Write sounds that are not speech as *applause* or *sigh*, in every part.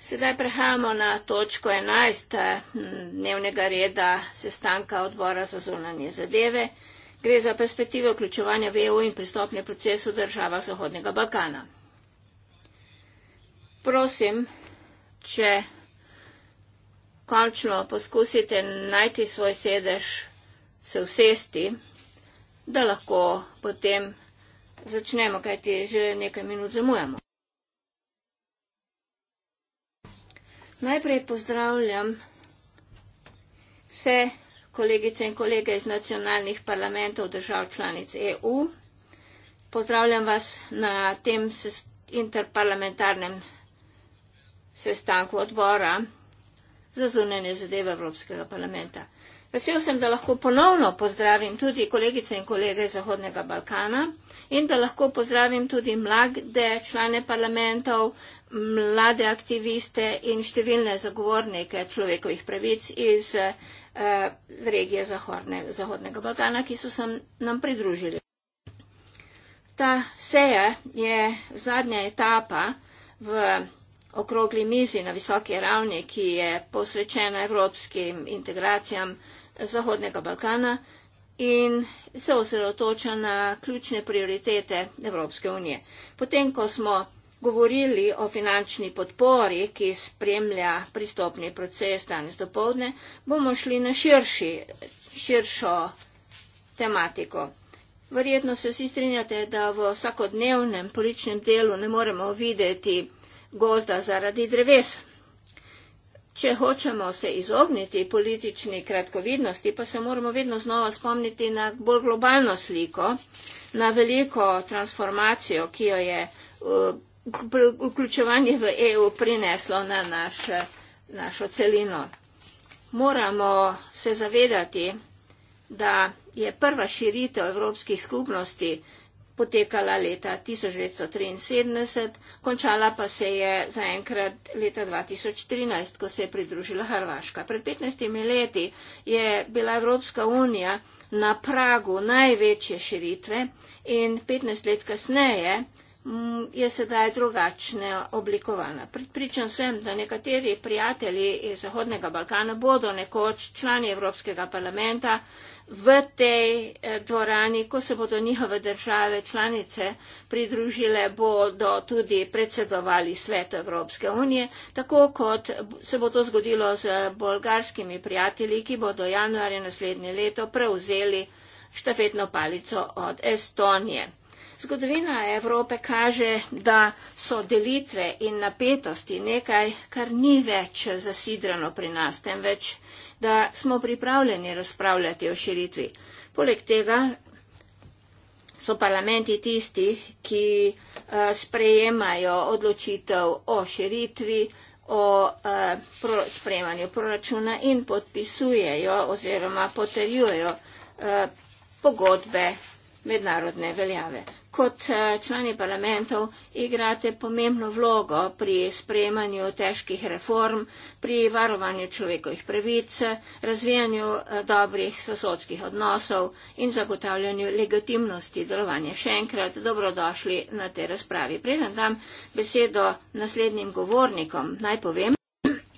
Sedaj prehajamo na točko 11 eh, dnevnega reda sestanka odbora za zunanje zadeve. Gre za perspektive vključevanja v EU in pristopne procese v država Zahodnega Balkana. Prosim, če končno poskusite najti svoj sedež, se usesti, da lahko potem začnemo, kajti že nekaj minut zamujamo. Najprej pozdravljam vse kolegice in kolege iz nacionalnih parlamentov držav članic EU. Pozdravljam vas na tem interparlamentarnem sestanku odbora za zunanje zadeve Evropskega parlamenta. Vesel sem, da lahko ponovno pozdravim tudi kolegice in kolege iz Zahodnega Balkana in da lahko pozdravim tudi mlade člane parlamentov, mlade aktiviste in številne zagovornike človekovih pravic iz eh, regije Zahorne, Zahodnega Balkana, ki so se nam pridružili. Ta seja je zadnja etapa v okrogli mizi na visoki ravni, ki je posvečena evropskim integracijam Zahodnega Balkana in se osredotoča na ključne prioritete Evropske unije. Potem, ko smo govorili o finančni podpori, ki spremlja pristopni proces danes do povdne, bomo šli na širši, širšo tematiko. Verjetno se vsi strinjate, da v vsakodnevnem političnem delu ne moremo videti gozda zaradi dreves. Če hočemo se izogniti politični kratkovidnosti, pa se moramo vedno znova spomniti na bolj globalno sliko, na veliko transformacijo, ki jo je uh, vključevanje v EU prineslo na naš, našo celino. Moramo se zavedati, da je prva širitev evropskih skupnosti potekala leta 1973, končala pa se je zaenkrat leta 2013, ko se je pridružila Hrvaška. Pred 15 leti je bila Evropska unija na pragu največje širitve in 15 let kasneje Mm, je sedaj drugačne oblikovana. Pripričan sem, da nekateri prijatelji iz Zahodnega Balkana bodo nekoč člani Evropskega parlamenta v tej eh, dvorani, ko se bodo njihove države članice pridružile, bodo tudi predsedovali svet Evropske unije, tako kot se bo to zgodilo z bolgarskimi prijatelji, ki bodo januarja naslednje leto prevzeli štafetno palico od Estonije. Zgodovina Evrope kaže, da so delitve in napetosti nekaj, kar ni več zasidrano pri nas, temveč, da smo pripravljeni razpravljati o širitvi. Poleg tega so parlamenti tisti, ki eh, sprejemajo odločitev o širitvi, o eh, sprejemanju proračuna in podpisujejo oziroma potrjujejo eh, pogodbe mednarodne veljave. Kot eh, člani parlamentov igrate pomembno vlogo pri sprejemanju težkih reform, pri varovanju človekovih pravic, razvijanju eh, dobrih sosodskih odnosov in zagotavljanju legitimnosti delovanja. Še enkrat dobrodošli na te razpravi. Predem dam besedo naslednjim govornikom. Naj povem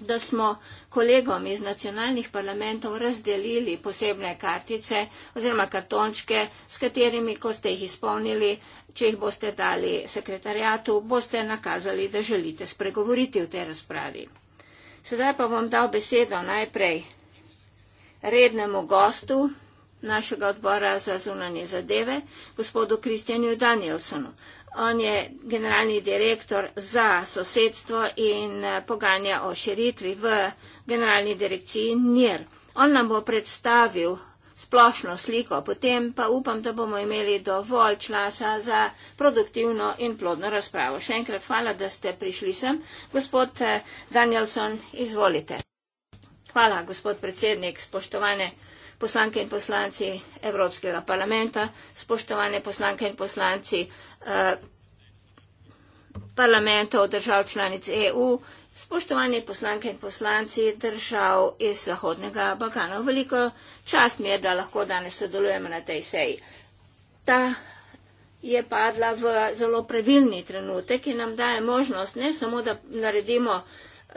da smo kolegom iz nacionalnih parlamentov razdelili posebne kartice oziroma kartončke, s katerimi, ko ste jih izpolnili, če jih boste dali sekretarjatu, boste nakazali, da želite spregovoriti v tej razpravi. Sedaj pa bom dal besedo najprej rednemu gostu našega odbora za zunanje zadeve, gospodu Kristjanju Danielsonu. On je generalni direktor za sosedstvo in eh, poganja o širitvi v generalni direkciji NIR. On nam bo predstavil splošno sliko, potem pa upam, da bomo imeli dovolj časa za produktivno in plodno razpravo. Še enkrat hvala, da ste prišli sem. Gospod eh, Danielson, izvolite. Hvala, gospod predsednik, spoštovane poslanke in poslanci Evropskega parlamenta, spoštovane poslanke in poslanci eh, parlamentov držav članic EU, spoštovane poslanke in poslanci držav iz Zahodnega Balkana. Veliko čast mi je, da lahko danes sodelujemo na tej seji. Ta je padla v zelo previljni trenutek in nam daje možnost ne samo, da naredimo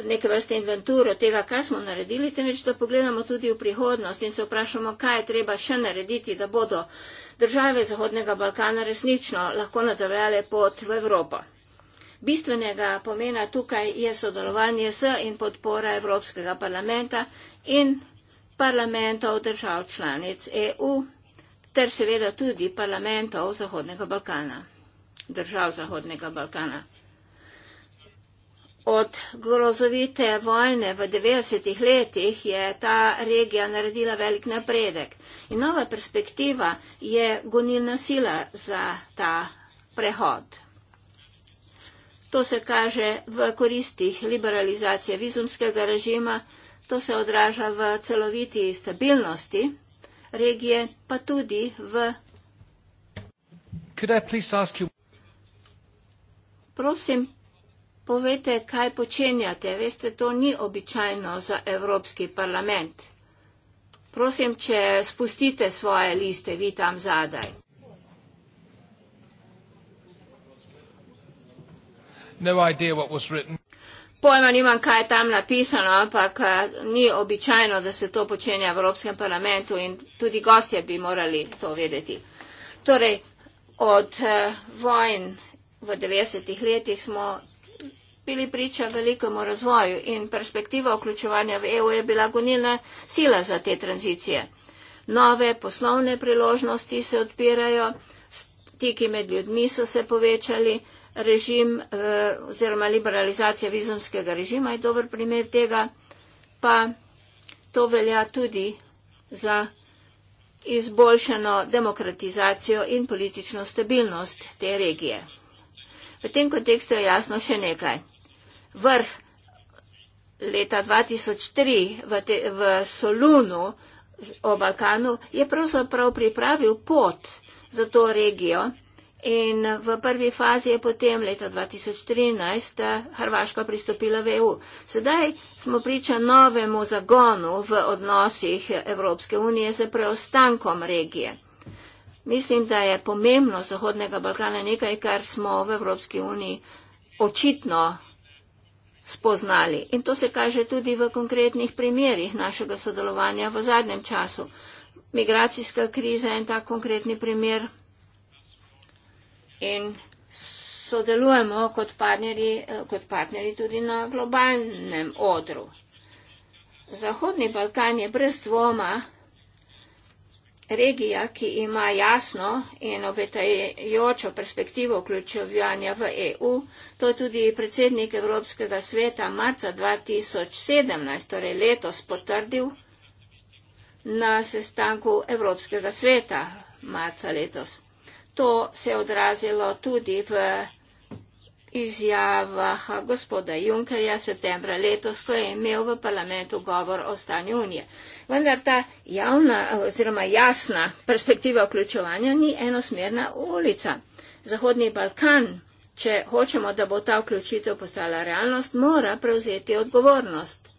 neke vrste inventuro tega, kar smo naredili, temveč da pogledamo tudi v prihodnost in se vprašamo, kaj je treba še narediti, da bodo države Zahodnega Balkana resnično lahko nadaljale pot v Evropo. Bistvenega pomena tukaj je sodelovanje s in podpora Evropskega parlamenta in parlamentov držav članic EU ter seveda tudi parlamentov Zahodnega Balkana, držav Zahodnega Balkana. Od grozovite vojne v 90-ih letih je ta regija naredila velik napredek. In nova perspektiva je gonilna sila za ta prehod. To se kaže v koristih liberalizacije vizumskega režima, to se odraža v celoviti stabilnosti regije, pa tudi v. Prosim, povete, kaj počenjate. Veste, to ni običajno za Evropski parlament. Prosim, če spustite svoje liste, vi tam zadaj. No Pojma nimam, kaj je tam napisano, ampak eh, ni običajno, da se to počenja v Evropskem parlamentu in tudi gostje bi morali to vedeti. Torej, od eh, vojn v 90-ih letih smo bili priča velikemu razvoju in perspektiva vključevanja v EU je bila gonilna sila za te tranzicije. Nove poslovne priložnosti se odpirajo, stiki med ljudmi so se povečali, režim eh, oziroma liberalizacija vizumskega režima je dober primer tega, pa to velja tudi za izboljšano demokratizacijo in politično stabilnost te regije. V tem kontekstu je jasno še nekaj vrh leta 2003 v, te, v Solunu o Balkanu je pravzaprav pripravil pot za to regijo in v prvi fazi je potem leta 2013 eh, Hrvaška pristopila v EU. Sedaj smo priča novemu zagonu v odnosih Evropske unije z preostankom regije. Mislim, da je pomembno Zahodnega Balkana nekaj, kar smo v Evropski uniji očitno spoznali. In to se kaže tudi v konkretnih primerjih našega sodelovanja v zadnjem času. Migracijska kriza je en tak konkretni primer in sodelujemo kot partnerji, eh, kot partnerji tudi na globalnem odru. Zahodni Balkan je brez dvoma Regija, ki ima jasno in obetajočo perspektivo vključevanja v EU, to je tudi predsednik Evropskega sveta marca 2017, torej letos potrdil na sestanku Evropskega sveta marca letos. To se je odrazilo tudi v izjavah gospoda Junkerja septembra letos, ko je imel v parlamentu govor o stanju unije. Vendar ta javna oziroma jasna perspektiva vključevanja ni enosmerna ulica. Zahodni Balkan, če hočemo, da bo ta vključitev postala realnost, mora prevzeti odgovornost.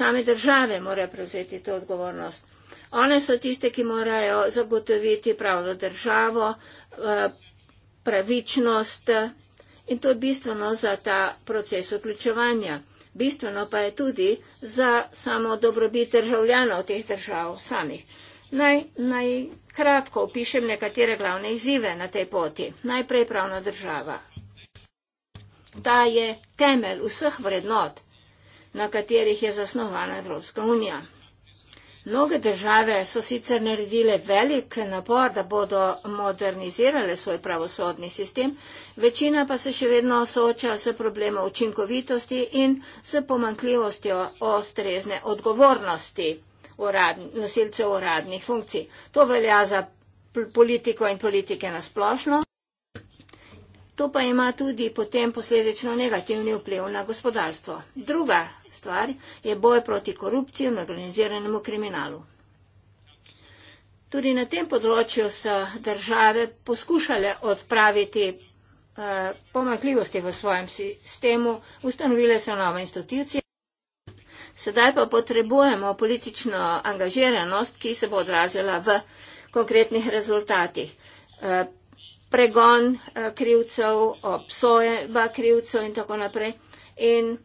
Same države morajo prevzeti to odgovornost. One so tiste, ki morajo zagotoviti pravdo državo, eh, pravičnost, in to je bistveno za ta proces vključevanja. Bistveno pa je tudi za samo dobrobit državljanov teh držav samih. Naj, naj kratko opišem nekatere glavne izzive na tej poti. Najprej pravna država. Ta je temelj vseh vrednot, na katerih je zasnovana Evropska unija. Mnoge države so sicer naredile velik napor, da bodo modernizirale svoj pravosodni sistem, večina pa se še vedno sooča s problemom učinkovitosti in s pomankljivostjo ostrezne odgovornosti uradn, nosilcev uradnih funkcij. To velja za politiko in politike nasplošno. To pa ima tudi potem posledično negativni vpliv na gospodarstvo. Druga stvar je boj proti korupciji in organiziranemu kriminalu. Tudi na tem področju so države poskušale odpraviti eh, pomakljivosti v svojem sistemu, ustanovile so nove institucije. Sedaj pa potrebujemo politično angažiranost, ki se bo odrazila v konkretnih rezultatih. Eh, pregon eh, krivcev, obsojba krivcev in tako naprej. In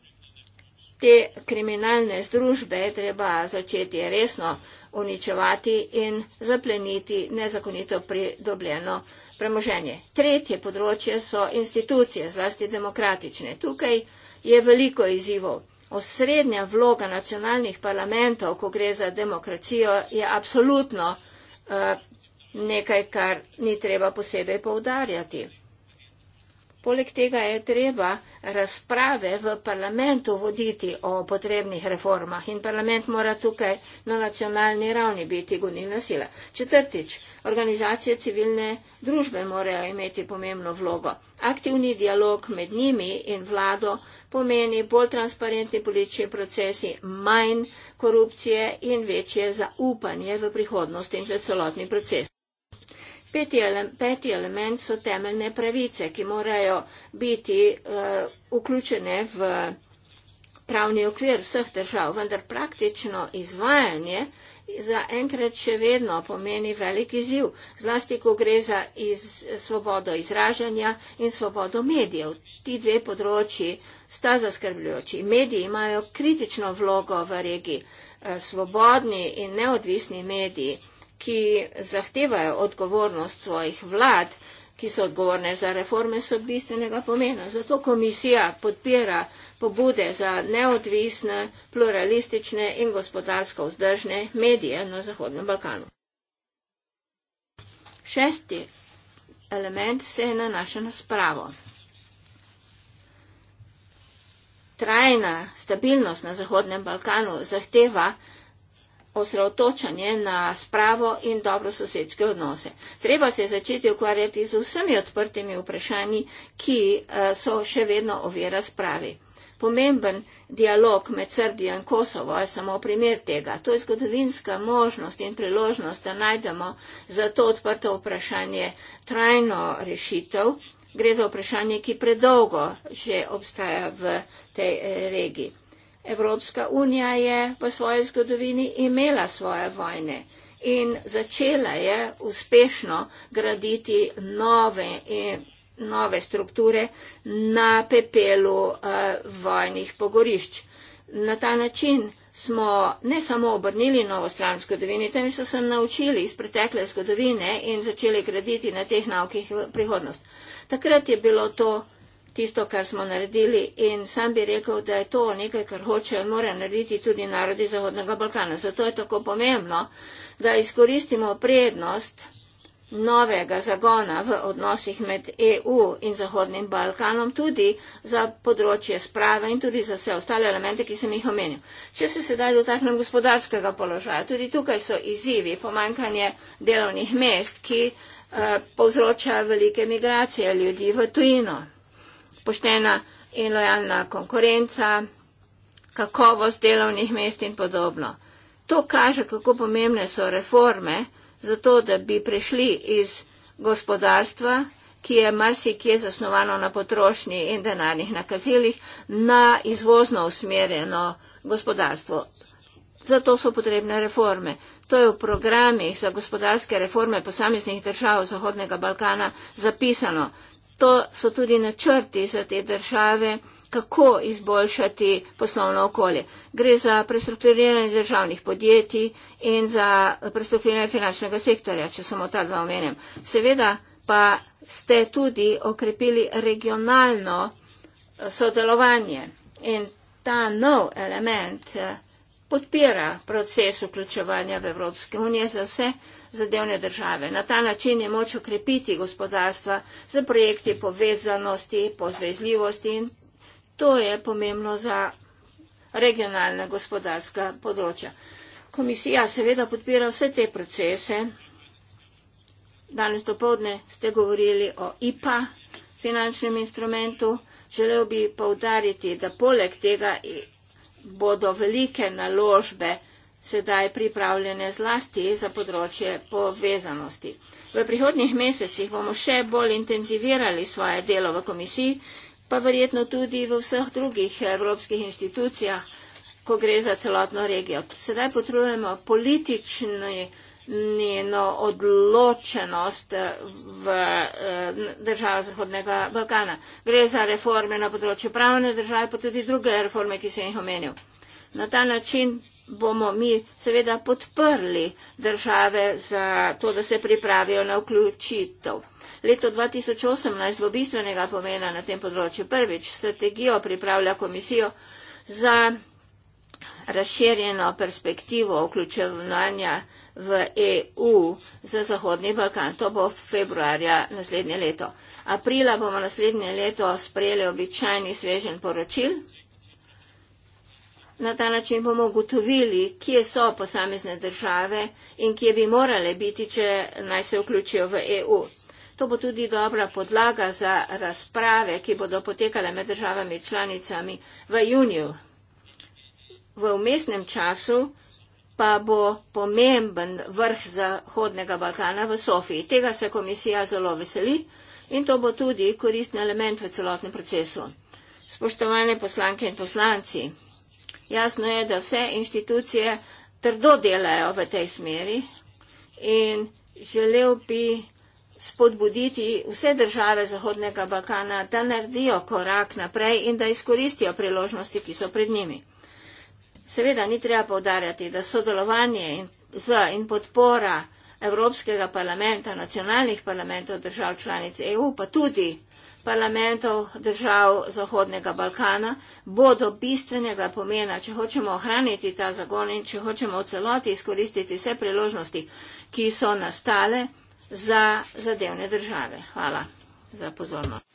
te kriminalne združbe treba začeti resno uničevati in zapleniti nezakonito pridobljeno premoženje. Tretje področje so institucije, zlasti demokratične. Tukaj je veliko izzivov. Osrednja vloga nacionalnih parlamentov, ko gre za demokracijo, je absolutno eh, nekaj, kar ni treba posebej poudarjati. Poleg tega je treba razprave v parlamentu voditi o potrebnih reformah in parlament mora tukaj na nacionalni ravni biti gonilna sila. Četrtič, organizacije civilne družbe morajo imeti pomembno vlogo. Aktivni dialog med njimi in vlado pomeni bolj transparentni politični procesi, manj korupcije in večje zaupanje v prihodnost in v celotni proces. Peti, ele, peti element so temeljne pravice, ki morajo biti uh, vključene v pravni okvir vseh držav, vendar praktično izvajanje zaenkrat še vedno pomeni velik izziv, zlasti ko gre za iz, svobodo izražanja in svobodo medijev. Ti dve področji sta zaskrbljujoči. Mediji imajo kritično vlogo v regiji. Uh, svobodni in neodvisni mediji ki zahtevajo odgovornost svojih vlad, ki so odgovorne za reforme, so bistvenega pomena. Zato komisija podpira pobude za neodvisne, pluralistične in gospodarsko vzdržne medije na Zahodnem Balkanu. Šesti element se je nanašal na spravo. Trajna stabilnost na Zahodnem Balkanu zahteva, osredotočanje na spravo in dobro sosedske odnose. Treba se začeti ukvarjati z vsemi odprtimi vprašanji, ki eh, so še vedno ovira spravi. Pomemben dialog med Srbijo in Kosovo je samo primer tega. To je zgodovinska možnost in priložnost, da najdemo za to odprto vprašanje trajno rešitev. Gre za vprašanje, ki predolgo že obstaja v tej eh, regiji. Evropska unija je v svoji zgodovini imela svoje vojne in začela je uspešno graditi nove, e, nove strukture na pepelu e, vojnih pogorišč. Na ta način smo ne samo obrnili novo stran zgodovine, temveč so se naučili iz pretekle zgodovine in začeli graditi na teh naukih prihodnost. Takrat je bilo to tisto, kar smo naredili in sam bi rekel, da je to nekaj, kar hoče in mora narediti tudi narodi Zahodnega Balkana. Zato je tako pomembno, da izkoristimo prednost novega zagona v odnosih med EU in Zahodnim Balkanom tudi za področje sprave in tudi za vse ostale elemente, ki sem jih omenil. Če se sedaj dotaknem gospodarskega položaja, tudi tukaj so izzivi, pomankanje delovnih mest, ki eh, povzroča velike migracije ljudi v tujino poštena in lojalna konkurenca, kakovost delovnih mest in podobno. To kaže, kako pomembne so reforme za to, da bi prišli iz gospodarstva, ki je marsikje zasnovano na potrošnji in denarnih nakazilih, na izvozno usmerjeno gospodarstvo. Zato so potrebne reforme. To je v programih za gospodarske reforme posameznih držav Zahodnega Balkana zapisano. To so tudi načrti za te države, kako izboljšati poslovno okolje. Gre za prestrukturiranje državnih podjetij in za prestrukturiranje finančnega sektorja, če samo ta dva omenjam. Seveda pa ste tudi okrepili regionalno eh, sodelovanje in ta nov element eh, podpira proces vključevanja v Evropske unije za vse zadevne države. Na ta način je moč ukrepiti gospodarstva z projekti povezanosti, pozvezljivosti in to je pomembno za regionalna gospodarska področja. Komisija seveda podpira vse te procese. Danes dopovdne ste govorili o IPA, finančnem instrumentu. Želel bi poudariti, da poleg tega bodo velike naložbe sedaj pripravljene zlasti za področje povezanosti. V prihodnih mesecih bomo še bolj intenzivirali svoje delo v komisiji, pa verjetno tudi v vseh drugih evropskih institucijah, ko gre za celotno regijo. Sedaj potrebujemo politični njeno odločenost v eh, državah Zahodnega Balkana. Gre za reforme na področju pravne države, pa tudi druge reforme, ki sem jih omenil. Na ta način bomo mi seveda podprli države za to, da se pripravijo na vključitev. Leto 2018 bo bistvenega pomena na tem področju. Prvič, strategijo pripravlja komisijo za razširjeno perspektivo vključevanja v EU za Zahodni Balkan. To bo februarja naslednje leto. Aprila bomo naslednje leto sprejeli običajni svežen poročil na ta način bomo ugotovili, kje so posamezne države in kje bi morale biti, če naj se vključijo v EU. To bo tudi dobra podlaga za razprave, ki bodo potekale med državami članicami v juniju. V umestnem času pa bo pomemben vrh Zahodnega Balkana v Sofiji. Tega se komisija zelo veseli in to bo tudi koristni element v celotnem procesu. Spoštovane poslanke in poslanci, Jasno je, da vse inštitucije trdo delajo v tej smeri in želel bi spodbuditi vse države Zahodnega Balkana, da naredijo korak naprej in da izkoristijo priložnosti, ki so pred njimi. Seveda ni treba povdarjati, da sodelovanje in, z in podpora Evropskega parlamenta, nacionalnih parlamentov držav članic EU, pa tudi parlamentov držav Zahodnega Balkana bodo bistvenega pomena, če hočemo ohraniti ta zagon in če hočemo v celoti izkoristiti vse priložnosti, ki so nastale za zadevne države. Hvala za pozornost.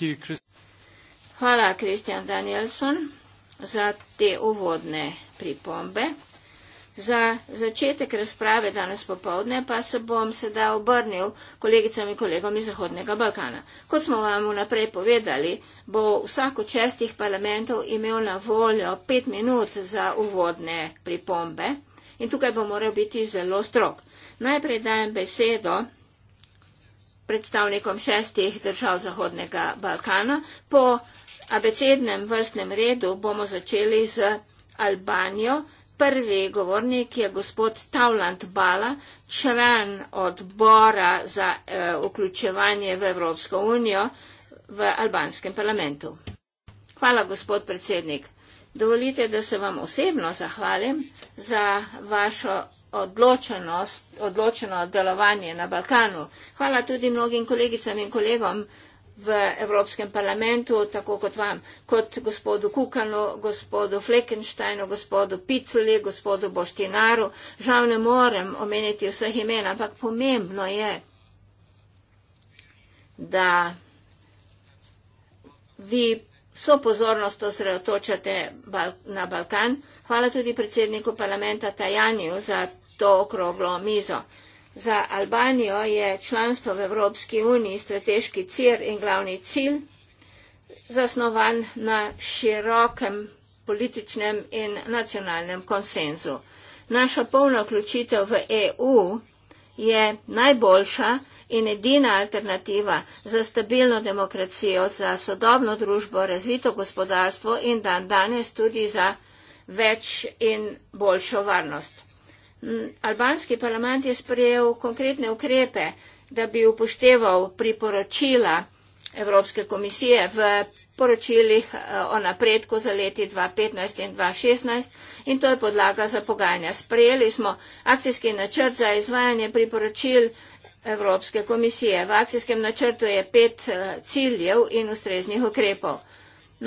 You, Hvala, Kristjan Danielson, za te uvodne pripombe. Za začetek razprave danes popovdne pa se bom sedaj obrnil kolegicam in kolegom iz Zahodnega Balkana. Kot smo vam vnaprej povedali, bo vsak od šestih parlamentov imel na voljo pet minut za uvodne pripombe in tukaj bo moral biti zelo strok. Najprej dajem besedo predstavnikom šestih držav Zahodnega Balkana. Po abecednem vrstnem redu bomo začeli z. Albanijo. Prvi govornik je gospod Tavland Bala, član odbora za e, vključevanje v Evropsko unijo v albanskem parlamentu. Hvala, gospod predsednik. Dovolite, da se vam osebno zahvalim za vašo odločeno delovanje na Balkanu. Hvala tudi mnogim kolegicam in kolegom v Evropskem parlamentu, tako kot vam, kot gospodu Kukanu, gospodu Fleckensteinu, gospodu Piculi, gospodu Boštinaru. Žal ne morem omeniti vseh imen, ampak pomembno je, da vi so pozornost osredotočate na Balkan. Hvala tudi predsedniku parlamenta Tajaniju za to okroglo mizo. Za Albanijo je članstvo v Evropski uniji strateški cilj in glavni cilj, zasnovan na širokem političnem in nacionalnem konsenzu. Naša polna vključitev v EU je najboljša in edina alternativa za stabilno demokracijo, za sodobno družbo, razvito gospodarstvo in dan danes tudi za več in boljšo varnost. Albanski parlament je sprejel konkretne ukrepe, da bi upošteval priporočila Evropske komisije v poročilih eh, o napredku za leti 2015 in 2016 in to je podlaga za pogajanja. Sprejeli smo akcijski načrt za izvajanje priporočil Evropske komisije. V akcijskem načrtu je pet eh, ciljev in ustreznih ukrepov.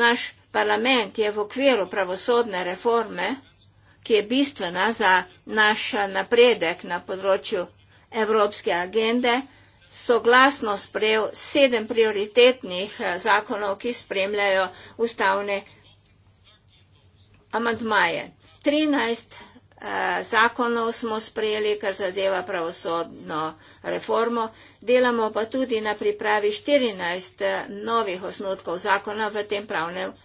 Naš parlament je v okviru pravosodne reforme ki je bistvena za naš napredek na področju evropske agende, soglasno sprejel sedem prioritetnih eh, zakonov, ki spremljajo ustavne amantmaje. 13 eh, zakonov smo sprejeli, kar zadeva pravosodno reformo. Delamo pa tudi na pripravi 14 eh, novih osnutkov zakona v tem pravnem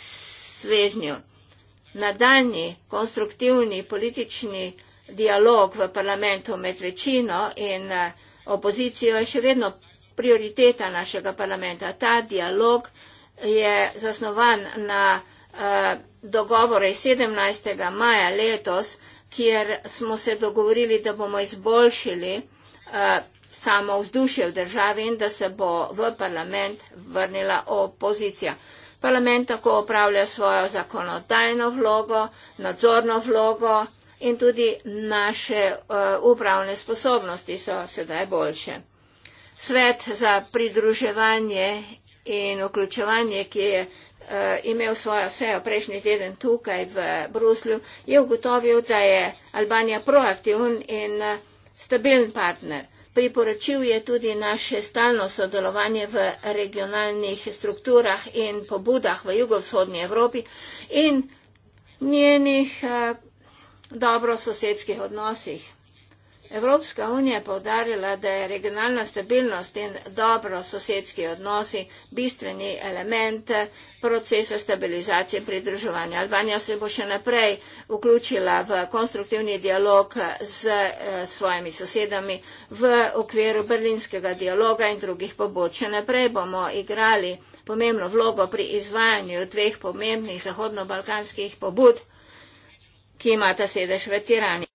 svežnju nadaljni konstruktivni politični dialog v parlamentu med večino in eh, opozicijo je še vedno prioriteta našega parlamenta. Ta dialog je zasnovan na eh, dogovore 17. maja letos, kjer smo se dogovorili, da bomo izboljšili eh, samo vzdušje v državi in da se bo v parlament vrnila opozicija. Parlament tako upravlja svojo zakonodajno vlogo, nadzorno vlogo in tudi naše uh, upravne sposobnosti so sedaj boljše. Svet za pridruževanje in vključevanje, ki je uh, imel svojo sejo prejšnji teden tukaj v Bruslju, je ugotovil, da je Albanija proaktivn in uh, stabilen partner. Priporočil je tudi naše stalno sodelovanje v regionalnih strukturah in pobudah v jugovzhodnji Evropi in njenih eh, dobrososedskih odnosih. Evropska unija je povdarjala, da je regionalna stabilnost in dobro sosedski odnosi bistveni element procesa stabilizacije in pridruževanja. Albanija se bo še naprej vključila v konstruktivni dialog z eh, svojimi sosedami v okviru berlinskega dialoga in drugih pobod. Še naprej bomo igrali pomembno vlogo pri izvajanju dveh pomembnih zahodno-balkanskih pobud, ki imata sedež v Tirani.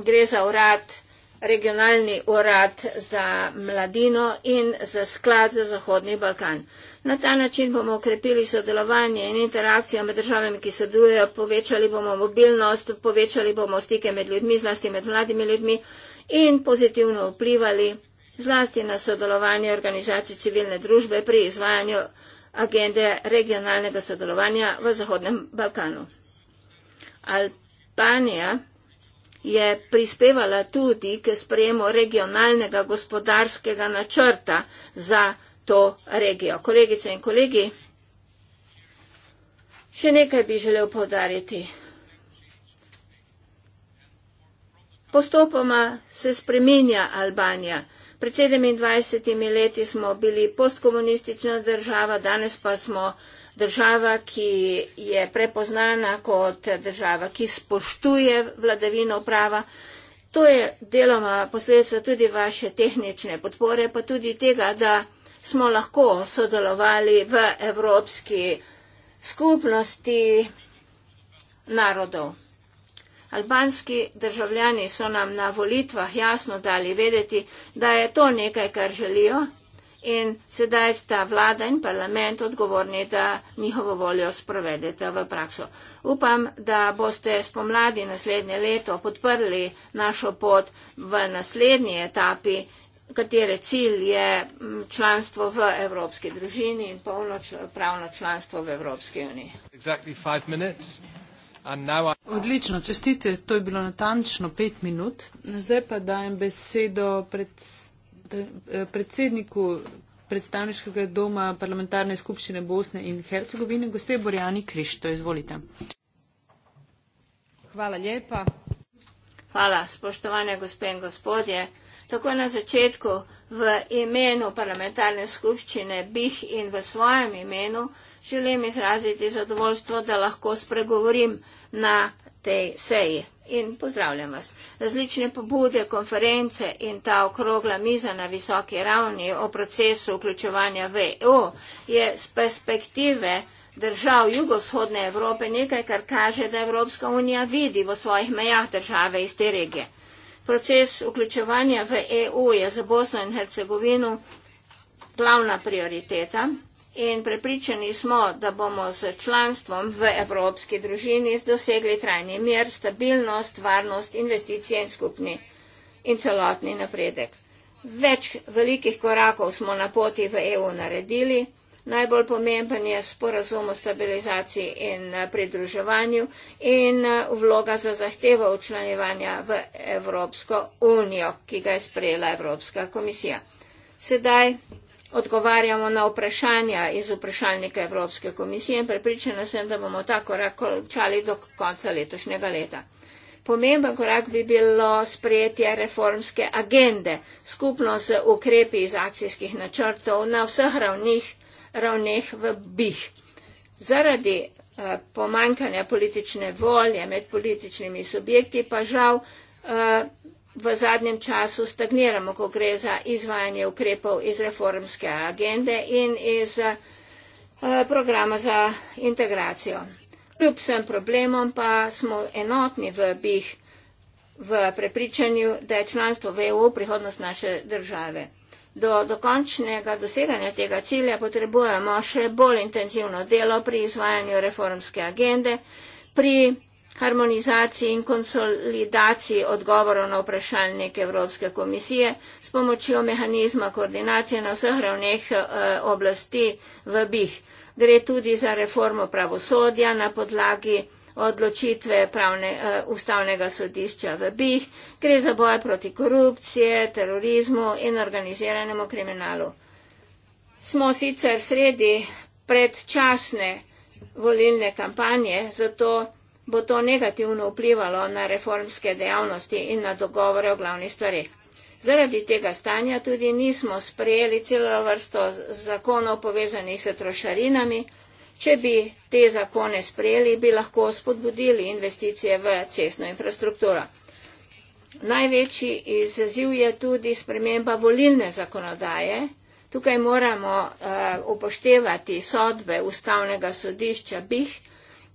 Gre za urad regionalni urad za mladino in za sklad za Zahodni Balkan. Na ta način bomo okrepili sodelovanje in interakcijo med državami, ki sodelujejo, povečali bomo mobilnost, povečali bomo stike med ljudmi, zlasti med mladimi ljudmi in pozitivno vplivali zlasti na sodelovanje organizacij civilne družbe pri izvajanju agende regionalnega sodelovanja v Zahodnem Balkanu. Albanija je prispevala tudi k sprejemu regionalnega gospodarskega načrta za to regijo. Kolegice in kolegi, še nekaj bi želel povdariti. Postopoma se spreminja Albanija. Pred 27 leti smo bili postkomunistična država, danes pa smo država, ki je prepoznana kot država, ki spoštuje vladavino prava. To je deloma posledica tudi vaše tehnične podpore, pa tudi tega, da smo lahko sodelovali v evropski skupnosti narodov. Albanski državljani so nam na volitvah jasno dali vedeti, da je to nekaj, kar želijo in sedaj sta vlada in parlament odgovorni, da njihovo voljo sprovedete v prakso. Upam, da boste spomladi naslednje leto podprli našo pot v naslednji etapi, katere cilj je članstvo v Evropski družini in polno pravno članstvo v Evropski uniji. Exactly Odlično, čestite, to je bilo natančno pet minut. Zdaj pa dajem besedo predstavljanju. Eh, predsedniku predstavniškega doma parlamentarne skupščine Bosne in Hercegovine, gospe Borjani Krišto. Izvolite. Hvala lepa. Hvala, spoštovane gospe in gospodje. Tako na začetku v imenu parlamentarne skupščine bih in v svojem imenu želim izraziti zadovoljstvo, da lahko spregovorim na tej seji. In pozdravljam vas. Različne pobude, konference in ta okrogla miza na visoki ravni o procesu vključevanja v EU je z perspektive držav jugovzhodne Evrope nekaj, kar kaže, da Evropska unija vidi v svojih mejah države iz te regije. Proces vključevanja v EU je za Bosno in Hercegovino glavna prioriteta in prepričani smo, da bomo z članstvom v Evropski družini dosegli trajni mir, stabilnost, varnost, investicije in skupni in celotni napredek. Več velikih korakov smo na poti v EU naredili. Najbolj pomemben je sporazum o stabilizaciji in pridruževanju in eh, vloga za zahtevo učlanjevanja v Evropsko unijo, ki ga je sprejela Evropska komisija. Sedaj odgovarjamo na vprašanja iz vprašalnika Evropske komisije in prepričana sem, da bomo ta korak končali do konca letošnjega leta. Pomemben korak bi bilo sprejetje reformske agende skupno z ukrepi iz akcijskih načrtov na vseh ravnih, ravneh v bih. Zaradi eh, pomankanja politične volje med političnimi subjekti pa žal eh, v zadnjem času stagniramo, ko gre za izvajanje ukrepov iz reformske agende in iz eh, programa za integracijo. Kljub vsem problemom pa smo enotni v bih v prepričanju, da je članstvo v EU prihodnost naše države. Do dokončnega doseganja tega cilja potrebujemo še bolj intenzivno delo pri izvajanju reformske agende, pri harmonizaciji in konsolidaciji odgovorov na vprašalnik Evropske komisije s pomočjo mehanizma koordinacije na vseh ravneh eh, oblasti v BIH. Gre tudi za reformo pravosodja na podlagi odločitve pravne, eh, ustavnega sodišča v BIH, gre za boj proti korupcije, terorizmu in organiziranemu kriminalu. Smo sicer sredi predčasne volilne kampanje, zato bo to negativno vplivalo na reformske dejavnosti in na dogovore o glavnih stvarih. Zaradi tega stanja tudi nismo sprejeli celo vrsto zakonov povezanih s trošarinami. Če bi te zakone sprejeli, bi lahko spodbudili investicije v cestno infrastrukturo. Največji izziv je tudi sprememba volilne zakonodaje. Tukaj moramo uh, upoštevati sodbe ustavnega sodišča BIH,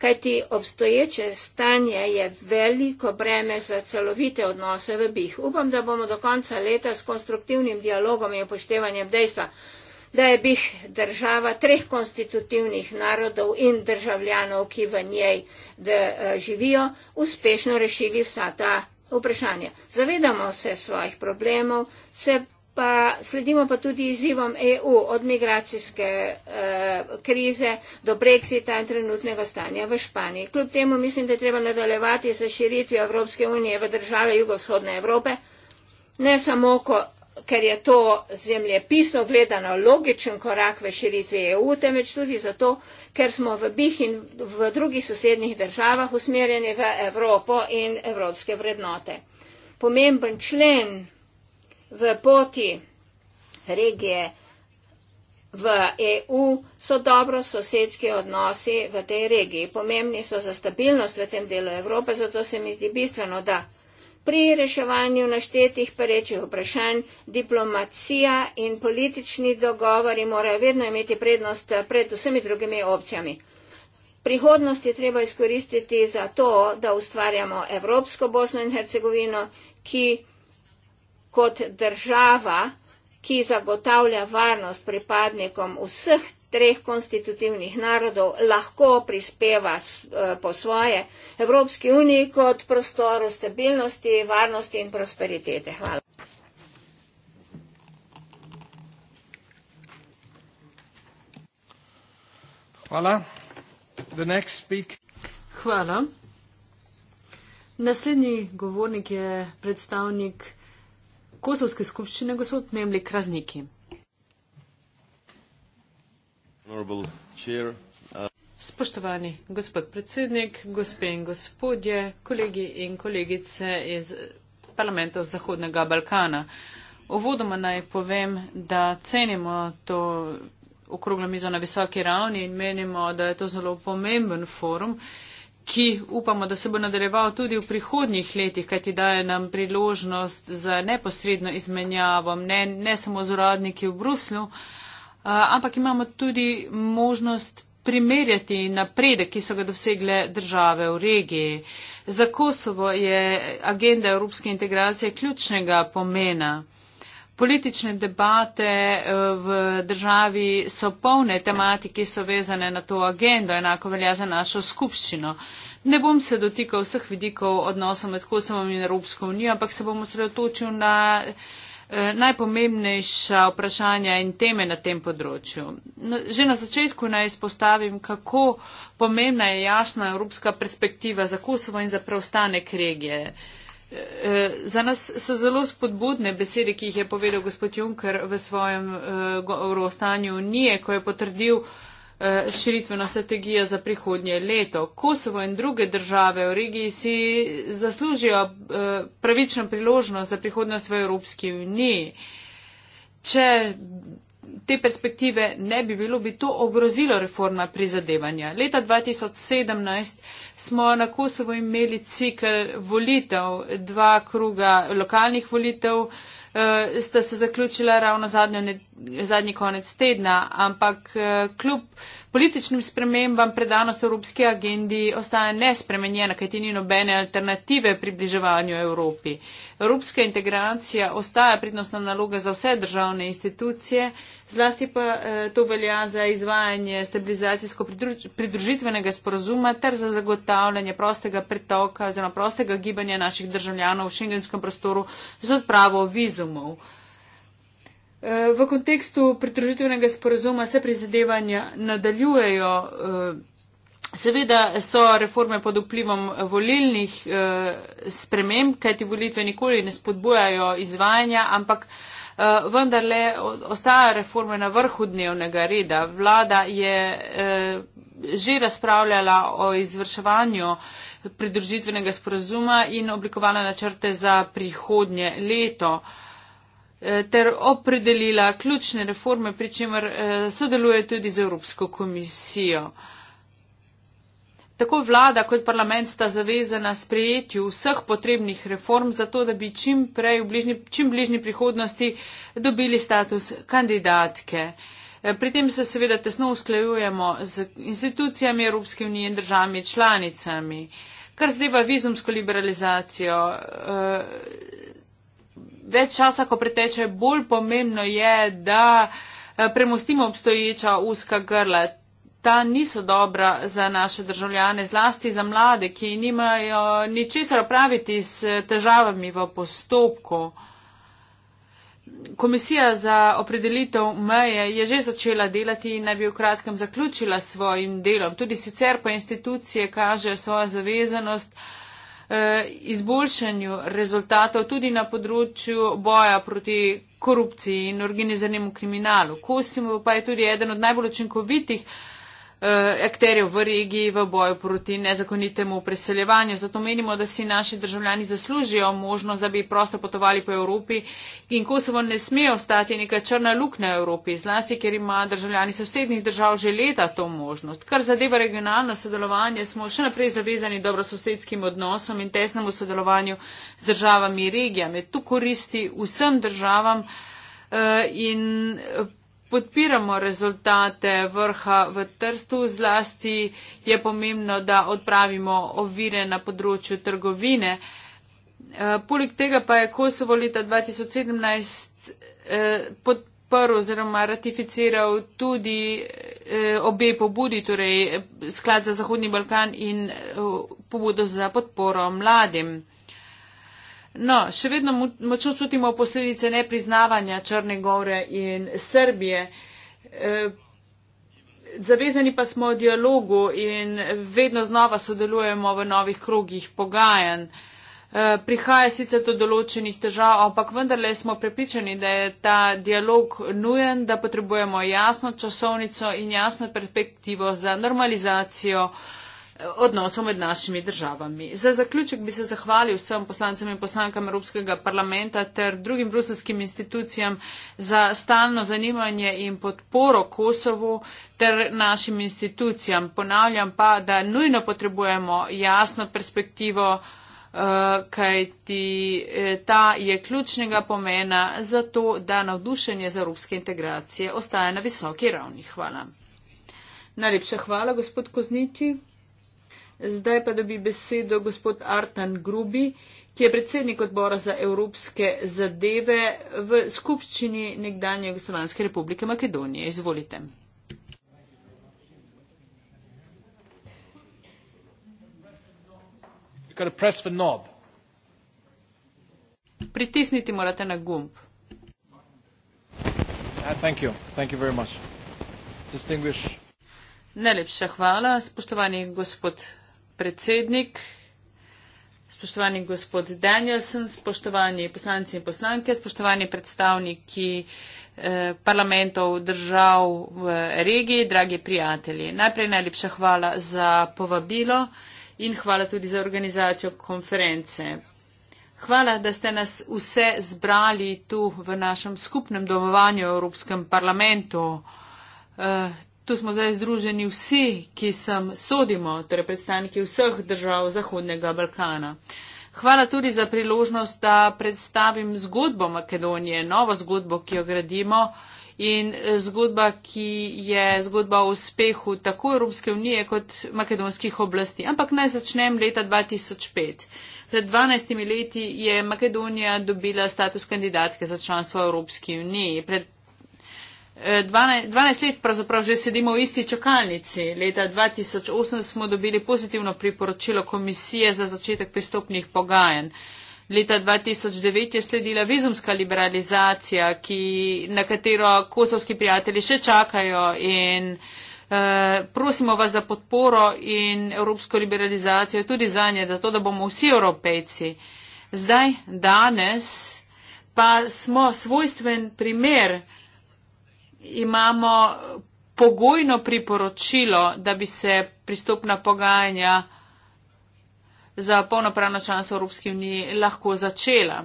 kajti obstoječe stanje je veliko breme za celovite odnose v BIH. Upam, da bomo do konca leta s konstruktivnim dialogom in upoštevanjem dejstva, da je BIH država treh konstitutivnih narodov in državljanov, ki v njej de, živijo, uspešno rešili vsa ta. Vprašanje. Zavedamo se svojih problemov, se pa sledimo pa tudi izzivom EU od migracijske eh, krize do brexita in trenutnega stanja v Španiji. Kljub temu mislim, da je treba nadaljevati za širitvijo Evropske unije v države jugovzhodne Evrope, ne samo, ko, ker je to zemljepisno gledano logičen korak v širitvi EU, temveč tudi zato, ker smo v BIH in v drugih sosednjih državah usmerjeni v Evropo in evropske vrednote. Pomemben člen v poti regije v EU so dobro sosedski odnosi v tej regiji. Pomembni so za stabilnost v tem delu Evrope, zato se mi zdi bistveno, da pri reševanju naštetih perečih vprašanj diplomacija in politični dogovori morajo vedno imeti prednost pred vsemi drugimi opcijami. Prihodnost je treba izkoristiti za to, da ustvarjamo Evropsko Bosno in Hercegovino, ki kot država, ki zagotavlja varnost pripadnikom vseh treh konstitutivnih narodov, lahko prispeva eh, po svoje Evropski uniji kot prostoru stabilnosti, varnosti in prosperitete. Hvala. Hvala. The next speak. Hvala. Naslednji govornik je predstavnik Kosovske skupščine gospod Memli Krazniki. Uh, Spoštovani gospod predsednik, gospe in gospodje, kolegi in kolegice iz parlamentov Zahodnega Balkana. Uvodoma naj povem, da cenimo to okroglo mizo na visoki ravni in menimo, da je to zelo pomemben forum. Uh, ki upamo, da se bo nadaljeval tudi v prihodnjih letih, kajti daje nam priložnost za neposredno izmenjavo ne, ne samo z uradniki v Bruslu, eh, ampak imamo tudi možnost primerjati napredek, ki so ga dosegle države v regiji. Za Kosovo je agenda evropske integracije ključnega pomena. Politične debate eh, v državi so polne tematiki, so vezane na to agendo, enako velja za našo skupščino. Ne bom se dotikal vseh vidikov odnosov med Kosovom in Evropsko unijo, ampak se bom osredotočil na eh, najpomembnejša vprašanja in teme na tem področju. No, že na začetku naj izpostavim, kako pomembna je jasna evropska perspektiva za Kosovo in za preostanek regije. Eh, za nas so zelo spodbudne besede, ki jih je povedal gospod Juncker v svojem eh, govorostanju Unije, ko je potrdil eh, širitveno strategijo za prihodnje leto. Kosovo in druge države v regiji si zaslužijo pravično priložnost za prihodnost v Evropski uniji. Če te perspektive ne bi bilo, bi to ogrozilo reforma prizadevanja. Leta 2017 smo na Kosovo imeli cikl volitev, dva kruga lokalnih volitev. Eh, sta se zaključila ravno zadnjo, ne, zadnji konec tedna, ampak eh, kljub političnim spremembam predanost evropski agendi ostaja nespremenjena, kajti ni nobene alternative približevanju Evropi. Evropska integracija ostaja prednostna naloga za vse državne institucije, zlasti pa eh, to velja za izvajanje stabilizacijsko-pridružitvenega sporozuma ter za zagotavljanje prostega pretoka oziroma prostega gibanja naših državljanov v šengenskem prostoru z odpravo vizu sporazumov. Eh, v kontekstu pridružitvenega sporazuma se prizadevanja nadaljujejo. Eh, seveda so reforme pod vplivom volilnih eh, sprememb, kajti volitve nikoli ne spodbujajo izvajanja, ampak vendarle ostaja reforme na vrhu dnevnega reda. Vlada je že razpravljala o izvrševanju pridružitvenega sporazuma in oblikovala načrte za prihodnje leto. Eh, ter opredelila ključne reforme, pri čemer eh, sodeluje tudi z Evropsko komisijo. Tako vlada kot parlament sta zavezana sprejetju vseh potrebnih reform za to, da bi čim prej v bližnji, čim bližnji prihodnosti dobili status kandidatke. Eh, pri tem se seveda tesno usklajujemo z institucijami Evropske unije in državami članicami. Kar zdeva vizumsko liberalizacijo, več časa, ko preteče, bolj pomembno je, da eh, premostimo obstoječa uska grla. Ta niso dobra za naše državljane, zlasti za mlade, ki nimajo ničesar opraviti s težavami v postopku. Komisija za opredelitev meje je že začela delati in naj bi v kratkem zaključila svojim delom. Tudi sicer pa institucije kaže svojo zavezanost. Uh, Eh, izboljšanju rezultatov tudi na področju boja proti korupciji in organiziranemu kriminalu. Kosimo pa je tudi eden od najbolj učinkovitih uh, akterjev v regiji v boju proti nezakonitemu preseljevanju. Zato menimo, da si naši državljani zaslužijo možnost, da bi prosto potovali po Evropi in Kosovo ne sme ostati neka črna luknja v Evropi, zlasti ker ima državljani sosednjih držav že leta to možnost. Kar zadeva regionalno sodelovanje, smo še naprej zavezani dobrososedskim odnosom in tesnemu sodelovanju z državami regijami. Tu koristi vsem državam uh, in uh, podpiramo rezultate vrha v Trstu, zlasti je pomembno, da odpravimo ovire na področju trgovine. Eh, poleg tega pa je Kosovo leta 2017 eh, podprl oziroma ratificiral tudi eh, obe pobudi, torej eh, sklad za Zahodni Balkan in eh, pobudo za podporo mladim. No, še vedno močno čutimo posledice nepriznavanja Črne Gore in Srbije. E, zavezani pa smo v dialogu in vedno znova sodelujemo v novih krogih pogajanj. E, prihaja sicer do določenih težav, ampak vendarle smo prepričani, da je ta dialog nujen, da potrebujemo jasno časovnico in jasno perspektivo za normalizacijo odnosov med našimi državami. Za zaključek bi se zahvalil vsem poslancem in poslankam Evropskega parlamenta ter drugim bruselskim institucijam za stalno zanimanje in podporo Kosovu ter našim institucijam. Ponavljam pa, da nujno potrebujemo jasno perspektivo, eh, kaj ti eh, ta je ključnega pomena za to, da navdušenje za evropske integracije ostaje na visoki ravni. Hvala. Najlepša hvala, gospod Kozniči. Zdaj pa dobi besedo gospod Artan Grubi, ki je predsednik odbora za evropske zadeve v skupščini nekdanje Jugoslovanske republike Makedonije. Izvolite. Pritisniti morate na gumb. Ah, thank you. Thank you very much. Najlepša hvala, spoštovani gospod predsednik, spoštovani gospod Danielson, spoštovani poslanci in poslanke, spoštovani predstavniki eh, parlamentov držav v regiji, dragi prijatelji. Najprej najlepša hvala za povabilo in hvala tudi za organizacijo konference. Hvala, da ste nas vse zbrali tu v našem skupnem domovanju v Evropskem parlamentu. Eh, Tu smo zdaj združeni vsi, ki sem sodimo, torej predstavniki vseh držav Zahodnega Balkana. Hvala tudi za priložnost, da predstavim zgodbo Makedonije, novo zgodbo, ki jo gradimo in zgodba, ki je zgodba o uspehu tako Evropske unije kot makedonskih oblasti. Ampak naj začnem leta 2005. Pred 12 leti je Makedonija dobila status kandidatke za članstvo v Evropski uniji. Pred 12, eh, 12 let pravzaprav že sedimo v isti čakalnici. Leta 2008 smo dobili pozitivno priporočilo Komisije za začetek pristopnih pogajanj. Leta 2009 je sledila vizumska liberalizacija, ki, na katero kosovski prijatelji še čakajo in eh, prosimo vas za podporo in evropsko liberalizacijo tudi za nje, zato da bomo vsi evropejci. Zdaj, danes pa smo svojstven primer, imamo pogojno priporočilo, da bi se pristopna pogajanja za polnopravno članstvo Evropske unije lahko začela.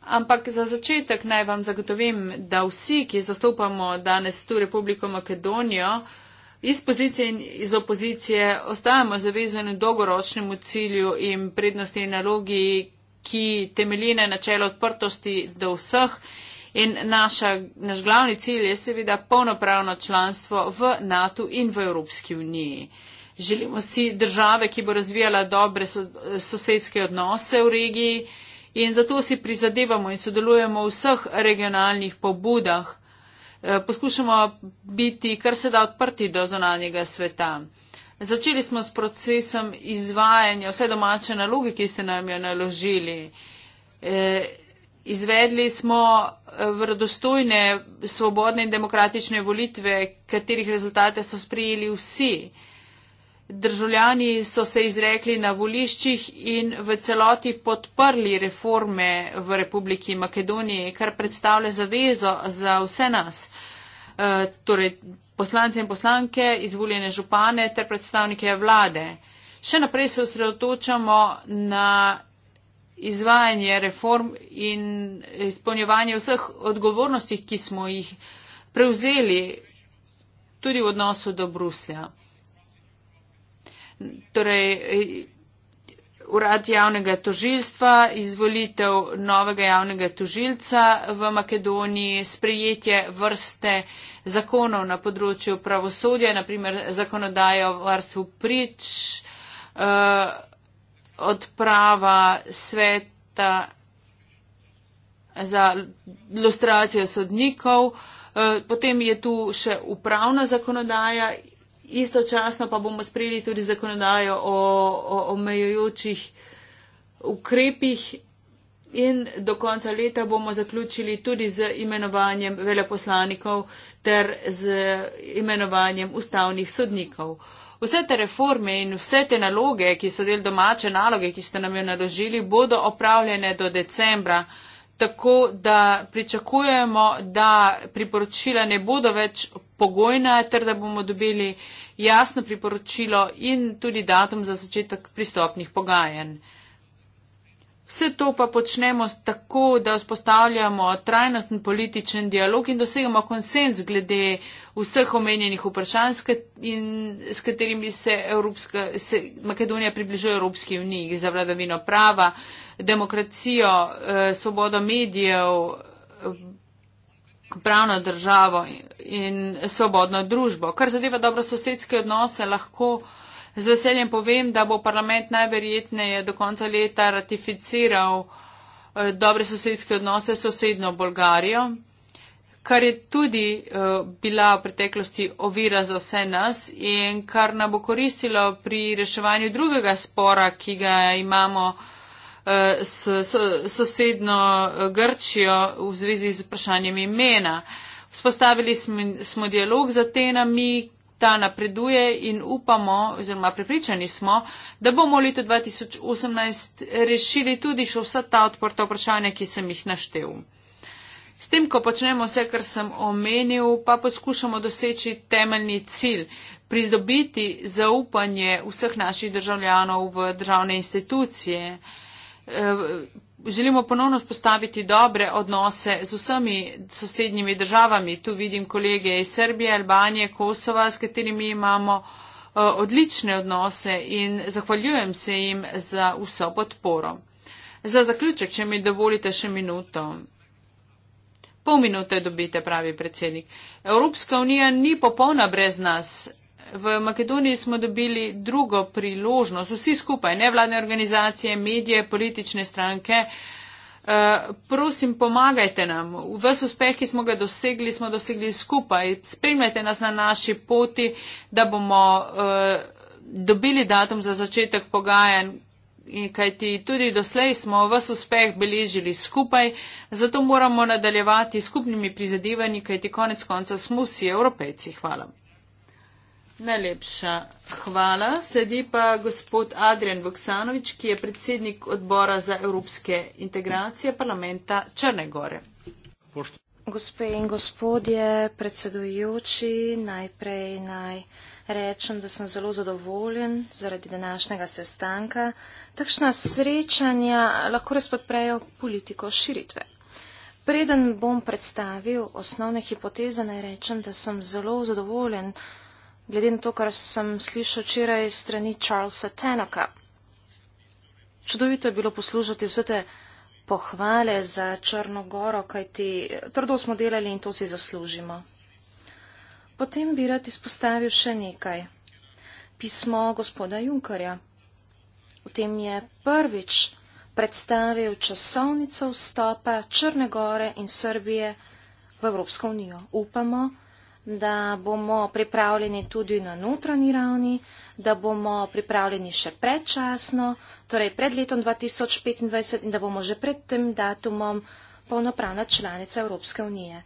Ampak za začetek naj vam zagotovim, da vsi, ki zastopamo danes tu Republiko Makedonijo, iz pozicije in iz opozicije ostajamo zavezani dolgoročnemu cilju in prednosti in nalogi, ki temelji na načelo odprtosti do vseh In naša, naš glavni cilj je seveda polnopravno članstvo v NATO in v Evropski uniji. Želimo si države, ki bo razvijala dobre sosedske odnose v regiji in zato si prizadevamo in sodelujemo v vseh regionalnih pobudah. Eh, poskušamo biti kar se da odprti do zonanjega sveta. Začeli smo s procesom izvajanja vse domače naloge, ki ste nam jo naložili. Eh, Izvedli smo eh, vredostojne, svobodne in demokratične volitve, katerih rezultate so sprijeli vsi. Državljani so se izrekli na voliščih in v celoti podprli reforme v Republiki Makedoniji, kar predstavlja zavezo za vse nas, eh, torej poslance in poslanke, izvoljene župane ter predstavnike vlade. Še naprej se osredotočamo na izvajanje reform in izpolnjevanje vseh odgovornosti, ki smo jih prevzeli tudi v odnosu do Bruslja. Torej, urad javnega tožilstva, izvolitev novega javnega tožilca v Makedoniji, sprejetje vrste zakonov na področju pravosodja, naprimer zakonodajo o varstvu prič. Uh, odprava sveta za ilustracijo sodnikov. E, potem je tu še upravna zakonodaja, istočasno pa bomo sprejeli tudi zakonodajo o omejujočih ukrepih in do konca leta bomo zaključili tudi z imenovanjem veleposlanikov ter z imenovanjem ustavnih sodnikov. Vse te reforme in vse te naloge, ki so del domače naloge, ki ste nam jo naložili, bodo opravljene do decembra, tako da pričakujemo, da priporočila ne bodo več pogojna, ter da bomo dobili jasno priporočilo in tudi datum za začetek pristopnih pogajanj. Vse to pa počnemo tako, da vzpostavljamo trajnostni političen dialog in dosegamo konsens glede vseh omenjenih vprašanj, s katerimi se, Evropska, se Makedonija približuje Evropski uniji za vladavino prava, demokracijo, eh, svobodo medijev, pravno državo in svobodno družbo. Kar zadeva dobrososedske odnose, lahko. Z veseljem povem, da bo parlament najverjetneje do konca leta ratificiral eh, dobre sosedske odnose s sosedno Bolgarijo, kar je tudi eh, bila v preteklosti ovira za vse nas in kar nam bo koristilo pri reševanju drugega spora, ki ga imamo eh, s sosedno Grčijo v zvezi z vprašanjem imena. Vzpostavili smo dialog z Atenami, ta napreduje in upamo oziroma prepričani smo, da bomo v letu 2018 rešili tudi še vsa ta odprta vprašanja, ki sem jih naštel. S tem, ko počnemo vse, kar sem omenil, pa poskušamo doseči temeljni cilj, pridobiti zaupanje vseh naših državljanov v državne institucije, eh, Želimo ponovno spostaviti dobre odnose z vsemi sosednjimi državami. Tu vidim kolege iz Srbije, Albanije, Kosova, s katerimi imamo eh, odlične odnose in zahvaljujem se jim za vso podporo. Za zaključek, če mi dovolite še minuto. Pol minute dobite, pravi predsednik. Evropska unija ni popolna brez nas. V Makedoniji smo dobili drugo priložnost, vsi skupaj, nevladne organizacije, medije, politične stranke. Uh, prosim, pomagajte nam. Ves uspeh, ki smo ga dosegli, smo dosegli skupaj. Spremljajte nas na naši poti, da bomo uh, dobili datum za začetek pogajanj. In kajti tudi doslej smo vas uspeh beležili skupaj, zato moramo nadaljevati skupnimi prizadevanji, kajti konec konca smo vsi evropejci. Hvala. Najlepša hvala. Sledi pa gospod Adrian Voksanovič, ki je predsednik odbora za evropske integracije parlamenta Črne Gore. Gospe in gospodje, predsedujoči, najprej naj rečem, da sem zelo zadovoljen zaradi današnjega sestanka. Takšna srečanja lahko res podprejo politiko širitve. Preden bom predstavil osnovne hipoteze, naj rečem, da sem zelo zadovoljen glede na to, kar sem slišal včeraj strani Charlesa Tenoka. Čudovito je bilo poslušati vse te pohvale za Črno goro, kajti trdo smo delali in to si zaslužimo. Potem bi rad izpostavil še nekaj. Pismo gospoda Junkarja. V tem je prvič predstavil časovnico vstopa Črne gore in Srbije v Evropsko unijo. Upamo, da da bomo pripravljeni tudi na notranji ravni, da bomo pripravljeni še predčasno, torej pred letom 2025 in da bomo že pred tem datumom polnopravna članica Evropske unije.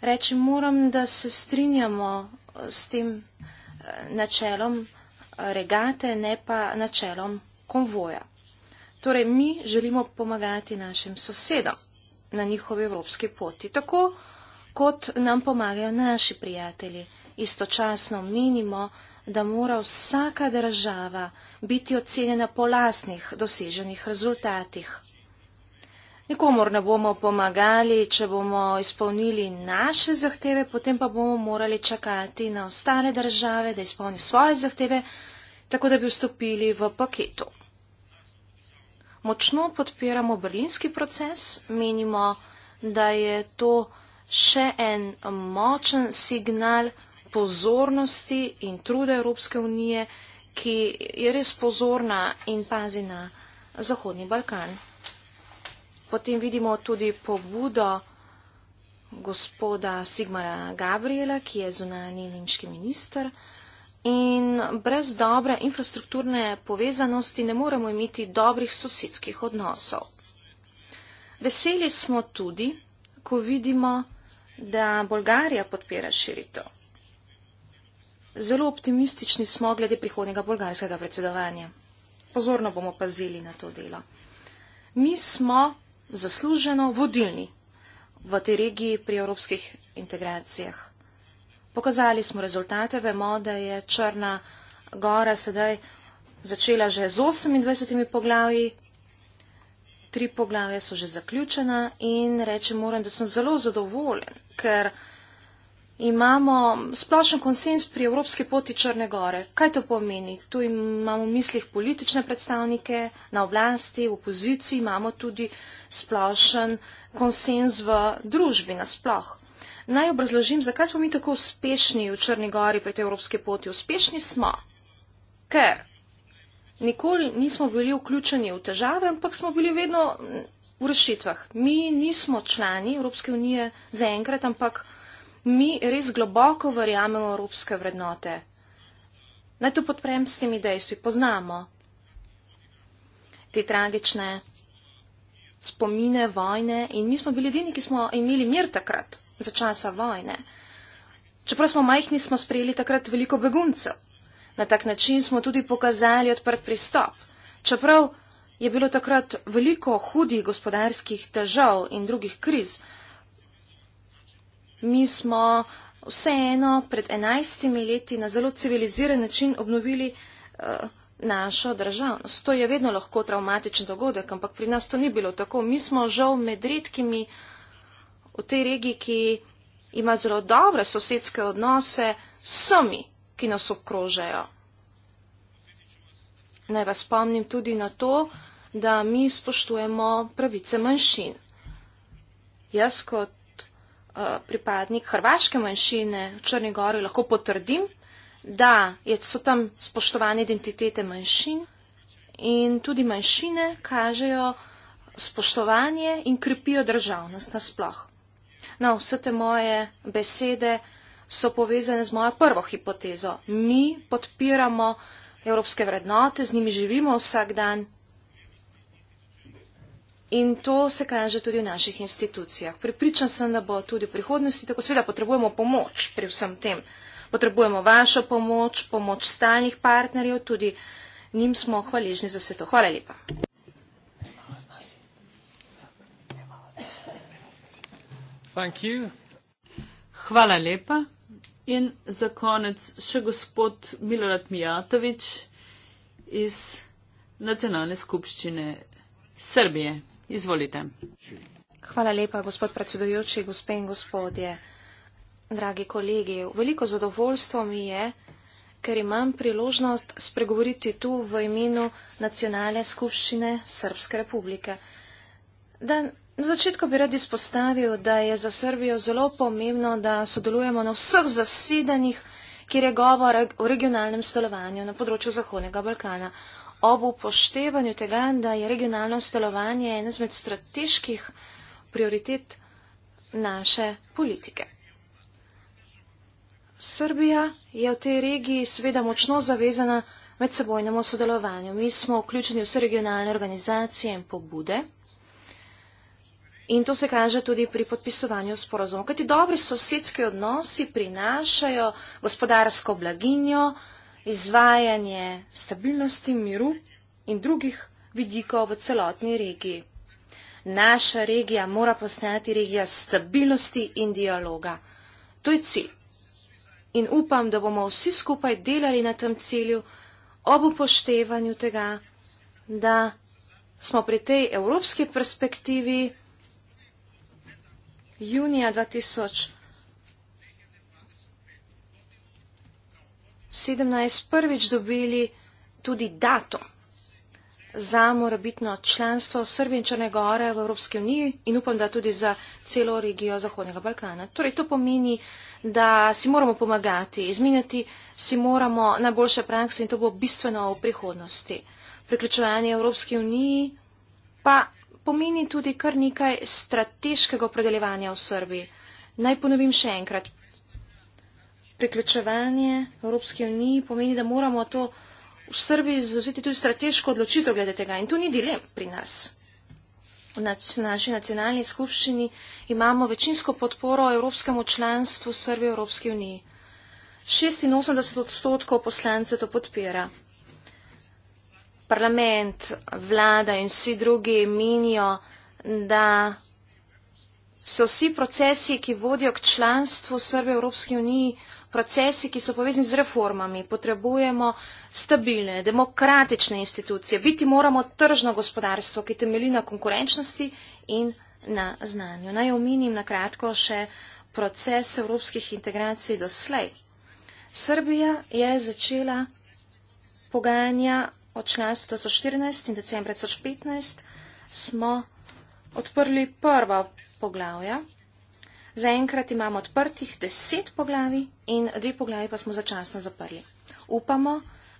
Reči moram, da se strinjamo eh, s tem eh, načelom eh, regate, ne pa načelom konvoja. Torej, mi želimo pomagati našim sosedom na njihovi evropski poti. Tako kot nam pomagajo naši prijatelji. Istočasno menimo, da mora vsaka država biti ocenjena po lasnih doseženih rezultatih. Nikomor ne bomo pomagali, če bomo izpolnili naše zahteve, potem pa bomo morali čakati na ostale države, da izpolni svoje zahteve, tako da bi vstopili v paketu. Močno podpiramo berlinski proces, menimo, da je to še en močen signal pozornosti in truda Evropske unije, ki je res pozorna in pazi na Zahodni Balkan. Potem vidimo tudi pobudo gospoda Sigmara Gabriela, ki je zunani nemški minister. In brez dobre infrastrukturne povezanosti ne moremo imeti dobrih sosedskih odnosov. Veseli smo tudi, ko vidimo, da Bolgarija podpira širitev. Zelo optimistični smo glede prihodnjega bolgarskega predsedovanja. Pozorno bomo pazili na to delo. Mi smo zasluženo vodilni v tej regiji pri evropskih integracijah. Pokazali smo rezultate, vemo, da je Črna gora sedaj začela že z 28 poglavji tri poglavja so že zaključena in rečem moram, da sem zelo zadovoljen, ker imamo splošen konsens pri Evropski poti Črne Gore. Kaj to pomeni? Tu imamo v mislih politične predstavnike, na oblasti, v opoziciji imamo tudi splošen konsens v družbi nasploh. Naj obrazložim, zakaj smo mi tako uspešni v Črni Gori pri tej Evropski poti. Uspešni smo, ker nikoli nismo bili vključeni v težave, ampak smo bili vedno v rešitvah. Mi nismo člani Evropske unije zaenkrat, ampak mi res globoko verjamemo v evropske vrednote. Naj to podprem s temi dejstvi. Poznamo te tragične spomine vojne in mi smo bili edini, ki smo imeli mir takrat, za časa vojne. Čeprav smo majhni, smo sprejeli takrat veliko beguncev. Na tak način smo tudi pokazali odprt pristop. Čeprav je bilo takrat veliko hudih gospodarskih težav in drugih kriz, mi smo vseeno pred enajstimi leti na zelo civiliziran način obnovili uh, našo državnost. To je vedno lahko travmatičen dogodek, ampak pri nas to ni bilo tako. Mi smo žal med redkimi v tej regiji, ki ima zelo dobre sosedske odnose s vsemi ki nas okrožajo. Naj vas spomnim tudi na to, da mi spoštujemo pravice manjšin. Jaz kot uh, pripadnik hrvaške manjšine v Črni Gori lahko potrdim, da so tam spoštovane identitete manjšin in tudi manjšine kažejo spoštovanje in krepijo državnost nasploh. No, vse te moje besede so povezane z mojo prvo hipotezo. Mi podpiramo evropske vrednote, z njimi živimo vsak dan in to se kaže tudi v naših institucijah. Pripričan sem, da bo tudi v prihodnosti tako. Seveda potrebujemo pomoč pri vsem tem. Potrebujemo vašo pomoč, pomoč stalnih partnerjev, tudi njim smo hvaležni za vse to. Hvala lepa. Hvala lepa. In za konec še gospod Milorad Mijatovič iz nacionalne skupščine Srbije. Izvolite. Hvala lepa, gospod predsedujoči, gospe in gospodje, dragi kolegi. Veliko zadovoljstvo mi je, ker imam priložnost spregovoriti tu v imenu nacionalne skupščine Srpske republike. Dan Na začetku bi rad izpostavil, da je za Srbijo zelo pomembno, da sodelujemo na vseh zasedanjih, kjer je govor o regionalnem stolovanju na področju Zahodnega Balkana. Ob upoštevanju tega, da je regionalno stolovanje ena zmed strateških prioritet naše politike. Srbija je v tej regiji seveda močno zavezana medsebojnemu sodelovanju. Mi smo vključeni v vse regionalne organizacije in pobude. In to se kaže tudi pri podpisovanju sporozumov. Kajti dobri sosedski odnosi prinašajo gospodarsko blaginjo, izvajanje stabilnosti, miru in drugih vidikov v celotni regiji. Naša regija mora postati regija stabilnosti in dialoga. To je cilj. In upam, da bomo vsi skupaj delali na tem cilju ob upoštevanju tega, da smo pri tej evropski perspektivi junija 2017 prvič dobili tudi datum za morabitno članstvo Srbije in Črne Gore v Evropski uniji in upam, da tudi za celo regijo Zahodnega Balkana. Torej, to pomeni, da si moramo pomagati, izminjati si moramo najboljše prakse in to bo bistveno v prihodnosti. Priključovanje Evropski uniji pa pomeni tudi kar nekaj strateškega opredeljevanja v Srbiji. Naj ponovim še enkrat. Priključevanje Evropske unije pomeni, da moramo to v Srbiji zauzeti tudi strateško odločitev glede tega. In to ni dilem pri nas. V naši nacionalni skupščini imamo večinsko podporo evropskemu članstvu Srbije v Evropski uniji. 86 odstotkov poslancev to podpira parlament, vlada in vsi drugi menijo, da so vsi procesi, ki vodijo k članstvu Srbije v Evropski uniji, procesi, ki so povezani z reformami. Potrebujemo stabilne, demokratične institucije. Biti moramo tržno gospodarstvo, ki temelji na konkurenčnosti in na znanju. Naj omenim na kratko še proces evropskih integracij doslej. Srbija je začela pogajanja od članstva 2014 in decembra 2015 smo odprli prva poglavja. Zaenkrat imamo odprtih deset poglavi in dve poglavi pa smo začasno zaprli. Upamo,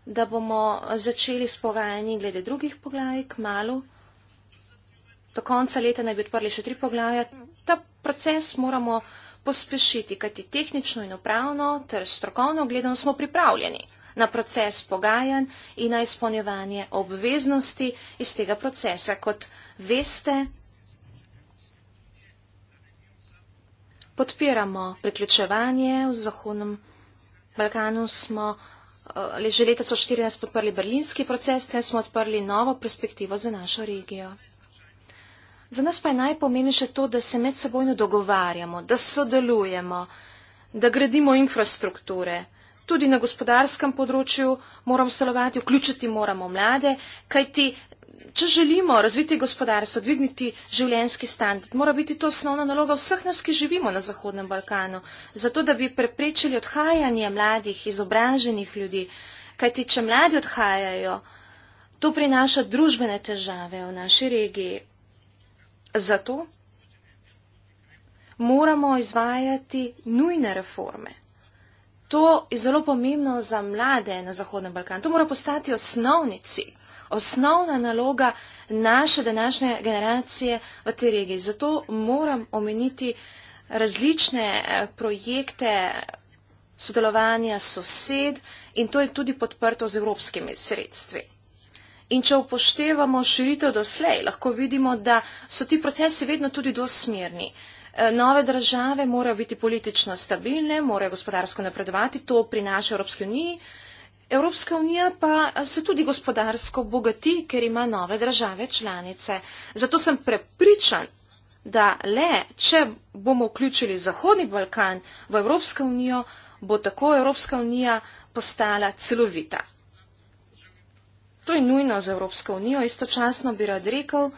da bomo začeli s pogajanji glede drugih poglavij k malu. Do konca leta naj bi odprli še tri poglavja. Ta proces moramo pospešiti, kajti tehnično in upravno ter strokovno gledano smo pripravljeni na proces pogajanj in na izpolnjevanje obveznosti iz tega procesa. Kot veste, podpiramo priključevanje v Zahodnem Balkanu, smo eh, že leta 2014 podprli berlinski proces, tem smo odprli novo perspektivo za našo regijo. Za nas pa je najpomembnejše to, da se med sebojno dogovarjamo, da sodelujemo, da gradimo infrastrukture, tudi na gospodarskem področju moramo stalovati, vključiti moramo mlade, kajti če želimo razviti gospodarstvo, dvigniti življenski standard, mora biti to osnovna naloga vseh nas, ki živimo na Zahodnem Balkanu, zato da bi preprečili odhajanje mladih, izobraženih ljudi. Kajti, če mladi odhajajo, to prinaša družbene težave v naši regiji. Zato moramo izvajati nujne reforme to je zelo pomembno za mlade na Zahodnem Balkanu. To mora postati osnovni cilj, osnovna naloga naše današnje generacije v tej regiji. Zato moram omeniti različne eh, projekte sodelovanja sosed in to je tudi podprto z evropskimi sredstvi. In če upoštevamo širitev doslej, lahko vidimo, da so ti procesi vedno tudi dosmerni. Eh, nove države morajo biti politično stabilne, morajo gospodarsko napredovati, to prinaša Evropske unije. Evropska unija pa eh, se tudi gospodarsko bogati, ker ima nove države članice. Zato sem prepričan, da le, če bomo vključili Zahodni Balkan v Evropsko unijo, bo tako Evropska unija postala celovita. To je nujno za Evropsko unijo. Istočasno bi rad rekel,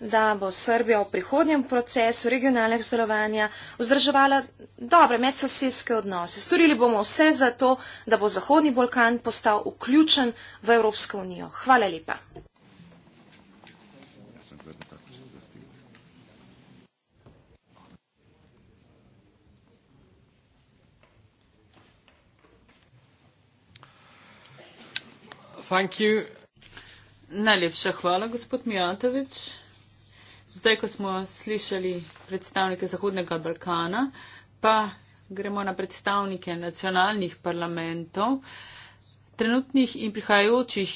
da bo Srbija v prihodnjem procesu regionalnega sodelovanja vzdrževala dobre medsosedske odnose. Storili bomo vse za to, da bo Zahodni Balkan postal vključen v Evropsko unijo. Hvala lepa. Najlepša hvala, gospod Mijatovič. Zdaj, ko smo slišali predstavnike Zahodnega Balkana, pa gremo na predstavnike nacionalnih parlamentov, trenutnih in prihajajočih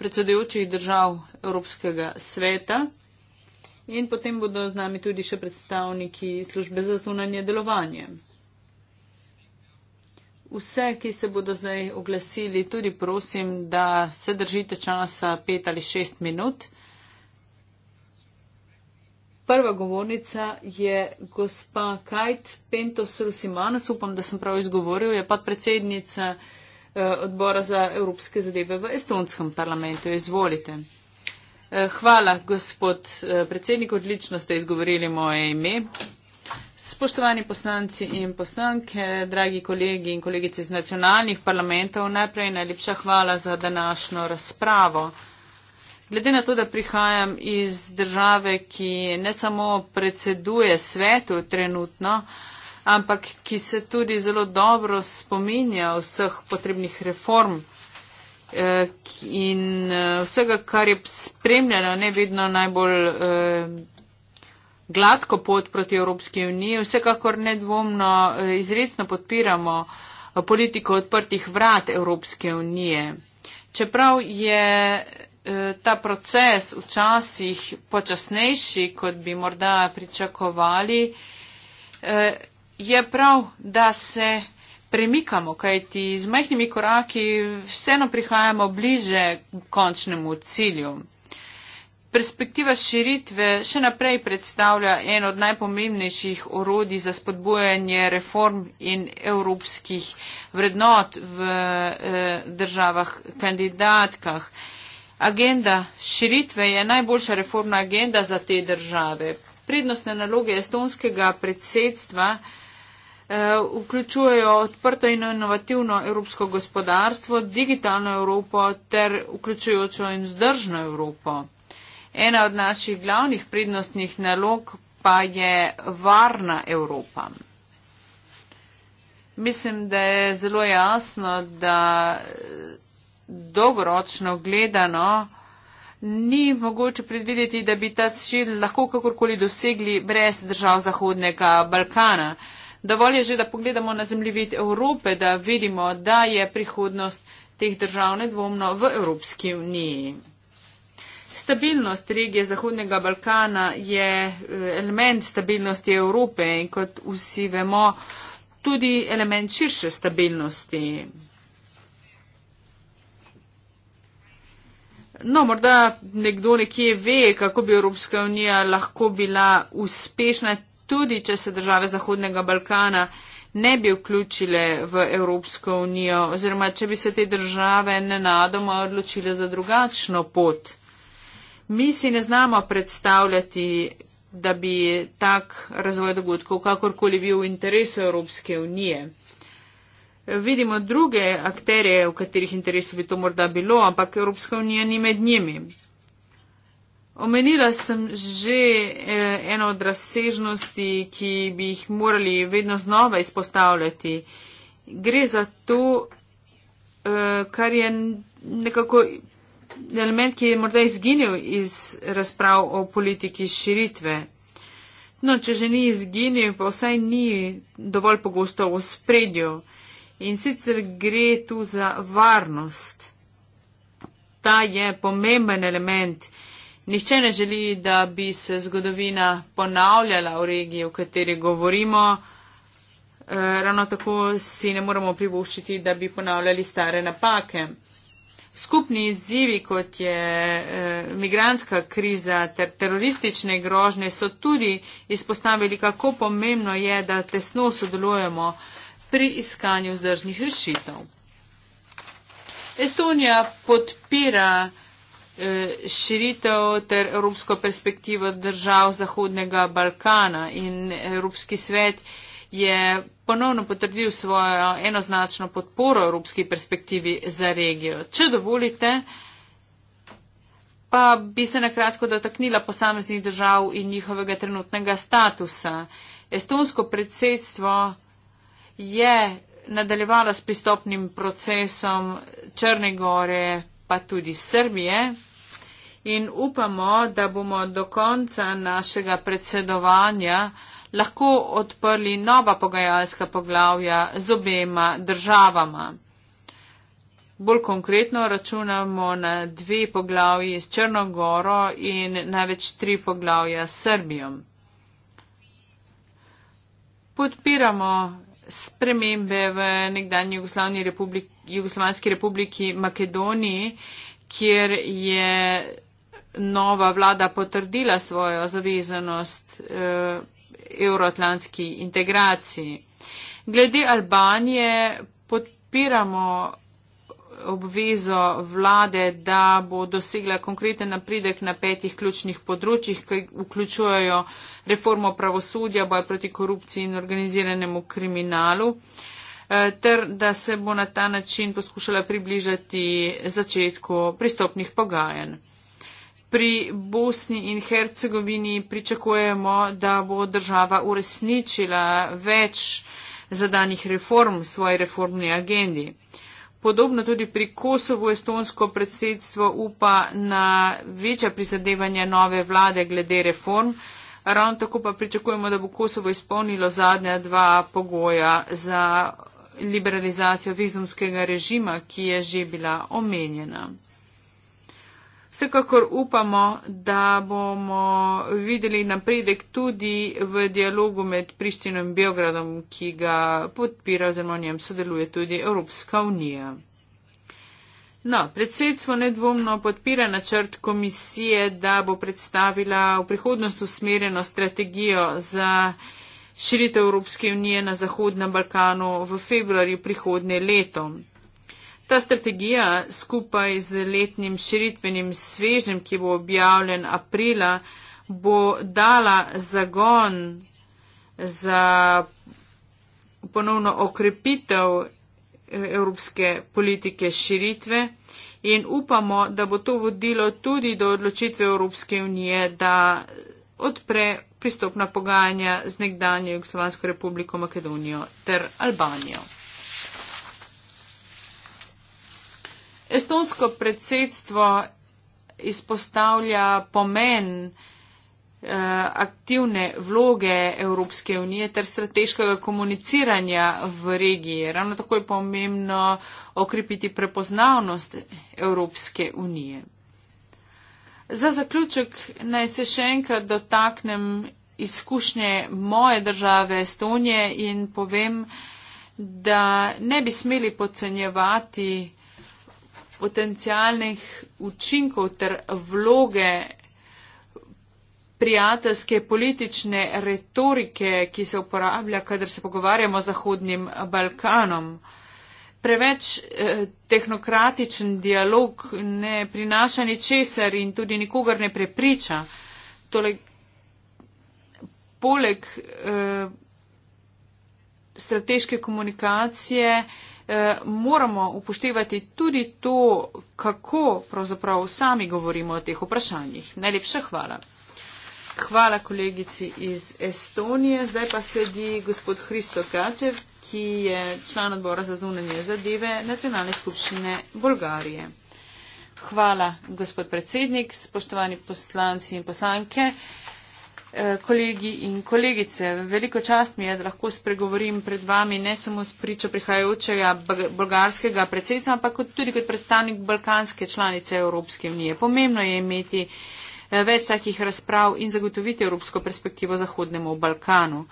predsedujočih držav Evropskega sveta. In potem bodo z nami tudi še predstavniki službe za zunanje delovanje. Vse, ki se bodo zdaj oglasili, tudi prosim, da se držite časa pet ali šest minut. Prva govornica je gospa Kajt Pentos Rusimanes, upam, da sem prav izgovoril, je podpredsednica eh, odbora za evropske zadeve v estonskem parlamentu. Izvolite. Eh, hvala, gospod eh, predsednik, odlično ste izgovorili moje ime. Spoštovani poslanci in poslanke, dragi kolegi in kolegice iz nacionalnih parlamentov, najprej najlepša hvala za današnjo razpravo. Glede na to, da prihajam iz države, ki ne samo predseduje svetu trenutno, ampak ki se tudi zelo dobro spominja vseh potrebnih reform eh, in eh, vsega, kar je spremljeno ne vedno najbolj eh, gladko pot proti Evropski uniji, vsekakor nedvomno izredno podpiramo politiko odprtih vrat Evropske unije. Čeprav je Eh, ta proces včasih počasnejši, kot bi morda pričakovali, eh, je prav, da se premikamo, kajti z majhnimi koraki vseeno prihajamo bliže končnemu cilju. Perspektiva širitve še naprej predstavlja en od najpomembnejših orodij za spodbujanje reform in evropskih vrednot v eh, državah kandidatkah. Eh, agenda širitve je najboljša reformna agenda za te države. Prednostne naloge estonskega predsedstva eh, vključujejo odprto in inovativno evropsko gospodarstvo, digitalno Evropo ter vključujočo in vzdržno Evropo. Ena od naših glavnih prednostnih nalog pa je varna Evropa. Mislim, da je zelo jasno, da dolgoročno gledano, ni mogoče predvideti, da bi ta cilj lahko kakorkoli dosegli brez držav Zahodnega Balkana. Dovolj je že, da pogledamo na zemljevid Evrope, da vidimo, da je prihodnost teh držav nedvomno v Evropski uniji. Stabilnost regije Zahodnega Balkana je eh, element stabilnosti Evrope in kot vsi vemo, tudi element širše stabilnosti. No, morda nekdo nekje ve, kako bi Evropska unija lahko bila uspešna, tudi če se države Zahodnega Balkana ne bi vključile v Evropsko unijo, oziroma če bi se te države nenadoma odločile za drugačno pot. Mi si ne znamo predstavljati, da bi tak razvoj dogodkov kakorkoli bil v interesu Evropske unije vidimo druge akterje, v katerih interesu bi to morda bilo, ampak Evropska unija ni med njimi. Omenila sem že eh, eno od razsežnosti, ki bi jih morali vedno znova izpostavljati. Gre za to, eh, kar je nekako element, ki je morda izginil iz razprav o politiki širitve. No, če že ni izginil, pa vsaj ni dovolj pogosto v spredju. In sicer gre tu za varnost. Ta je pomemben element. Nihče ne želi, da bi se zgodovina ponavljala v regiji, o kateri govorimo. Eh, ravno tako si ne moramo privoščiti, da bi ponavljali stare napake. Skupni izzivi, kot je eh, migranska kriza ter teroristične grožnje, so tudi izpostavili, kako pomembno je, da tesno sodelujemo eh, pri iskanju vzdržnih rešitev. Estonija podpira eh, širitev ter evropsko perspektivo držav Zahodnega Balkana in Evropski svet je ponovno potrdil svojo enoznačno podporo evropski perspektivi za regijo. Če dovolite, pa bi se nakratko dotaknila posameznih držav in njihovega trenutnega statusa. Estonsko predsedstvo je nadaljevala s pristopnim procesom Črne gore, pa tudi Srbije. In upamo, da bomo do konca našega predsedovanja lahko odprli nova pogajalska poglavja z obema državama. Bolj konkretno računamo na dve poglavji s Črnogoro in največ tri poglavja s Srbijo. Podpiramo spremembe v nekdanji republik, Jugoslovanski republiki Makedoniji, kjer je nova vlada potrdila svojo zavezanost evroatlantski eh, integraciji. Glede Albanije podpiramo obvezo vlade, da bo dosegla konkreten napredek na petih ključnih področjih, ki vključujejo reformo pravosodja, boj proti korupciji in organiziranemu kriminalu, eh, ter da se bo na ta način poskušala približati začetku pristopnih pogajanj. Pri Bosni in Hercegovini pričakujemo, da bo država uresničila več zadanih reform v svoji reformni agendi. Podobno tudi pri Kosovu estonsko predsedstvo upa na večja prizadevanja nove vlade glede reform. Ravno tako pa pričakujemo, da bo Kosovo izpolnilo zadnja dva pogoja za liberalizacijo vizumskega režima, ki je že bila omenjena. Vsekakor upamo, da bomo videli napredek tudi v dialogu med Prištino in Beogradom, ki ga podpira oziroma njem sodeluje tudi Evropska unija. No, predsedstvo nedvomno podpira načrt komisije, da bo predstavila v prihodnost usmerjeno strategijo za širitev Evropske unije na Zahodnem Balkanu v februarju prihodnje leto. Ta strategija skupaj z letnim širitvenim svežnjem, ki bo objavljen aprila, bo dala zagon za ponovno okrepitev e, evropske politike širitve in upamo, da bo to vodilo tudi do odločitve Evropske unije, da odpre pristopna pogajanja z nekdanjo Jugoslovansko republiko Makedonijo ter Albanijo. Estonsko predsedstvo izpostavlja pomen eh, aktivne vloge Evropske unije ter strateškega komuniciranja v regiji. Ravno tako je pomembno okrepiti prepoznavnost Evropske unije. Za zaključek naj se še enkrat dotaknem izkušnje moje države Estonije in povem, da ne bi smeli podcenjevati potencijalnih učinkov ter vloge prijateljske politične retorike, ki se uporablja, kadar se pogovarjamo z Zahodnim Balkanom. Preveč eh, tehnokratičen dialog ne prinaša ničesar in tudi nikogar ne prepriča. Tole, poleg eh, strateške komunikacije eh, Eh, moramo upoštevati tudi to, kako pravzaprav sami govorimo o teh vprašanjih. Najlepša hvala. Hvala kolegici iz Estonije. Zdaj pa sledi gospod Hristo Kačev, ki je član odbora za zunanje zadeve nacionalne skupščine Bolgarije. Hvala, gospod predsednik, spoštovani poslanci in poslanke. Eh, kolegi in kolegice. Veliko čast mi je, da lahko spregovorim pred vami ne samo s pričo prihajajočega bolgarskega predsednika, ampak tudi kot predstavnik balkanske članice Evropske unije. Pomembno je imeti eh, več takih razprav in zagotoviti evropsko perspektivo Zahodnemu Balkanu.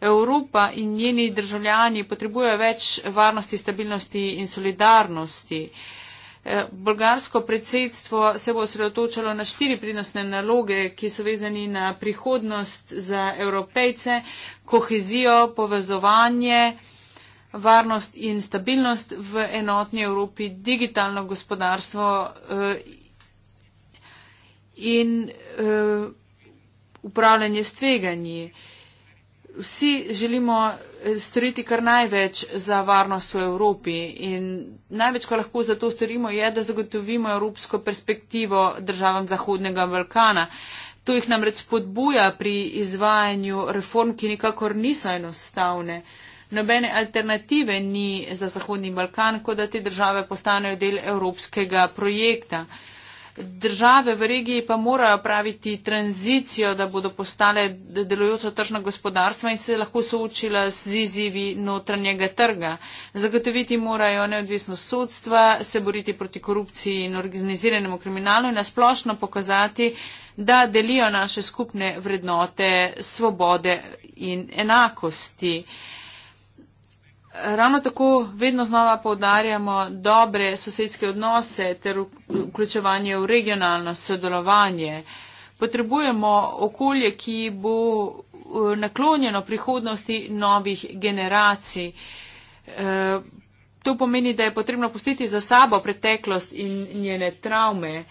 Evropa in njeni državljani potrebujejo več varnosti, stabilnosti in solidarnosti. Uh, Eh, bolgarsko predsedstvo se bo osredotočalo na štiri prednostne naloge, ki so vezani na prihodnost za evropejce, kohezijo, povezovanje, varnost in stabilnost v enotni Evropi, digitalno gospodarstvo eh, in eh, upravljanje s tveganji. Vsi želimo storiti kar največ za varnost v Evropi in največ, kar lahko za to storimo, je, da zagotovimo evropsko perspektivo državam Zahodnega Balkana. To jih namreč spodbuja pri izvajanju reform, ki nikakor niso enostavne. Nobene alternative ni za Zahodni Balkan, kot da te države postanejo del evropskega projekta. Države v regiji pa morajo praviti tranzicijo, da bodo postale delujoče tržno gospodarstvo in se lahko soočila z izzivi notranjega trga. Zagotoviti morajo neodvisnost sodstva, se boriti proti korupciji in organiziranemu kriminalu in nasplošno pokazati, da delijo naše skupne vrednote svobode in enakosti. Uh, Ravno tako vedno znova poudarjamo dobre sosedske odnose ter vključevanje v regionalno sodelovanje. Potrebujemo okolje, ki bo e, naklonjeno prihodnosti novih generacij. E, to pomeni, da je potrebno pustiti za sabo preteklost in njene travme.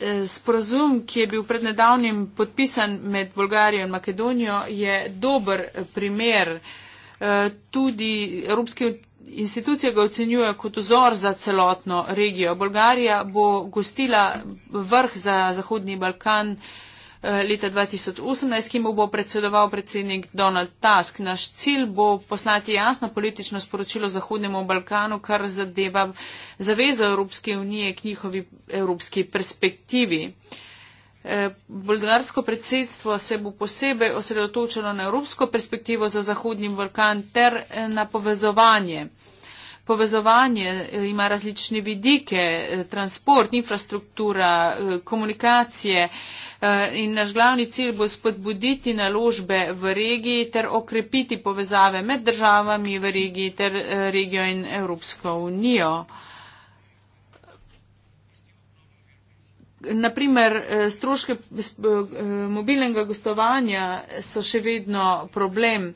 E, sporazum, ki je bil prednedavnim podpisan med Bolgarijo in Makedonijo, je dober primer tudi Evropske institucije ga ocenjujejo kot vzor za celotno regijo. Bolgarija bo gostila vrh za Zahodni Balkan eh, leta 2018, ki mu bo predsedoval predsednik Donald Tusk. Naš cilj bo poslati jasno politično sporočilo Zahodnemu Balkanu, kar zadeva zavezo Evropske unije k njihovi evropski perspektivi. Uh, Eh, bolgarsko predsedstvo se bo posebej osredotočilo na evropsko perspektivo za Zahodni Balkan ter eh, na povezovanje. Povezovanje eh, ima različne vidike, transport, infrastruktura, komunikacije in naš glavni cilj bo spodbuditi naložbe v regiji ter okrepiti povezave med državami v regiji ter regijo in Evropsko unijo. naprimer eh, stroške eh, mobilnega gostovanja so še vedno problem.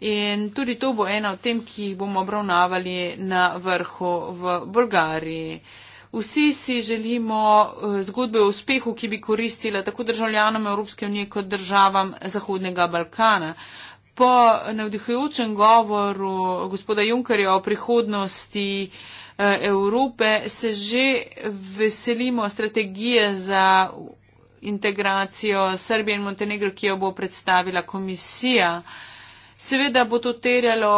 In tudi to bo ena od tem, ki jih bomo obravnavali na vrhu v Bolgariji. Vsi si želimo eh, zgodbe o uspehu, ki bi koristila tako državljanom Evropske unije kot državam Zahodnega Balkana. Po navdihujočem govoru gospoda Junkerja o prihodnosti eh, Eh, Evrope, se že veselimo strategije za integracijo Srbije in Montenegro, ki jo bo predstavila komisija. Seveda bo to terjalo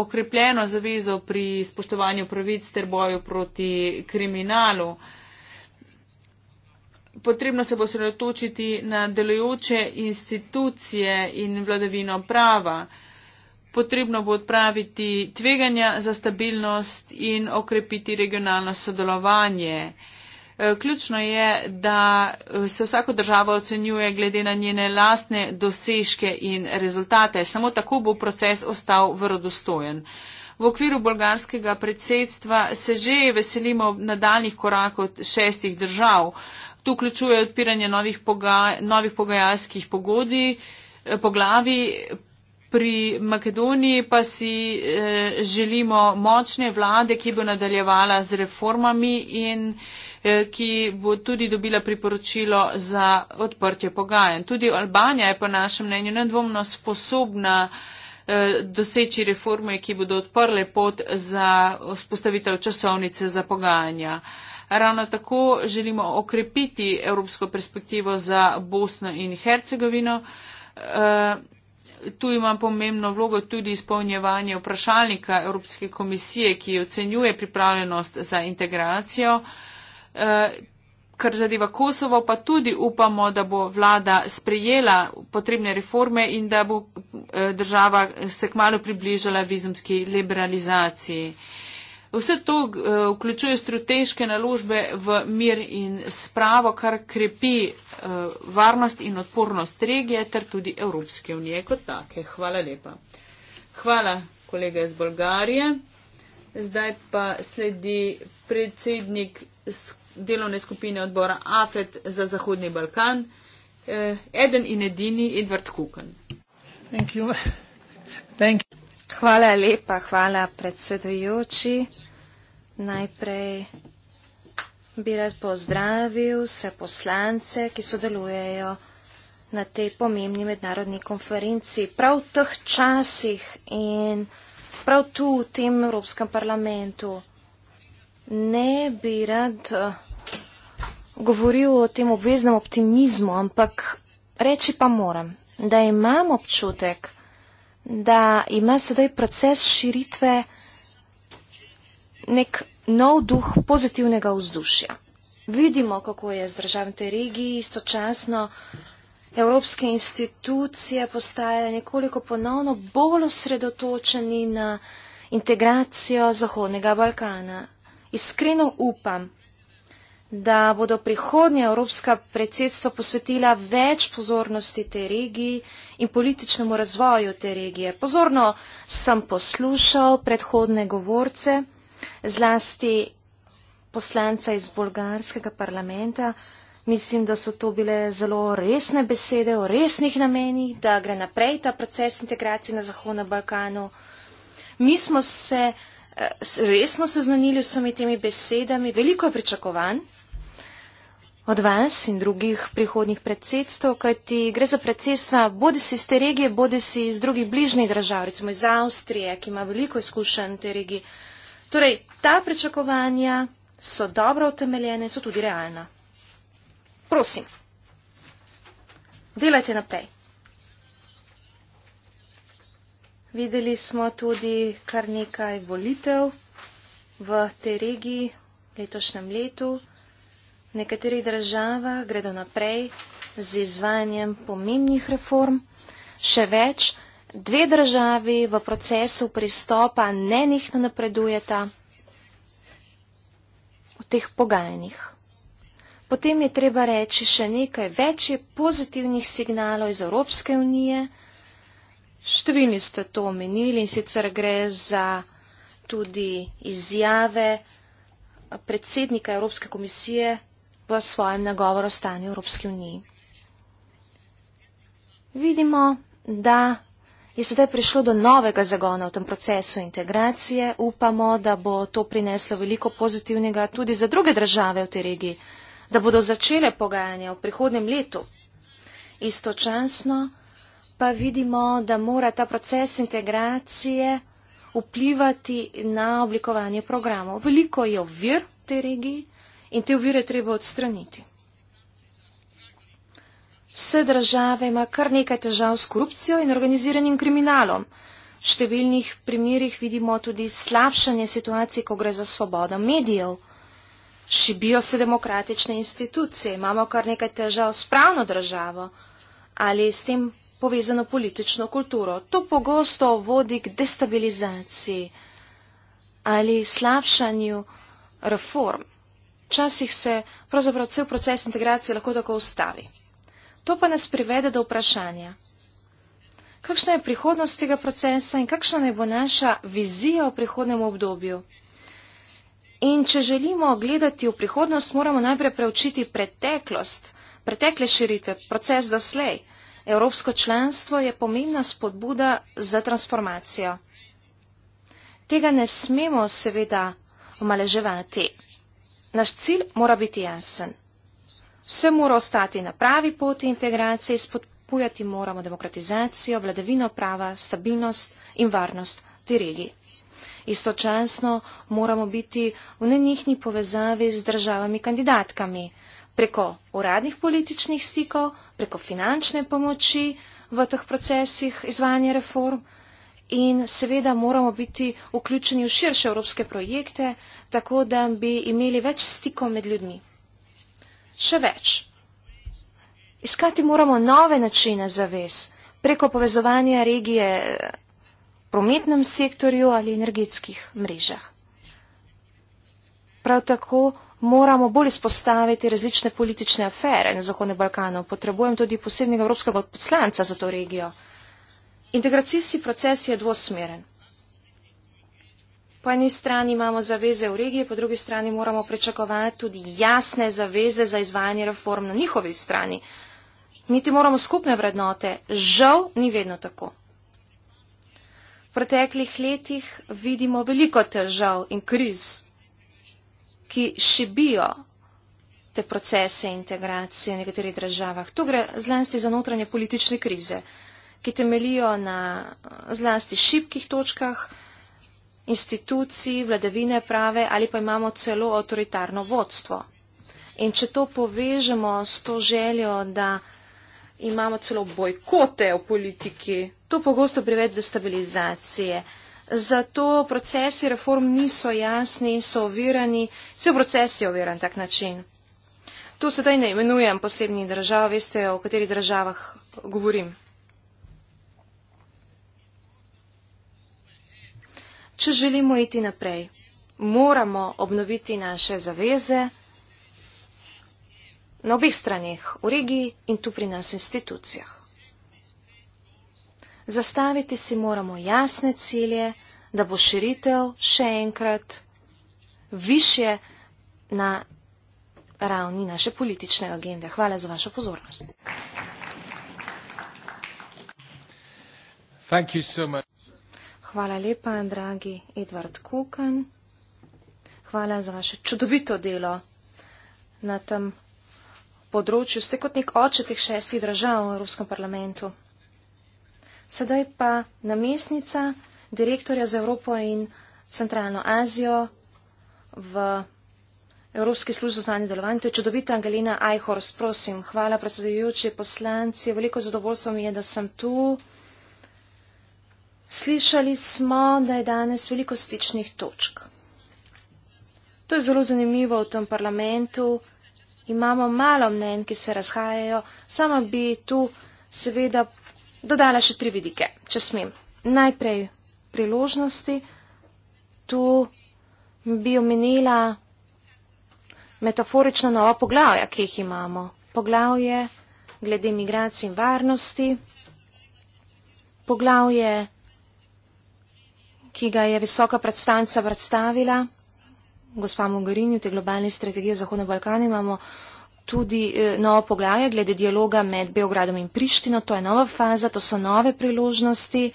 okrepljeno zavezo pri spoštovanju pravic ter boju proti kriminalu. Potrebno se bo sredotočiti na delujoče institucije in vladavino prava. Potrebno bo odpraviti tveganja za stabilnost in okrepiti regionalno sodelovanje. E, ključno je, da e, se vsako država ocenjuje glede na njene lastne dosežke in rezultate. Samo tako bo proces ostal vrodostojen. V okviru bolgarskega predsedstva se že veselimo nadaljnih korakov šestih držav. Tu vključuje odpiranje novih, poga novih pogajalskih pogodij, e, poglavi, Pri Makedoniji pa si eh, želimo močne vlade, ki bo nadaljevala z reformami in eh, ki bo tudi dobila priporočilo za odprtje pogajanj. Tudi Albanija je po našem mnenju nedvomno sposobna eh, doseči reforme, ki bodo odprle pot za vzpostavitev časovnice za pogajanja. Ravno tako želimo okrepiti evropsko perspektivo za Bosno in Hercegovino. Eh, tu ima pomembno vlogo tudi izpolnjevanje vprašalnika Evropske komisije, ki ocenjuje pripravljenost za integracijo. E, kar zadeva Kosovo, pa tudi upamo, da bo vlada sprejela potrebne reforme in da bo e, država se kmalo približala vizumski liberalizaciji. Vse to uh, vključuje strateške naložbe v mir in spravo, kar krepi uh, varnost in odpornost regije ter tudi Evropske unije kot take. Hvala lepa. Hvala, kolega iz Bolgarije. Zdaj pa sledi predsednik delovne skupine odbora AFET za Zahodni Balkan, uh, eden in edini Edward Kukan. Thank you. Thank you. Hvala lepa, hvala predsedujoči. Najprej bi rad pozdravil vse poslance, ki sodelujejo na tej pomembni mednarodni konferenci. Prav v teh časih in prav tu v tem Evropskem parlamentu ne bi rad eh, govoril o tem obveznem optimizmu, ampak reči pa moram, da imam občutek, da ima sedaj proces širitve nek nov duh pozitivnega vzdušja. Vidimo, kako je zdržav v tej regiji, istočasno evropske institucije postajajo nekoliko ponovno bolj osredotočeni na integracijo Zahodnega Balkana. Iskreno upam, da bodo prihodnje evropska predsedstva posvetila več pozornosti tej regiji in političnemu razvoju te regije. Pozorno sem poslušal predhodne govorce zlasti poslanca iz bolgarskega parlamenta. Mislim, da so to bile zelo resne besede o resnih namenih, da gre naprej ta proces integracije na Zahodnem Balkanu. Mi smo se eh, resno seznanili s vsemi temi besedami, veliko je pričakovan od vas in drugih prihodnih predsedstv, kajti gre za predsedstva bodi si iz te regije, bodi si iz drugih bližnjih držav, recimo iz Avstrije, ki ima veliko izkušenj v tej regiji. Torej, ta pričakovanja so dobro utemeljene in so tudi realna. Prosim, delajte naprej. Videli smo tudi kar nekaj volitev v tej regiji v letošnjem letu. V nekaterih državah gredo naprej z izvajanjem pomembnih reform. Še več, dve državi v procesu pristopa nenihno napredujeta teh pogajanjih. Potem je treba reči še nekaj več pozitivnih signalov iz Evropske unije. Številni ste to omenili in sicer gre za tudi izjave predsednika Evropske komisije v svojem nagovoru o stanju Evropske unije. Vidimo, da je sedaj prišlo do novega zagona v tem procesu integracije. Upamo, da bo to prineslo veliko pozitivnega tudi za druge države v tej regiji, da bodo začele pogajanja v prihodnem letu. Istočasno pa vidimo, da mora ta proces integracije vplivati na oblikovanje programov. Veliko je ovir v tej regiji in te ovire treba odstraniti. Vse države ima kar nekaj težav s korupcijo in organiziranim kriminalom. V številnih primerjih vidimo tudi slabšanje situacije, ko gre za svobodo medijev. Šibijo se demokratične institucije, imamo kar nekaj težav s pravno državo ali s tem povezano politično kulturo. To pogosto vodi k destabilizaciji ali slabšanju reform. Včasih se pravzaprav cel proces integracije lahko tako ustavi. To pa nas privede do vprašanja, kakšna je prihodnost tega procesa in kakšna naj bo naša vizija o prihodnem obdobju. In če želimo gledati v prihodnost, moramo najprej preučiti preteklost, pretekle širitve, proces doslej. Evropsko članstvo je pomembna spodbuda za transformacijo. Tega ne smemo seveda omaleževati. Naš cilj mora biti jasen. Vse mora ostati na pravi poti integracije, spodpujati moramo demokratizacijo, vladavino prava, stabilnost in varnost te regiji. Istočasno moramo biti v nenihni povezavi z državami kandidatkami, preko uradnih političnih stikov, preko finančne pomoči v teh procesih izvajanja reform in seveda moramo biti vključeni v širše evropske projekte, tako da bi imeli več stikov med ljudmi. Še več. Iskati moramo nove načine zavez preko povezovanja regije v prometnem sektorju ali energetskih mrežah. Prav tako moramo bolj izpostaviti različne politične afere na Zahodnem Balkanu. Potrebujem tudi posebnega evropskega poslanca za to regijo. Integracijski proces je dvosmeren. Po eni strani imamo zaveze v regiji, po drugi strani moramo prečakovati tudi jasne zaveze za izvajanje reform na njihovi strani. Mi ti moramo skupne vrednote. Žal ni vedno tako. V preteklih letih vidimo veliko težav in kriz, ki šibijo te procese integracije v nekaterih državah. Tu gre zlasti za notranje politične krize, ki temelijo na zlasti šibkih točkah institucij, vladavine prave ali pa imamo celo avtoritarno vodstvo. In če to povežemo s to željo, da imamo celo bojkote v politiki, to pogosto privede do stabilizacije. Zato procesi reform niso jasni, so ovirani, vse proces je oviran tak način. To sedaj ne imenujem posebnih držav, veste, o katerih državah govorim. Če želimo iti naprej, moramo obnoviti naše zaveze na obih straneh, v regiji in tu pri nas v institucijah. Zastaviti si moramo jasne cilje, da bo širitev še enkrat više na ravni naše politične agende. Hvala za vašo pozornost. Thank you so much. Hvala lepa, dragi Edvard Kukan. Hvala za vaše čudovito delo na tem področju. Ste kot nek oče teh šestih držav v Evropskem parlamentu. Sedaj pa namestnica direktorja za Evropo in Centralno Azijo v Evropski službi za znanje delovanje. To je čudovita Angelina Ajhorst. Prosim, hvala predsedujoči poslanci. Veliko zadovoljstvo mi je, da sem tu. Slišali smo, da je danes veliko stičnih točk. To je zelo zanimivo v tem parlamentu. Imamo malo mnen, ki se razhajajo. Sama bi tu seveda dodala še tri vidike, če smem. Najprej priložnosti. Tu bi omenila metaforično novo poglavje, ki jih imamo. Poglavje glede migracij in varnosti. Poglavje ki ga je visoka predstavnica predstavila, gospa Mogarinju, te globalne strategije Zahodne Balkane, imamo tudi eh, novo poglavje glede dialoga med Beogradom in Prištino. To je nova faza, to so nove priložnosti,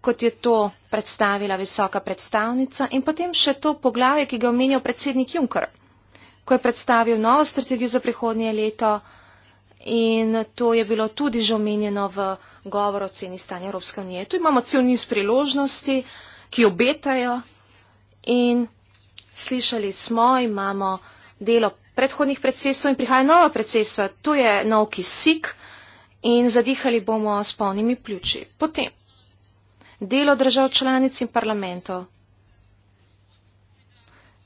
kot je to predstavila visoka predstavnica. In potem še to poglavje, ki ga je omenjal predsednik Juncker, ko je predstavil novo strategijo za prihodnje leto. In to je bilo tudi že omenjeno v govoru o ceni stanja Evropske unije. Tu imamo cel niz priložnosti ki obetajo in slišali smo, imamo delo predhodnih predsedstv in prihaja nova predsedstva, to je nov kisik in zadihali bomo s polnimi pljuči. Potem, delo držav članic in parlamentov.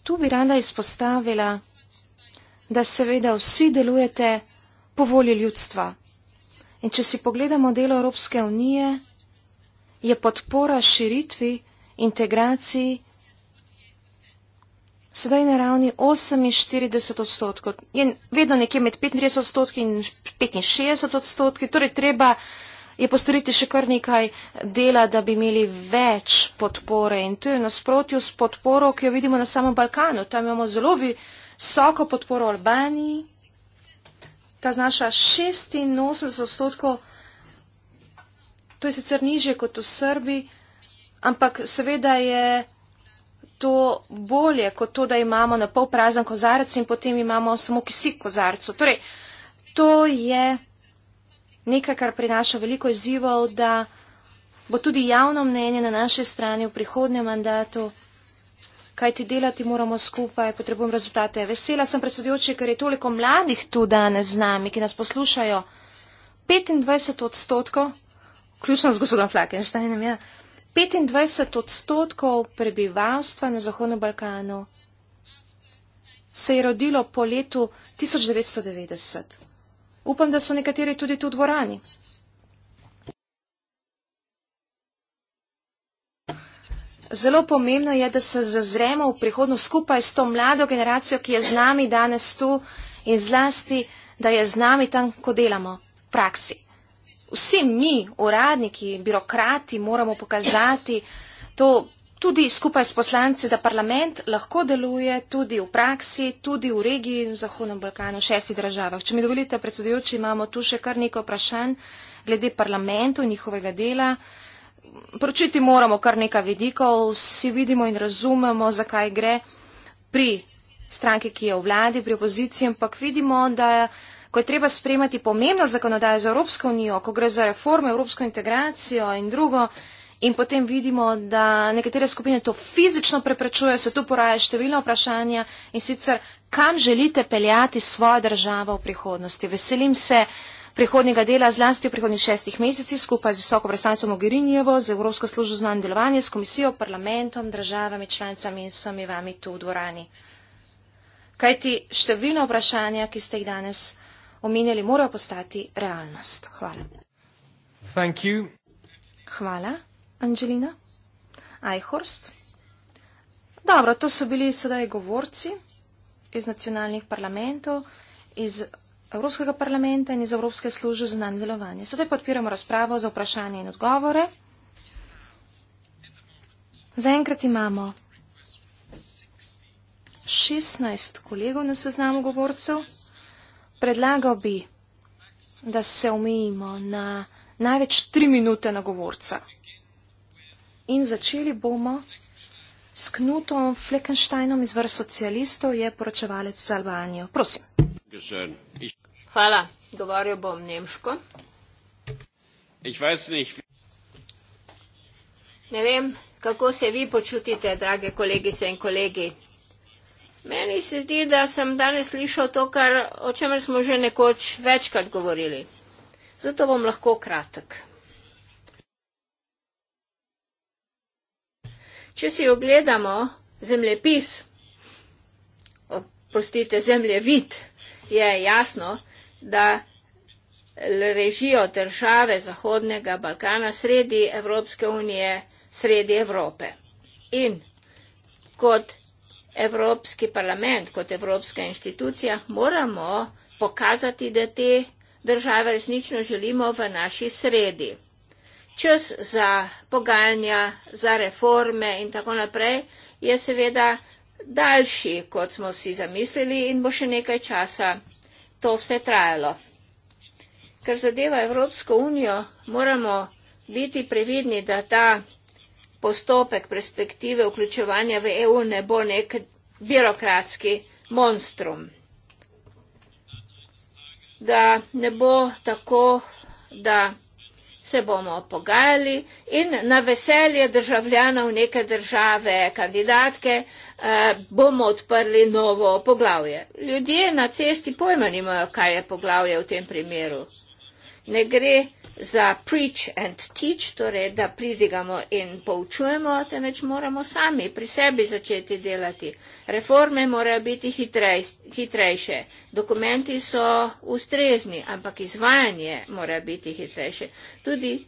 Tu bi rada izpostavila, da seveda vsi delujete po volji ljudstva. In če si pogledamo delo Evropske unije, je podpora širitvi integraciji sedaj na ravni 48 odstotkov. Je vedno nekje med 35 odstotki in 65 odstotki, torej treba je postoriti še kar nekaj dela, da bi imeli več podpore. In to je nasprotju s podporo, ki jo vidimo na samem Balkanu. Tam imamo zelo visoko podporo v Albaniji. Ta znaša 86 odstotkov. To je sicer niže kot v Srbiji, ampak seveda je to bolje kot to, da imamo na pol prazen kozarec in potem imamo samo kisik kozarcu. Torej, to je nekaj, kar prinaša veliko izzivov, da bo tudi javno mnenje na naši strani v prihodnem mandatu, kaj ti delati moramo skupaj, potrebujem rezultate. Vesela sem predsedujoči, ker je toliko mladih tu danes z nami, ki nas poslušajo. 25 odstotkov, ključno z gospodom Flakensteinem, ja. 25 odstotkov prebivalstva na Zahodnem Balkanu se je rodilo po letu 1990. Upam, da so nekateri tudi tu dvorani. Zelo pomembno je, da se zazremo v prihodnost skupaj s to mlado generacijo, ki je z nami danes tu in zlasti, da je z nami tam, ko delamo v praksi vsi mi, uradniki, birokrati, moramo pokazati to tudi skupaj s poslanci, da parlament lahko deluje tudi v praksi, tudi v regiji v Zahodnem Balkanu, v šestih državah. Če mi dovolite, predsedujoči, imamo tu še kar nekaj vprašanj glede parlamentu in njihovega dela. Pročiti moramo kar nekaj vidikov, vsi vidimo in razumemo, zakaj gre pri stranke, ki je v vladi, pri opoziciji, ampak vidimo, da ko je treba sprejemati pomembno zakonodajo za Evropsko unijo, ko gre za reforme, Evropsko integracijo in drugo, in potem vidimo, da nekatere skupine to fizično preprečujejo, se tu poraja številna vprašanja in sicer, kam želite peljati svojo državo v prihodnosti. Veselim se prihodnjega dela zlasti v prihodnjih šestih mesecih skupaj z visoko predstavnico Mogherinijevo, z Evropsko službo znanja delovanja, s komisijo, parlamentom, državami, članicami in vsemi vami tu v dvorani. Kajti številna vprašanja, ki ste jih danes omenjali, morajo postati realnost. Hvala. Hvala, Angelina. Ajhorst. Dobro, to so bili sedaj govorci iz nacionalnih parlamentov, iz Evropskega parlamenta in iz Evropske službe za znanje delovanje. Sedaj podpiramo razpravo za vprašanje in odgovore. Zaenkrat imamo 16 kolegov na seznamu govorcev predlagal bi, da se omejimo na največ tri minute na govorca. In začeli bomo s Knutom Fleckensteinom iz vrst socialistov, je poročevalec za Albanijo. Prosim. Hvala, govoril bom nemško. Ne vem, kako se vi počutite, drage kolegice in kolegi. Meni se zdi, da sem danes slišal to, kar, o čemer smo že nekoč večkrat govorili. Zato bom lahko kratek. Če si ogledamo zemljepis, oprostite, zemljevid, je jasno, da režijo države Zahodnega Balkana sredi Evropske unije, sredi Evrope. In kot Evropski parlament kot Evropska institucija moramo pokazati, da te države resnično želimo v naši sredi. Čas za pogajanja, za reforme in tako naprej je seveda daljši, kot smo si zamislili in bo še nekaj časa to vse trajalo. Ker zadeva Evropsko unijo, moramo biti previdni, da ta postopek perspektive vključevanja v EU ne bo nek birokratski monstrum. Da ne bo tako, da se bomo pogajali in na veselje državljanov neke države, kandidatke, eh, bomo odprli novo poglavje. Ljudje na cesti pojma nimajo, kaj je poglavje v tem primeru ne gre za preach and teach, torej da pridigamo in poučujemo, temveč moramo sami pri sebi začeti delati. Reforme morajo biti hitrej, hitrejše, dokumenti so ustrezni, ampak izvajanje mora biti hitrejše. Tudi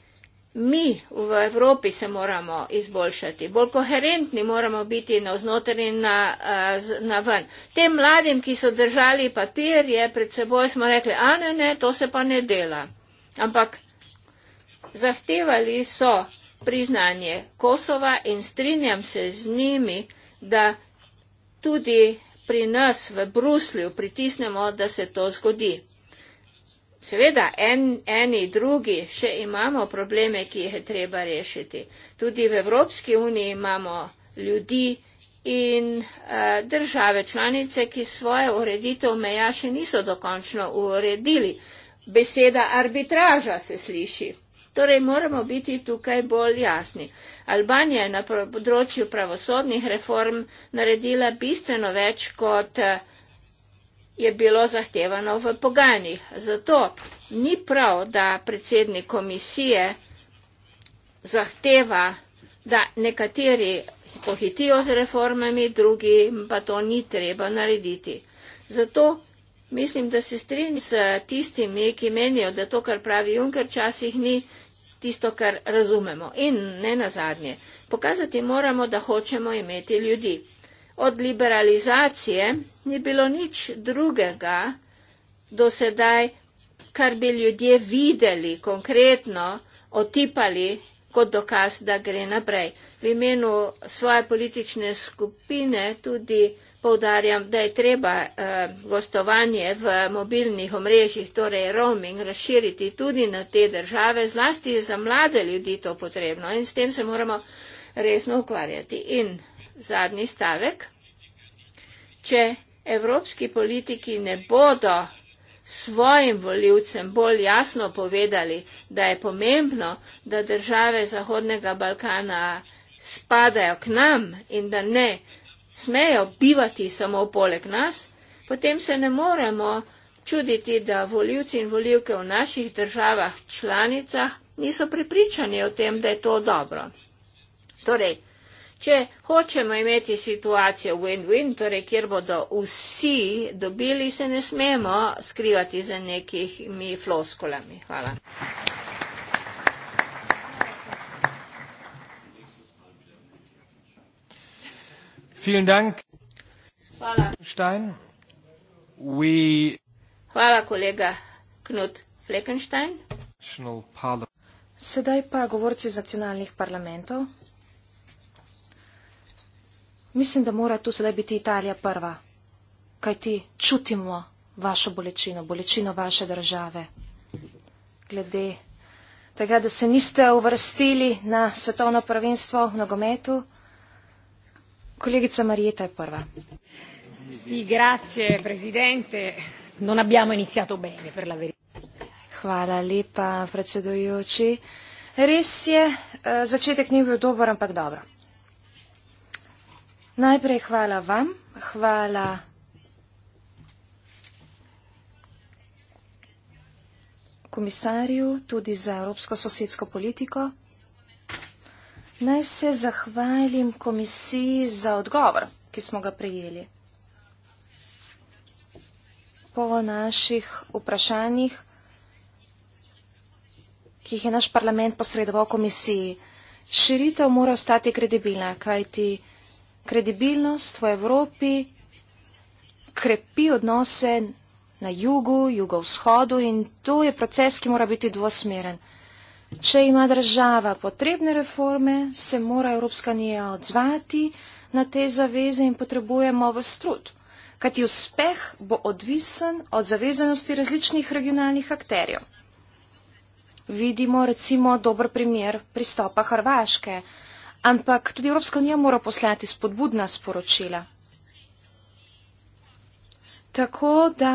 mi v Evropi se moramo izboljšati, bolj koherentni moramo biti na vznoter in na, eh, na ven. Tem mladim, ki so držali papirje pred seboj, smo rekli, a ne, ne, to se pa ne dela. Ampak zahtevali so priznanje Kosova in strinjam se z njimi, da tudi pri nas v Bruslju pritisnemo, da se to zgodi. Seveda, en, eni drugi še imamo probleme, ki jih je treba rešiti. Tudi v Evropski uniji imamo ljudi in uh, države članice, ki svoje ureditev meja še niso dokončno uredili beseda arbitraža se sliši. Torej moramo biti tukaj bolj jasni. Albanija je na področju pravosodnih reform naredila bistveno več, kot eh, je bilo zahtevano v pogajanjih. Zato ni prav, da predsednik komisije zahteva, da nekateri pohitijo z reformami, drugi pa to ni treba narediti. Zato Mislim, da se strinjam s tistimi, ki menijo, da to, kar pravi Juncker, časih ni tisto, kar razumemo. In ne nazadnje, pokazati moramo, da hočemo imeti ljudi. Od liberalizacije ni bilo nič drugega do sedaj, kar bi ljudje videli konkretno, otipali kot dokaz, da gre naprej. V imenu svoje politične skupine tudi poudarjam, da je treba eh, gostovanje v mobilnih omrežjih, torej roaming, razširiti tudi na te države, zlasti za mlade ljudi to potrebno in s tem se moramo resno ukvarjati. In zadnji stavek, če evropski politiki ne bodo svojim voljivcem bolj jasno povedali, da je pomembno, da države Zahodnega Balkana spadajo k nam in da ne smejo bivati samo poleg nas, potem se ne moremo čuditi, da voljivci in voljivke v naših državah članicah niso prepričani o tem, da je to dobro. Torej, če hočemo imeti situacijo win-win, torej, kjer bodo vsi dobili, se ne smemo skrivati za nekimi floskolami. Hvala. Vielen Dank. Hvala. Stein. We Hvala kolega Knut Fleckenstein. Sedaj pa govorci z nacionalnih parlamentov. Mislim, da mora tu sedaj biti Italija prva, kajti čutimo vašo bolečino, bolečino vaše države, glede tega, da se niste uvrstili na svetovno prvenstvo v nogometu. Kolegica Marieta je prva. Sì, grazie, presidente. Non abbiamo iniziato bene, per la verità. Hvala lepa, predsedujoči. Res je, eh, začetek ni bil dober, ampak dobro. Najprej hvala vam, hvala komisarju tudi za evropsko sosedsko politiko. Naj se zahvalim komisiji za odgovor, ki smo ga prejeli. Po naših vprašanjih, ki jih je naš parlament posredoval komisiji, širitev mora ostati kredibilna, kajti kredibilnost v Evropi krepi odnose na jugu, jugovzhodu in to je proces, ki mora biti dvosmeren. Če ima država potrebne reforme, se mora Evropska unija odzvati na te zaveze in potrebujemo v strud. Kajti uspeh bo odvisen od zavezanosti različnih regionalnih akterjev. Vidimo recimo dober primer pristopa Hrvaške, ampak tudi Evropska unija mora poslati spodbudna sporočila. Tako da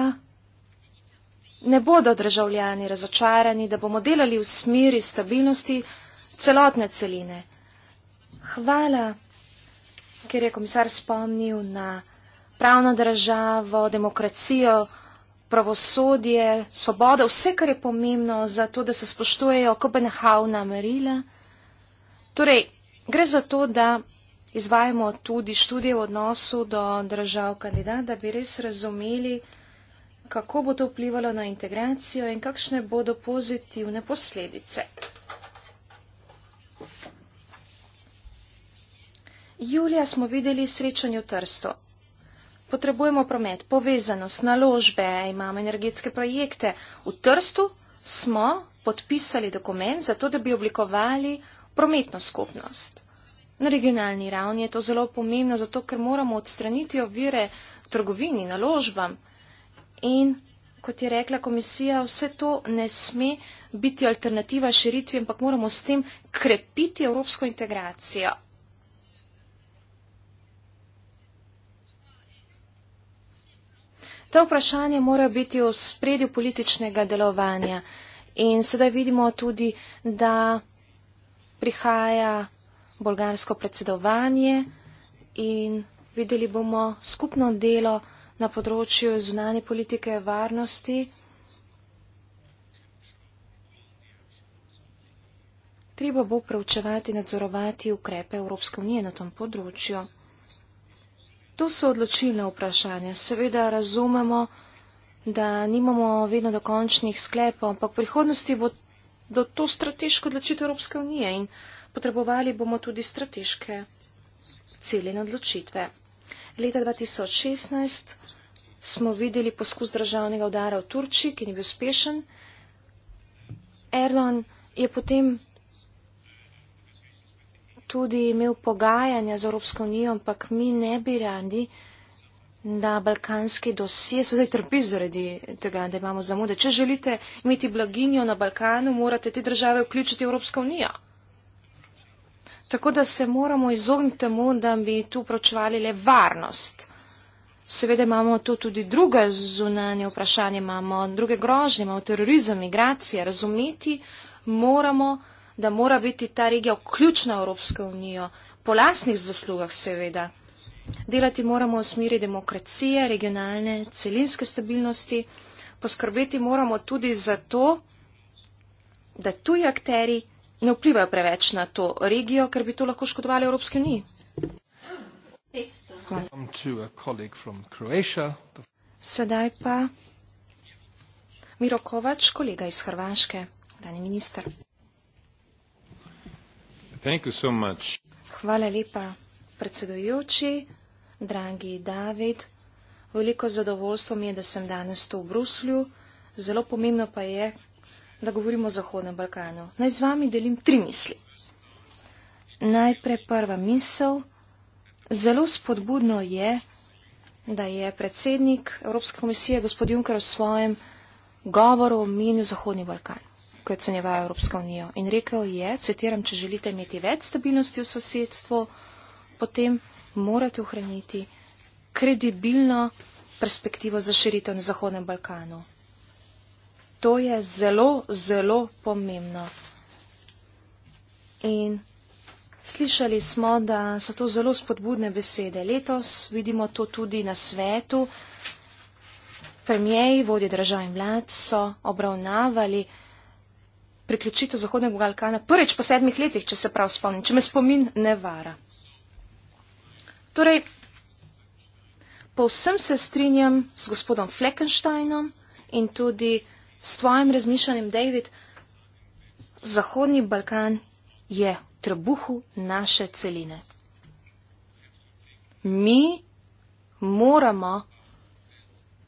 ne bodo državljani razočarani, da bomo delali v smeri stabilnosti celotne celine. Hvala, ker je komisar spomnil na pravno državo, demokracijo, pravosodje, svobodo, vse, kar je pomembno za to, da se spoštujejo Kopenhavna merila. Torej, gre za to, da izvajamo tudi študije v odnosu do držav kandidata, da bi res razumeli, kako bo to vplivalo na integracijo in kakšne bodo pozitivne posledice. Julija smo videli srečanje v Trsto. Potrebujemo promet, povezanost, naložbe, imamo energetske projekte. V Trstu smo podpisali dokument za to, da bi oblikovali prometno skupnost. Na regionalni ravni je to zelo pomembno, zato ker moramo odstraniti ovire trgovini, naložbam in kot je rekla komisija, vse to ne sme biti alternativa širitvi, ampak moramo s tem krepiti evropsko integracijo. Ta vprašanje mora biti v spredju političnega delovanja in sedaj vidimo tudi, da prihaja bolgarsko predsedovanje in videli bomo skupno delo na področju zunanje politike varnosti. Treba bo preučevati in nadzorovati ukrepe Evropske unije na tom področju. To so odločilne vprašanja. Seveda razumemo, da nimamo vedno dokončnih sklepov, ampak v prihodnosti bo do to strateško odločitev Evropske unije in potrebovali bomo tudi strateške cilje in odločitve. Leta 2016 smo videli poskus državnega udara v Turčiji, ki ni bil uspešen. Erdogan je potem tudi imel pogajanja z Evropsko unijo, ampak mi ne bi radi, da balkanski dosje sedaj trpi zaradi tega, da imamo zamude. Če želite imeti blaginjo na Balkanu, morate te države vključiti v Evropsko unijo. Tako da se moramo izogniti temu, da bi tu pročvali le varnost. Seveda imamo tu tudi druga zunanja vprašanja, imamo druge grožnje, imamo terorizem, migracije. Razumeti moramo, da mora biti ta regija vključna v Evropsko unijo, po lasnih zaslugah seveda. Delati moramo v smeri demokracije, regionalne, celinske stabilnosti. Poskrbeti moramo tudi za to, da tuji akteri ne vplivajo preveč na to regijo, ker bi to lahko škodovali Evropski uniji. Hvala. Sedaj pa Miro Kovač, kolega iz Hrvaške, dani minister. Hvala lepa, predsedujoči, dragi David. Veliko zadovoljstvo mi je, da sem danes tu v Bruslju. Zelo pomembno pa je, da govorimo o Zahodnem Balkanu. Naj z vami delim tri misli. Najprej prva misel. Zelo spodbudno je, da je predsednik Evropske komisije gospod Juncker v svojem govoru omenil Zahodni Balkan, ko je ocenjeval Evropsko unijo. In rekel je, citiram, če želite imeti več stabilnosti v sosedstvu, potem morate ohraniti kredibilno perspektivo za širitev na Zahodnem Balkanu to je zelo, zelo pomembno. In slišali smo, da so to zelo spodbudne besede. Letos vidimo to tudi na svetu. Premijeji, vodje držav in vlad so obravnavali priključitev Zahodnega Balkana prvič po sedmih letih, če se prav spomnim, če me spomin ne vara. Torej, povsem se strinjam s gospodom Fleckensteinom in tudi s tvojim razmišljanjem, David, Zahodni Balkan je v trebuhu naše celine. Mi moramo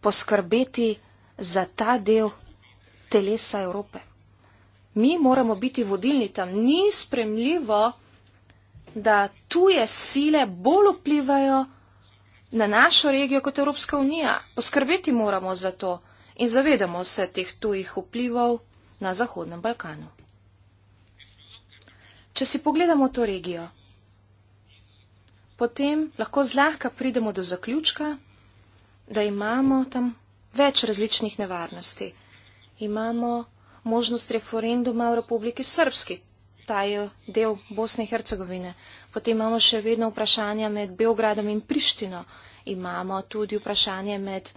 poskrbeti za ta del telesa Evrope. Mi moramo biti vodilni tam. Ni spremljivo, da tuje sile bolj vplivajo na našo regijo kot Evropska unija. Poskrbeti moramo za to in zavedamo se teh tujih vplivov na Zahodnem Balkanu. Če si pogledamo to regijo, potem lahko zlahka pridemo do zaključka, da imamo tam več različnih nevarnosti. Imamo možnost referenduma v Republiki Srbski, ta je del Bosne in Hercegovine. Potem imamo še vedno vprašanje med Beogradom in Prištino. Imamo tudi vprašanje med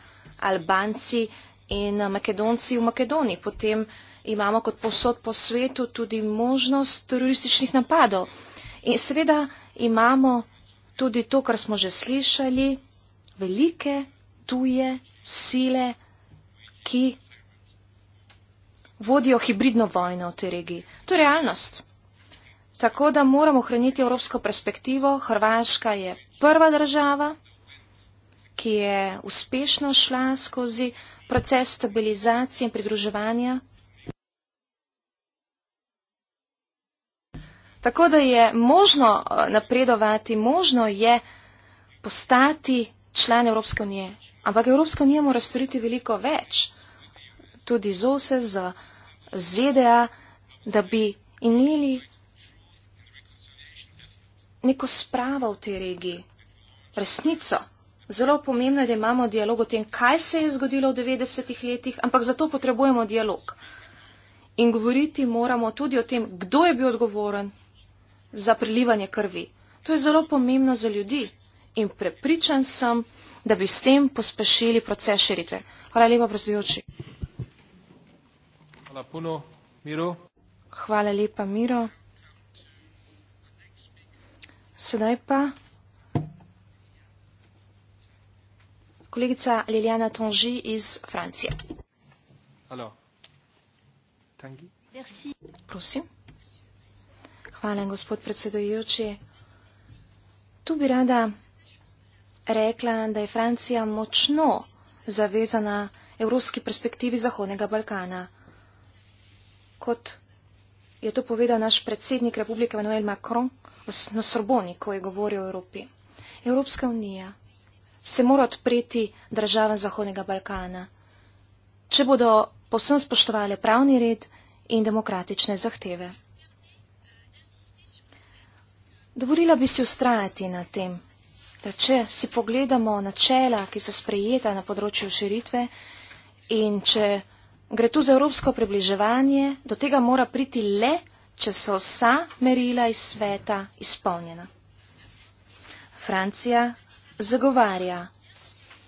Albanci in eh, Makedonci v Makedoniji. Potem imamo kot posod po svetu tudi možnost terorističnih napadov. In seveda imamo tudi to, kar smo že slišali, velike tuje sile, ki vodijo hibridno vojno v tej regiji. To je realnost. Tako da moramo ohraniti evropsko perspektivo. Hrvaška je prva država, ki je uspešno šla skozi proces stabilizacije in pridruževanja. Tako da je možno eh, napredovati, možno je postati član Evropske unije. Ampak Evropska unija mora storiti veliko več, tudi z OSE, z ZDA, da bi imeli neko spravo v tej regiji, resnico. Zelo pomembno je, da imamo dialog o tem, kaj se je zgodilo v 90-ih letih, ampak zato potrebujemo dialog. In govoriti moramo tudi o tem, kdo je bil odgovoren za prelivanje krvi. To je zelo pomembno za ljudi in prepričan sem, da bi s tem pospešili proces širitve. Hvala lepa, predsedujoči. Hvala puno, Miro. Hvala lepa, Miro. Sedaj pa. Kolegica Liljana Tonži iz Francije. Alo. Tangi. Merci. Prosim. Hvala, gospod predsedojoči. Tu bi rada rekla, da je Francija močno zavezana evropski perspektivi Zahodnega Balkana. Kot je to povedal naš predsednik Republike Emmanuel Macron na Sorboni, ko je govoril o Evropi. Evropska unija se mora odpreti državam Zahodnega Balkana, če bodo posem spoštovali pravni red in demokratične zahteve. Dovolila bi si ustrajati na tem, da če si pogledamo načela, ki so sprejeta na področju širitve in če gre tu za evropsko približevanje, do tega mora priti le, če so vsa merila iz sveta izpolnjena. Francija, zagovarja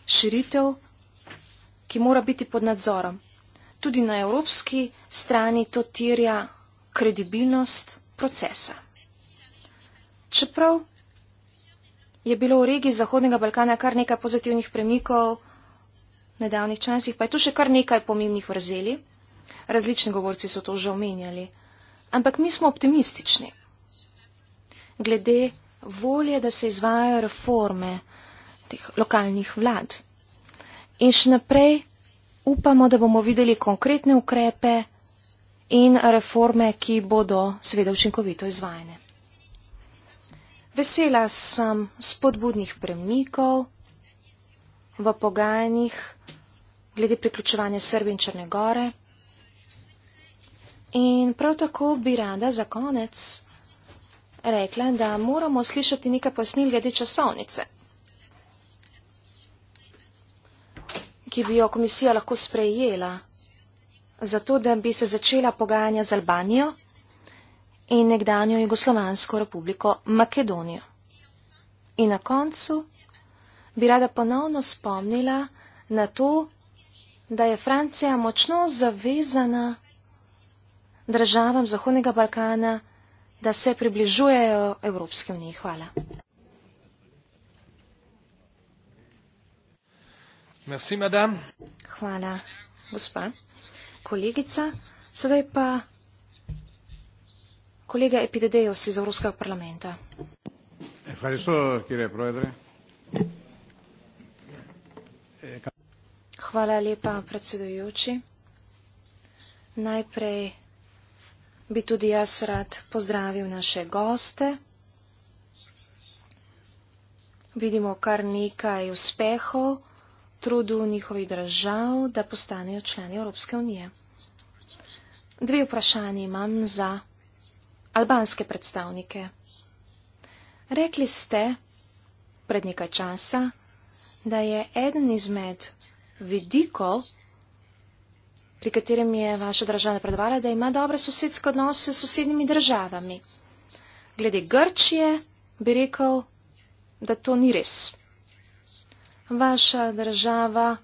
širitev, ki mora biti pod nadzorom. Tudi na evropski strani to tirja kredibilnost procesa. Čeprav je bilo v regiji Zahodnega Balkana kar nekaj pozitivnih premikov, v nedavnih časih pa je tu še kar nekaj pomembnih vrzeli, različni govorci so to že omenjali, ampak mi smo optimistični glede volje, da se izvajo reforme, teh lokalnih vlad. In še naprej upamo, da bomo videli konkretne ukrepe in reforme, ki bodo seveda učinkovito izvajene. Vesela sem spodbudnih premnikov v pogajanjih glede priključevanja Srbije in Črne Gore. In prav tako bi rada za konec rekla, da moramo slišati nekaj pojasnil glede časovnice. ki bi jo komisija lahko sprejela, zato da bi se začela pogajanja z Albanijo in nekdanjo Jugoslovansko republiko Makedonijo. In na koncu bi rada ponovno spomnila na to, da je Francija močno zavezana državam Zahodnega Balkana, da se približujejo Evropski uniji. Hvala. Merci, Hvala, gospa. Kolegica, sedaj pa kolega Epidedejos iz Evropskega parlamenta. Hvala lepa, predsedujoči. Najprej bi tudi jaz rad pozdravil naše goste. Vidimo kar nekaj uspehov trudu njihovih držav, da postanejo člani Evropske unije. Dve vprašanje imam za albanske predstavnike. Rekli ste pred nekaj časa, da je eden izmed vidikov, pri katerem je vaša država napredovala, da ima dobre sosedske odnose s sosednjimi državami. Glede Grčije bi rekel, da to ni res vaša država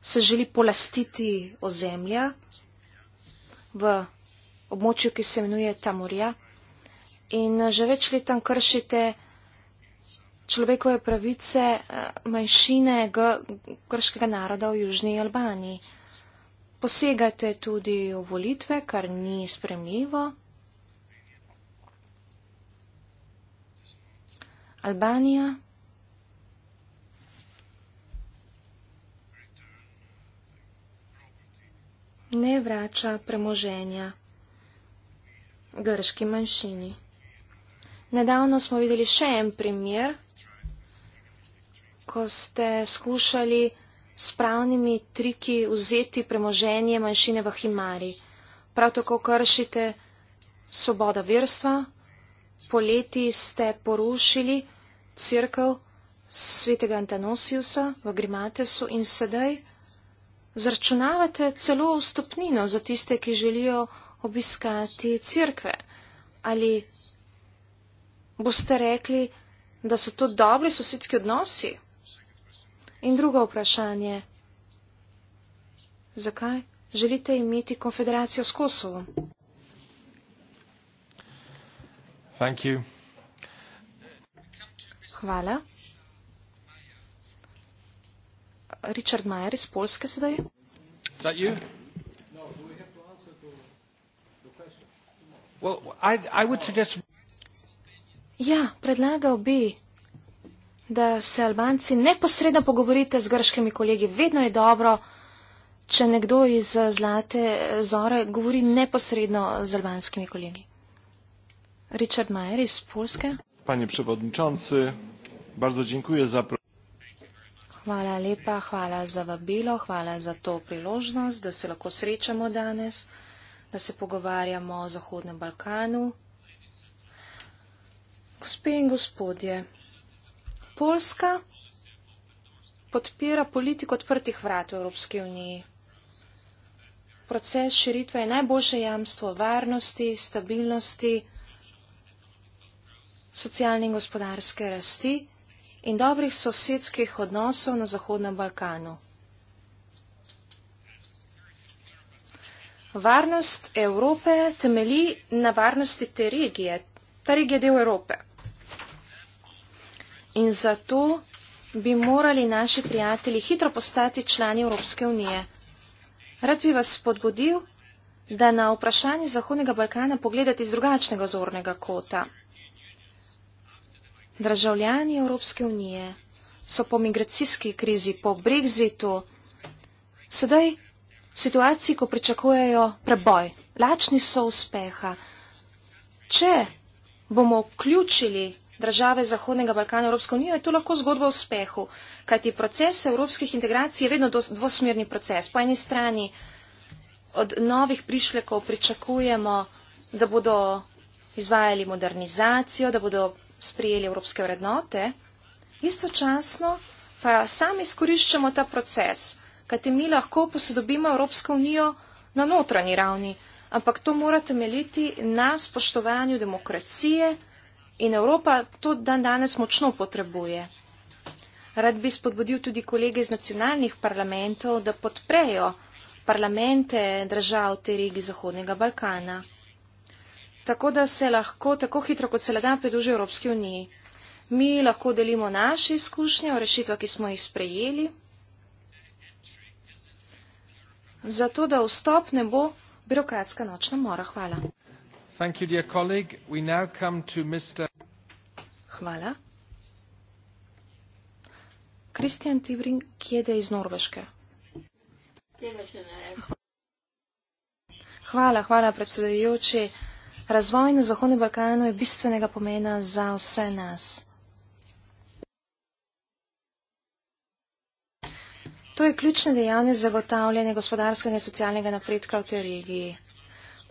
se želi polastiti ozemlja v območju, ki se imenuje Tamurja in eh, že več let tam kršite človekove pravice eh, manjšine grškega naroda v Južni Albaniji. Posegate tudi v volitve, kar ni spremljivo. Albanija ne vrača premoženja grški manjšini. Nedavno smo videli še en primer, ko ste skušali s pravnimi triki vzeti premoženje manjšine v Himari. Prav tako kršite svoboda verstva. Poleti ste porušili crkv svetega Antanosiusa v Grimatesu in sedaj. Zračunavate celo vstopnino za tiste, ki želijo obiskati crkve. Ali boste rekli, da so to dobri sosedski odnosi? In drugo vprašanje. Zakaj želite imeti konfederacijo s Kosovom? Hvala. Richard Mayer iz Poljske sedaj. Is that you? No, do we have to answer to the question? Well, I, I would suggest... Ja, predlagal bi, da se Albanci neposredno pogovorite z grškimi kolegi. Vedno je dobro, če nekdo iz Zlate zore govori neposredno z albanskimi kolegi. Richard Mayer iz Polske. Panie przewodniczący, bardzo dziękuję za... Hvala lepa, hvala za vabilo, hvala za to priložnost, da se lahko srečamo danes, da se pogovarjamo o Zahodnem Balkanu. Gospe in gospodje, Poljska podpira politiko odprtih vrat v Evropski uniji. Proces širitve je najboljše jamstvo varnosti, stabilnosti, socialne in gospodarske rasti in dobrih sosedskih odnosov na Zahodnem Balkanu. Varnost Evrope temeli na varnosti te regije. Ta regija je del Evrope. In zato bi morali naši prijatelji hitro postati člani Evropske unije. Rad bi vas spodbudil, da na vprašanje Zahodnega Balkana pogledate iz drugačnega zornega kota. Državljani Evropske unije so po migracijski krizi, po Brexitu, sedaj v situaciji, ko pričakujejo preboj. Lačni so uspeha. Če bomo vključili države Zahodnega Balkana Evropske unije, je to lahko zgodba o uspehu, kajti proces evropskih integracij je vedno dvosmerni proces. Po eni strani od novih prišlekov pričakujemo, da bodo izvajali modernizacijo, da bodo sprijeli evropske vrednote, istočasno pa sami izkoriščamo ta proces, kajti mi lahko posodobimo Evropsko unijo na notranji ravni, ampak to mora temeljiti na spoštovanju demokracije in Evropa to dan danes močno potrebuje. Rad bi spodbudil tudi kolege iz nacionalnih parlamentov, da podprejo parlamente držav te regi Zahodnega Balkana tako da se lahko tako hitro, kot se le da, pridružijo Evropski uniji. Mi lahko delimo naše izkušnje o rešitvah, ki smo jih sprejeli, zato da vstop ne bo birokratska nočna mora. Hvala. Hvala. Kristjan Tibrin, kjede iz Norveške. Hvala, hvala predsedujoči. Razvoj na Zahodnem Balkanu je bistvenega pomena za vse nas. To je ključne dejavne zagotavljanje gospodarskega in socialnega napredka v tej regiji.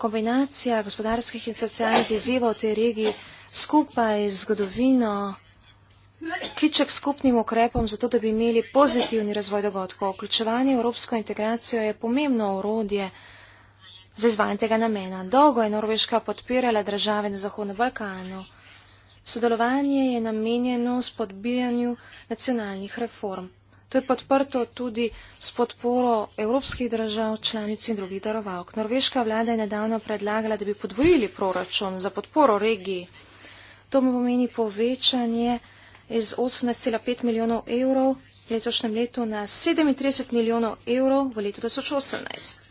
Kombinacija gospodarskih in socialnih izzivov v tej regiji skupaj z zgodovino kliče k skupnim ukrepom za to, da bi imeli pozitivni razvoj dogodkov. Vključevanje v evropsko integracijo je pomembno urodje za izvanjega namena. Dolgo je Norveška podpirala države na Zahodnem Balkanu. Sodelovanje je namenjeno spodbijanju nacionalnih reform. To je podprto tudi s podporo evropskih držav, članic in drugih darovalk. Norveška vlada je nedavno predlagala, da bi podvojili proračun za podporo regiji. To mu pomeni povečanje iz 18,5 milijonov evrov letošnjem letu na 37 milijonov evrov v letu 2018.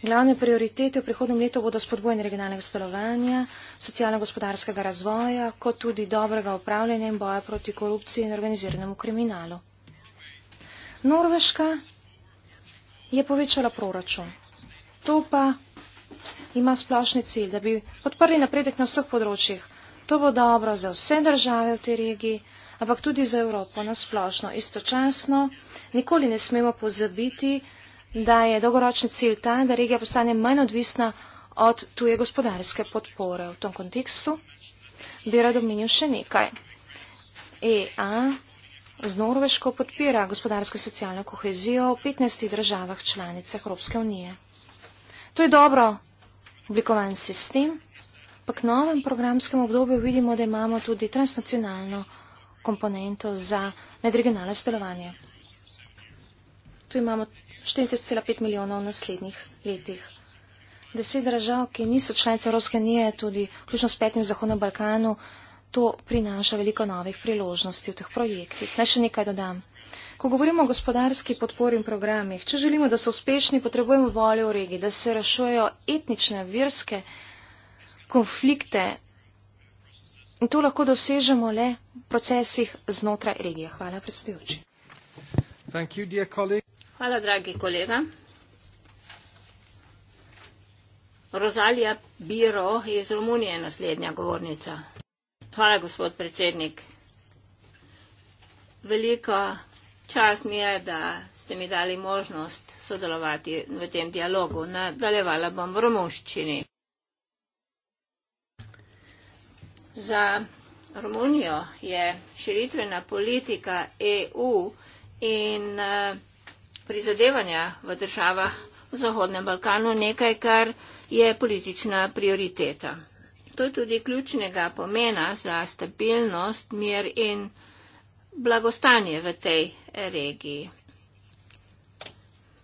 Glavne prioritete v prihodnem letu bodo spodbojanje regionalnega sodelovanja, socialno-gospodarskega razvoja, kot tudi dobrega upravljanja in boja proti korupciji in organiziranemu kriminalu. Norveška je povečala proračun. To pa ima splošni cilj, da bi podprli napredek na vseh področjih. To bo dobro za vse države v tej regiji, ampak tudi za Evropo na splošno. Istočasno nikoli ne smemo pozabiti, da je dolgoročni cilj ta, da regija postane manj odvisna od tuje gospodarske podpore. V tom kontekstu bi rad omenil še nekaj. EA z Norveško podpira gospodarsko in socialno kohezijo v 15 državah članicah Evropske unije. To je dobro oblikovan sistem, pa k novem programskem obdobju vidimo, da imamo tudi transnacionalno komponento za medregionalno sodelovanje. Tu imamo 40,5 milijonov v naslednjih letih. Deset držav, ki niso članice Evropske unije, tudi vključno s petim Zahodnem Balkanu, to prinaša veliko novih priložnosti v teh projektih. Naj še nekaj dodam. Ko govorimo o gospodarski podpori in programih, če želimo, da so uspešni, potrebujemo voljo v regiji, da se rešujejo etnične, verske konflikte. In to lahko dosežemo le v procesih znotraj regije. Hvala, predsedujoči. Thank you, dear colleague. Hvala, dragi kolega. Rosalija Biro iz Romunije je naslednja govornica. Hvala, gospod predsednik. Veliko čast mi je, da ste mi dali možnost sodelovati v tem dialogu. Nadaljevala bom v romunščini. Za Romunijo je širitvena politika EU in eh, prizadevanja v državah v Zahodnem Balkanu nekaj, kar je politična prioriteta. To je tudi ključnega pomena za stabilnost, mir in blagostanje v tej regiji.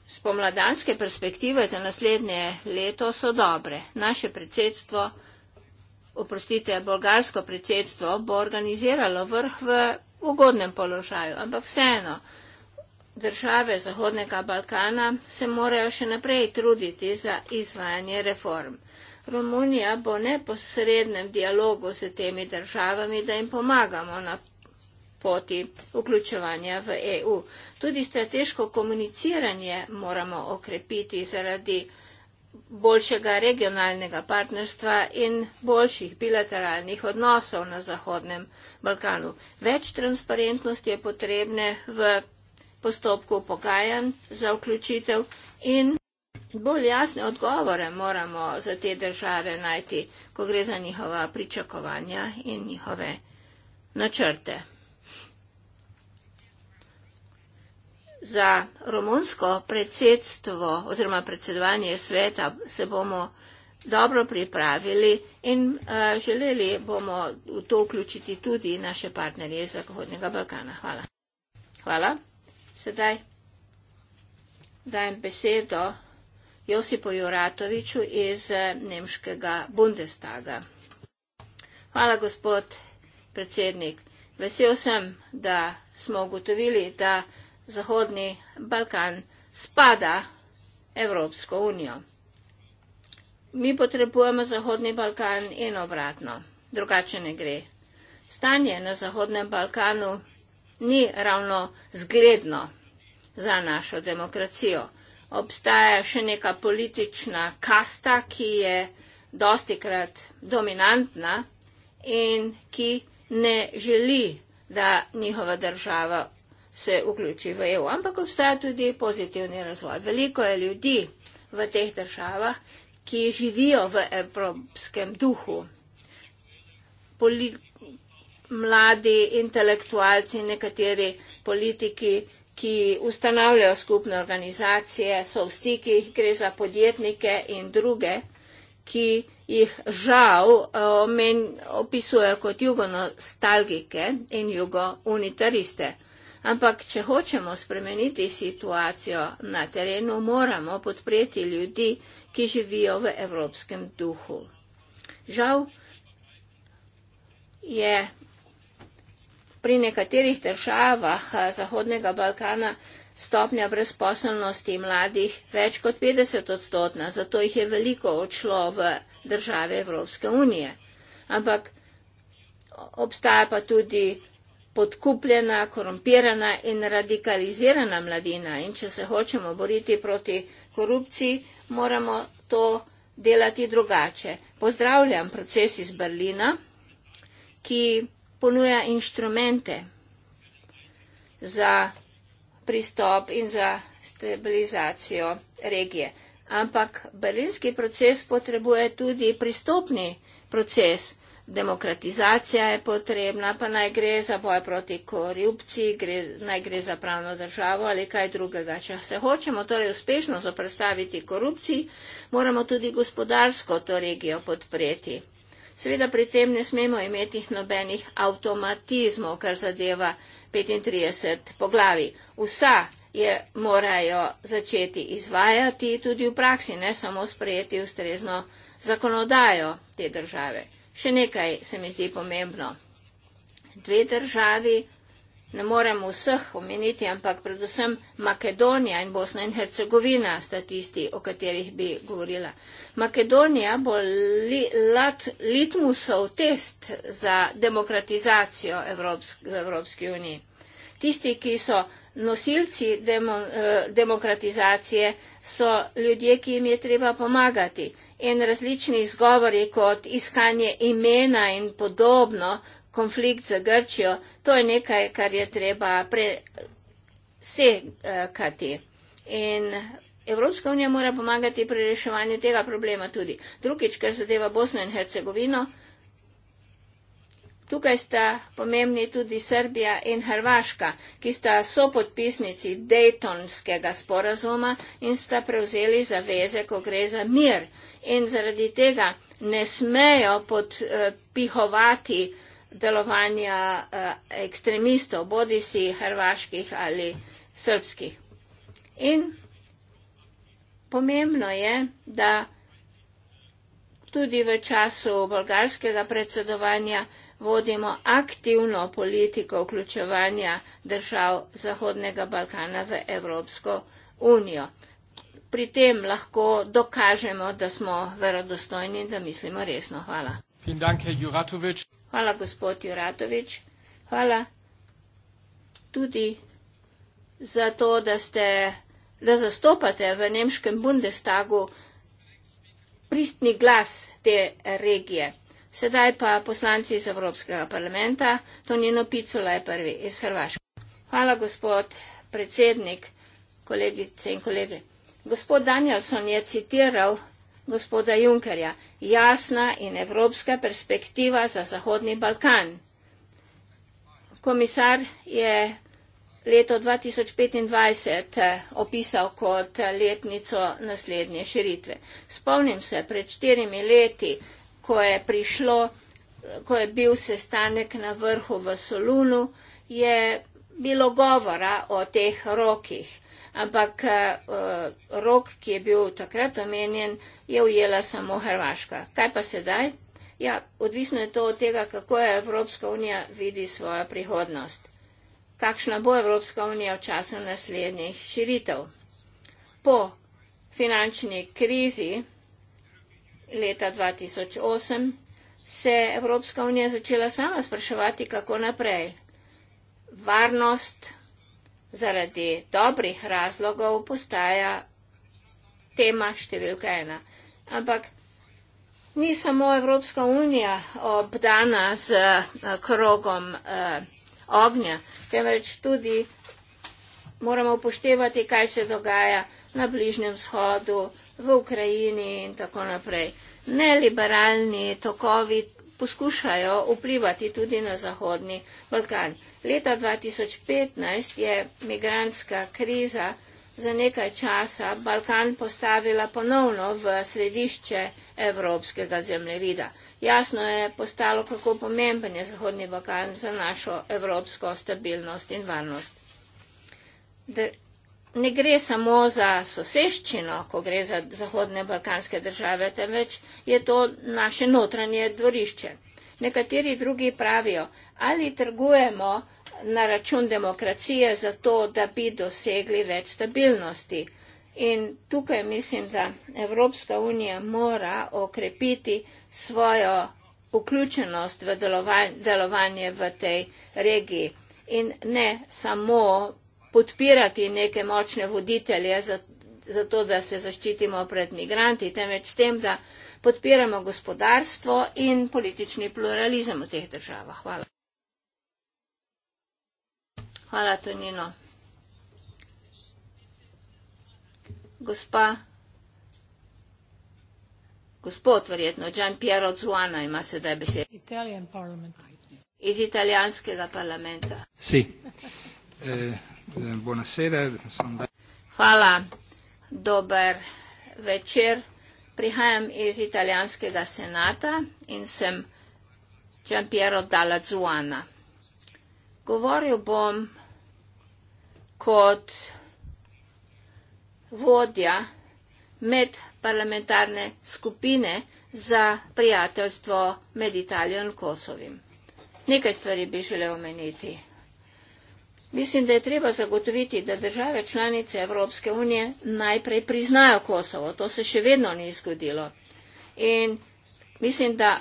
Spomladanske perspektive za naslednje leto so dobre. Naše predsedstvo, oprostite, bolgarsko predsedstvo bo organiziralo vrh v ugodnem položaju, ampak vseeno države Zahodnega Balkana se morajo še naprej truditi za izvajanje reform. Romunija bo neposrednem dialogu z temi državami, da jim pomagamo na poti vključevanja v EU. Tudi strateško komuniciranje moramo okrepiti zaradi boljšega regionalnega partnerstva in boljših bilateralnih odnosov na Zahodnem Balkanu. Več transparentnosti je potrebne v postopkov pogajanj za vključitev in bolj jasne odgovore moramo za te države najti, ko gre za njihova pričakovanja in njihove načrte. Za romunsko predsedstvo oziroma predsedovanje sveta se bomo dobro pripravili in uh, želeli bomo v to vključiti tudi naše partnerje iz Zahodnega Balkana. Hvala. Hvala. Sedaj dajem besedo Josipu Juratoviču iz eh, nemškega Bundestaga. Hvala, gospod predsednik. Vesel sem, da smo ugotovili, da Zahodni Balkan spada Evropsko unijo. Mi potrebujemo Zahodni Balkan in obratno. Drugače ne gre. Stanje na Zahodnem Balkanu ni ravno zgledno za našo demokracijo. Obstaja še neka politična kasta, ki je dostikrat dominantna in ki ne želi, da njihova država se vključi v EU. Ampak obstaja tudi pozitivni razvoj. Veliko je ljudi v teh državah, ki živijo v evropskem duhu. Poli mladi intelektualci, nekateri politiki, ki ustanavljajo skupne organizacije, so v stikih, gre za podjetnike in druge, ki jih žal eh, men, opisujejo kot jugonostalgike in jugounitariste. Ampak, če hočemo spremeniti situacijo na terenu, moramo podpreti ljudi, ki živijo v evropskem duhu. Žal je pri nekaterih državah eh, Zahodnega Balkana stopnja brezposelnosti mladih več kot 50 odstotna, zato jih je veliko odšlo v države Evropske unije. Ampak obstaja pa tudi podkupljena, korumpirana in radikalizirana mladina. In če se hočemo boriti proti korupciji, moramo to delati drugače. Pozdravljam proces iz Berlina, ki ponuja inštrumente za pristop in za stabilizacijo regije. Ampak berlinski proces potrebuje tudi pristopni proces. Demokratizacija je potrebna, pa naj gre za boj proti korupciji, gre, naj gre za pravno državo ali kaj drugega. Če se hočemo torej uspešno zoprstaviti korupciji, moramo tudi gospodarsko to regijo podpreti. Seveda pri tem ne smemo imeti nobenih avtomatizmov, kar zadeva 35 poglavi. Vsa je morajo začeti izvajati tudi v praksi, ne samo sprejeti ustrezno zakonodajo te države. Še nekaj se mi zdi pomembno. Dve državi ne morem vseh omeniti, ampak predvsem Makedonija in Bosna in Hercegovina sta tisti, o katerih bi govorila. Makedonija bo li, lat, litmusov test za demokratizacijo Evropsk, v Evropski uniji. Tisti, ki so nosilci demo, eh, demokratizacije, so ljudje, ki jim je treba pomagati. In različni izgovori kot iskanje imena in podobno konflikt z Grčijo, to je nekaj, kar je treba presekati. In Evropska unija mora pomagati pri reševanju tega problema tudi. Drugič, kar zadeva Bosno in Hercegovino, tukaj sta pomembni tudi Srbija in Hrvaška, ki sta so podpisnici Daytonskega sporazuma in sta prevzeli zaveze, ko gre za mir. In zaradi tega ne smejo podpihovati. Uh, delovanja eh, ekstremistov, bodi si hrvaških ali srpskih. In pomembno je, da tudi v času bolgarskega predsedovanja vodimo aktivno politiko vključevanja držav Zahodnega Balkana v Evropsko unijo. Pri tem lahko dokažemo, da smo verodostojni in da mislimo resno. Hvala. Vielen Dank, Herr Juratovic. Hvala, gospod Juratovič. Hvala tudi za to, da, ste, da zastopate v nemškem Bundestagu pristni glas te regije. Sedaj pa poslanci iz Evropskega parlamenta, Tonino Picola je prvi iz Hrvaške. Hvala, gospod predsednik, kolegice in kolege. Gospod Danielson je citiral gospoda Junkerja, jasna in evropska perspektiva za Zahodni Balkan. Komisar je leto 2025 eh, opisal kot letnico naslednje širitve. Spomnim se, pred štirimi leti, ko je, prišlo, ko je bil sestanek na vrhu v Solunu, je bilo govora o teh rokih ampak uh, rok, ki je bil takrat omenjen, je ujela samo Hrvaška. Kaj pa sedaj? Ja, odvisno je to od tega, kako je Evropska unija vidi svojo prihodnost. Kakšna bo Evropska unija v času naslednjih širitev? Po finančni krizi leta 2008 se je Evropska unija začela sama spraševati, kako naprej. Varnost, zaradi dobrih razlogov postaja tema številka ena. Ampak ni samo Evropska unija obdana z eh, krogom eh, ognja, temveč tudi moramo upoštevati, kaj se dogaja na Bližnjem shodu, v Ukrajini in tako naprej. Neliberalni tokovi poskušajo vplivati tudi na Zahodni Balkan. Leta 2015 je migrantska kriza za nekaj časa Balkan postavila ponovno v središče evropskega zemljevida. Jasno je postalo, kako pomemben je Zahodni Balkan za našo evropsko stabilnost in varnost. Dr ne gre samo za soseščino, ko gre za Zahodne Balkanske države, temveč je to naše notranje dvorišče. Nekateri drugi pravijo, ali trgujemo na račun demokracije za to, da bi dosegli več stabilnosti. In tukaj mislim, da Evropska unija mora okrepiti svojo vključenost v delovanje v tej regiji in ne samo podpirati neke močne voditelje zato, za da se zaščitimo pred migranti, temveč tem, da podpiramo gospodarstvo in politični pluralizem v teh državah. Hvala. Hvala, Tonino. Gospa, gospod verjetno, Gian Piero Zuana ima sedaj besedo. Italian parliament. Iz italijanskega parlamenta. Si. Eh, eh Hvala, dober večer. Prihajam iz italijanskega senata in sem Gian Piero Dalla Zuana. Govoril bom kot vodja medparlamentarne skupine za prijateljstvo med Italijo in Kosovim. Nekaj stvari bi želel omeniti. Mislim, da je treba zagotoviti, da države članice Evropske unije najprej priznajo Kosovo. To se še vedno ni zgodilo. In mislim, da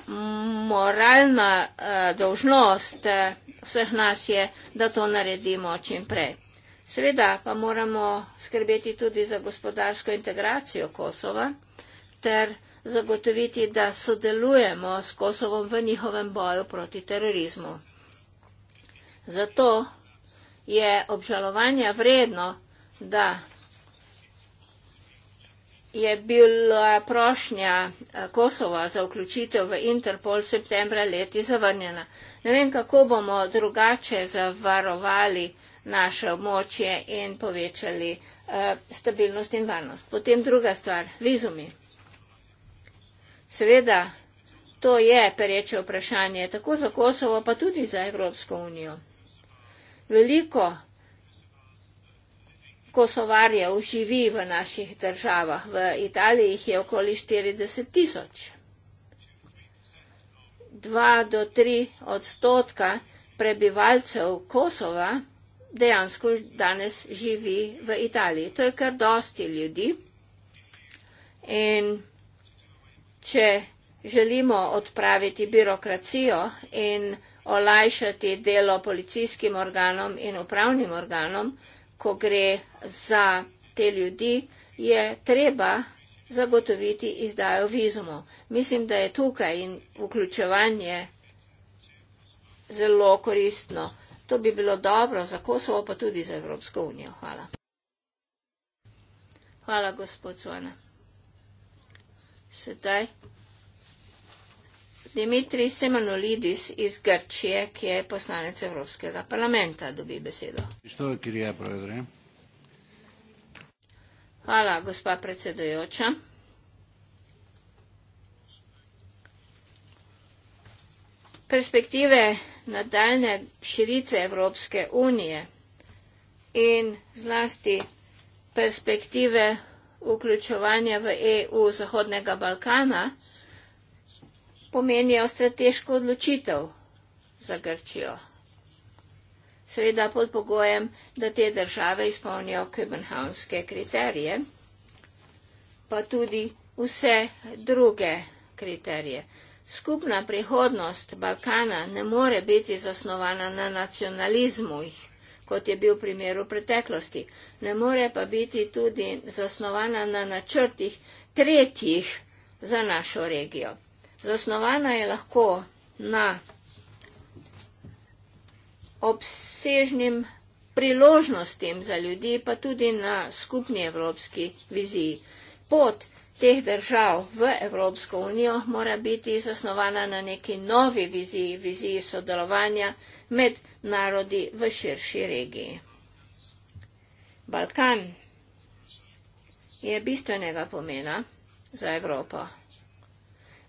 moralna uh, eh, dožnost uh, eh, vseh nas je, da to naredimo čim prej. Seveda pa moramo skrbeti tudi za gospodarsko integracijo Kosova ter zagotoviti, da sodelujemo s Kosovom v njihovem boju proti terorizmu. Zato je obžalovanja vredno, da je bila prošnja eh, Kosova za vključitev v Interpol septembra leti zavrnjena. Ne vem, kako bomo drugače zavarovali naše območje in povečali uh, stabilnost in varnost. Potem druga stvar, vizumi. Seveda, to je pereče vprašanje tako za Kosovo, pa tudi za Evropsko unijo. Veliko kosovarjev živi v naših državah. V Italiji jih je okoli 40 tisoč. 2 do 3 odstotka prebivalcev Kosova dejansko danes živi v Italiji. To je kar dosti ljudi. In če želimo odpraviti birokracijo in olajšati delo policijskim organom in upravnim organom, ko gre za te ljudi, je treba zagotoviti izdajo vizumov. Mislim, da je tukaj in vključevanje zelo koristno. To bi bilo dobro za Kosovo, pa tudi za Evropsko unijo. Hvala. Hvala, gospod Svane. Sedaj. Dimitri Semanolidis iz Grčije, ki je poslanec Evropskega parlamenta, dobi besedo. Hvala, gospa predsedojoča. Perspektive nadaljne širitve Evropske unije in zlasti perspektive vključovanja v EU Zahodnega Balkana pomenijo strateško odločitev za Grčijo. Seveda pod pogojem, da te države izpolnijo kibenhavnske kriterije, pa tudi vse druge kriterije. Skupna prihodnost Balkana ne more biti zasnovana na nacionalizmu, kot je bil primer v preteklosti. Ne more pa biti tudi zasnovana na načrtih tretjih za našo regijo. Zasnovana je lahko na obsežnim priložnostim za ljudi, pa tudi na skupni evropski viziji. Pot, teh držav v Evropsko unijo mora biti zasnovana na neki novi viziji, viziji sodelovanja med narodi v širši regiji. Balkan je bistvenega pomena za Evropo.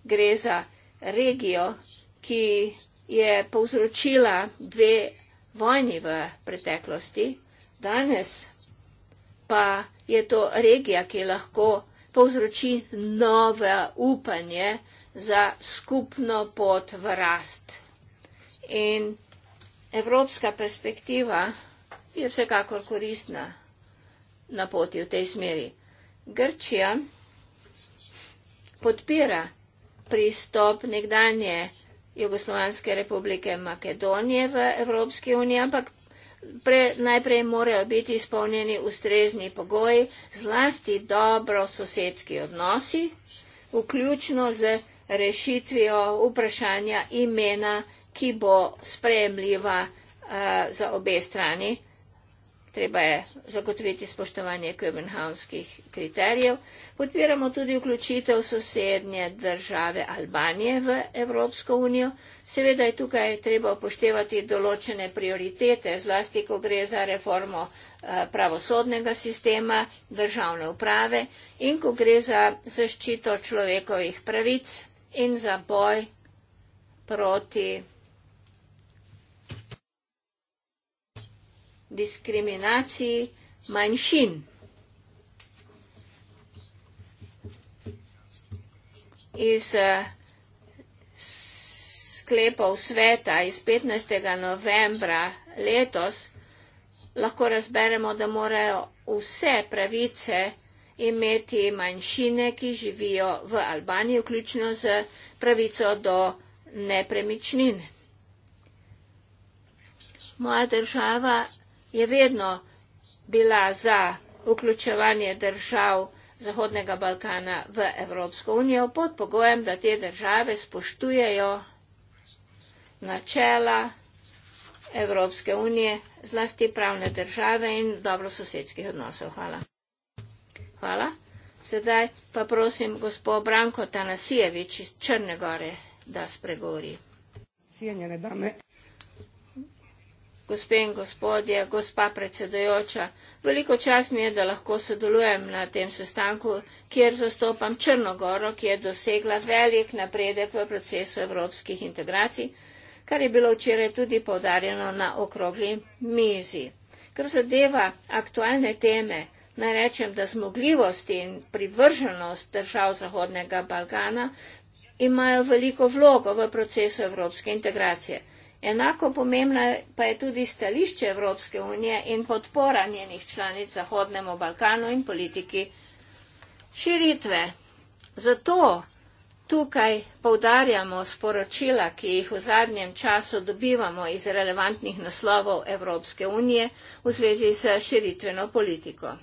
Gre za regijo, ki je povzročila dve vojni v preteklosti, danes pa je to regija, ki lahko povzroči nove upanje za skupno pot v rast. In evropska perspektiva je vsekakor koristna na poti v tej smeri. Grčija podpira pristop nekdanje Jugoslovanske republike Makedonije v Evropski uniji, ampak pre, najprej morajo biti izpolnjeni ustrezni pogoji, zlasti dobro sosedski odnosi, vključno z rešitvijo vprašanja imena, ki bo sprejemljiva uh, za obe strani treba je zagotoviti spoštovanje kopenhavnskih kriterijev. Podpiramo tudi vključitev sosednje države Albanije v Evropsko unijo. Seveda je tukaj treba upoštevati določene prioritete, zlasti ko gre za reformo eh, pravosodnega sistema, državne uprave in ko gre za zaščito človekovih pravic in za boj proti diskriminaciji manjšin. Iz eh, sklepov sveta iz 15. novembra letos lahko razberemo, da morajo vse pravice imeti manjšine, ki živijo v Albaniji, vključno z pravico do nepremičnine. Moja država je vedno bila za vključevanje držav Zahodnega Balkana v Evropsko unijo pod pogojem, da te države spoštujejo načela Evropske unije, zlasti pravne države in dobro sosedskih odnosov. Hvala. Hvala. Sedaj pa prosim gospod Branko Tanasijevič iz Črne gore, da spregovori. Cijenjene dame gospe in gospodje, gospa predsedojoča. Veliko čas mi je, da lahko sodelujem na tem sestanku, kjer zastopam Črnogoro, ki je dosegla velik napredek v procesu evropskih integracij, kar je bilo včeraj tudi povdarjeno na okrogli mizi. Kar zadeva aktualne teme, naj rečem, da zmogljivost in privrženost držav Zahodnega Balkana imajo veliko vlogo v procesu evropske integracije. Enako pomembna pa je tudi stališče Evropske unije in podpora njenih članic Zahodnemu Balkanu in politiki širitve. Zato tukaj povdarjamo sporočila, ki jih v zadnjem času dobivamo iz relevantnih naslovov Evropske unije v zvezi s širitveno politiko.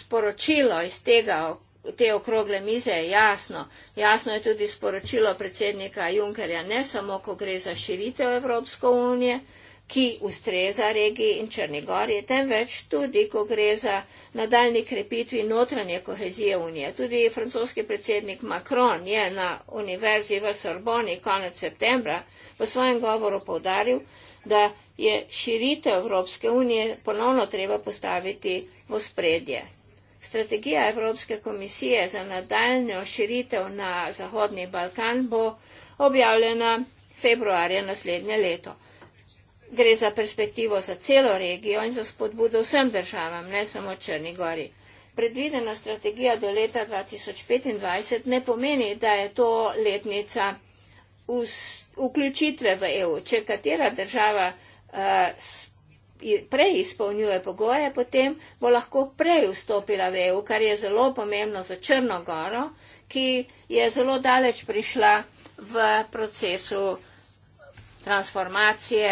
Sporočilo iz tega te okrogle mize je jasno. Jasno je tudi sporočilo predsednika Junkerja, ne samo, ko gre za širitev Evropske unije, ki ustreza regiji in Črnigori, temveč tudi, ko gre za nadaljni krepitvi notranje kohezije unije. Tudi francoski predsednik Macron je na univerzi v Sorboni konec septembra v svojem govoru povdaril, da je širitev Evropske unije ponovno treba postaviti v spredje. Strategija Evropske komisije za nadaljno širitev na Zahodni Balkan bo objavljena februarja naslednje leto. Gre za perspektivo za celo regijo in za spodbudo vsem državam, ne samo Črni gori. Predvidena strategija do leta 2025 ne pomeni, da je to letnica vključitve v EU. Če katera država uh, prej izpolnjuje pogoje, potem bo lahko prej vstopila v EU, kar je zelo pomembno za Črnogoro, ki je zelo daleč prišla v procesu transformacije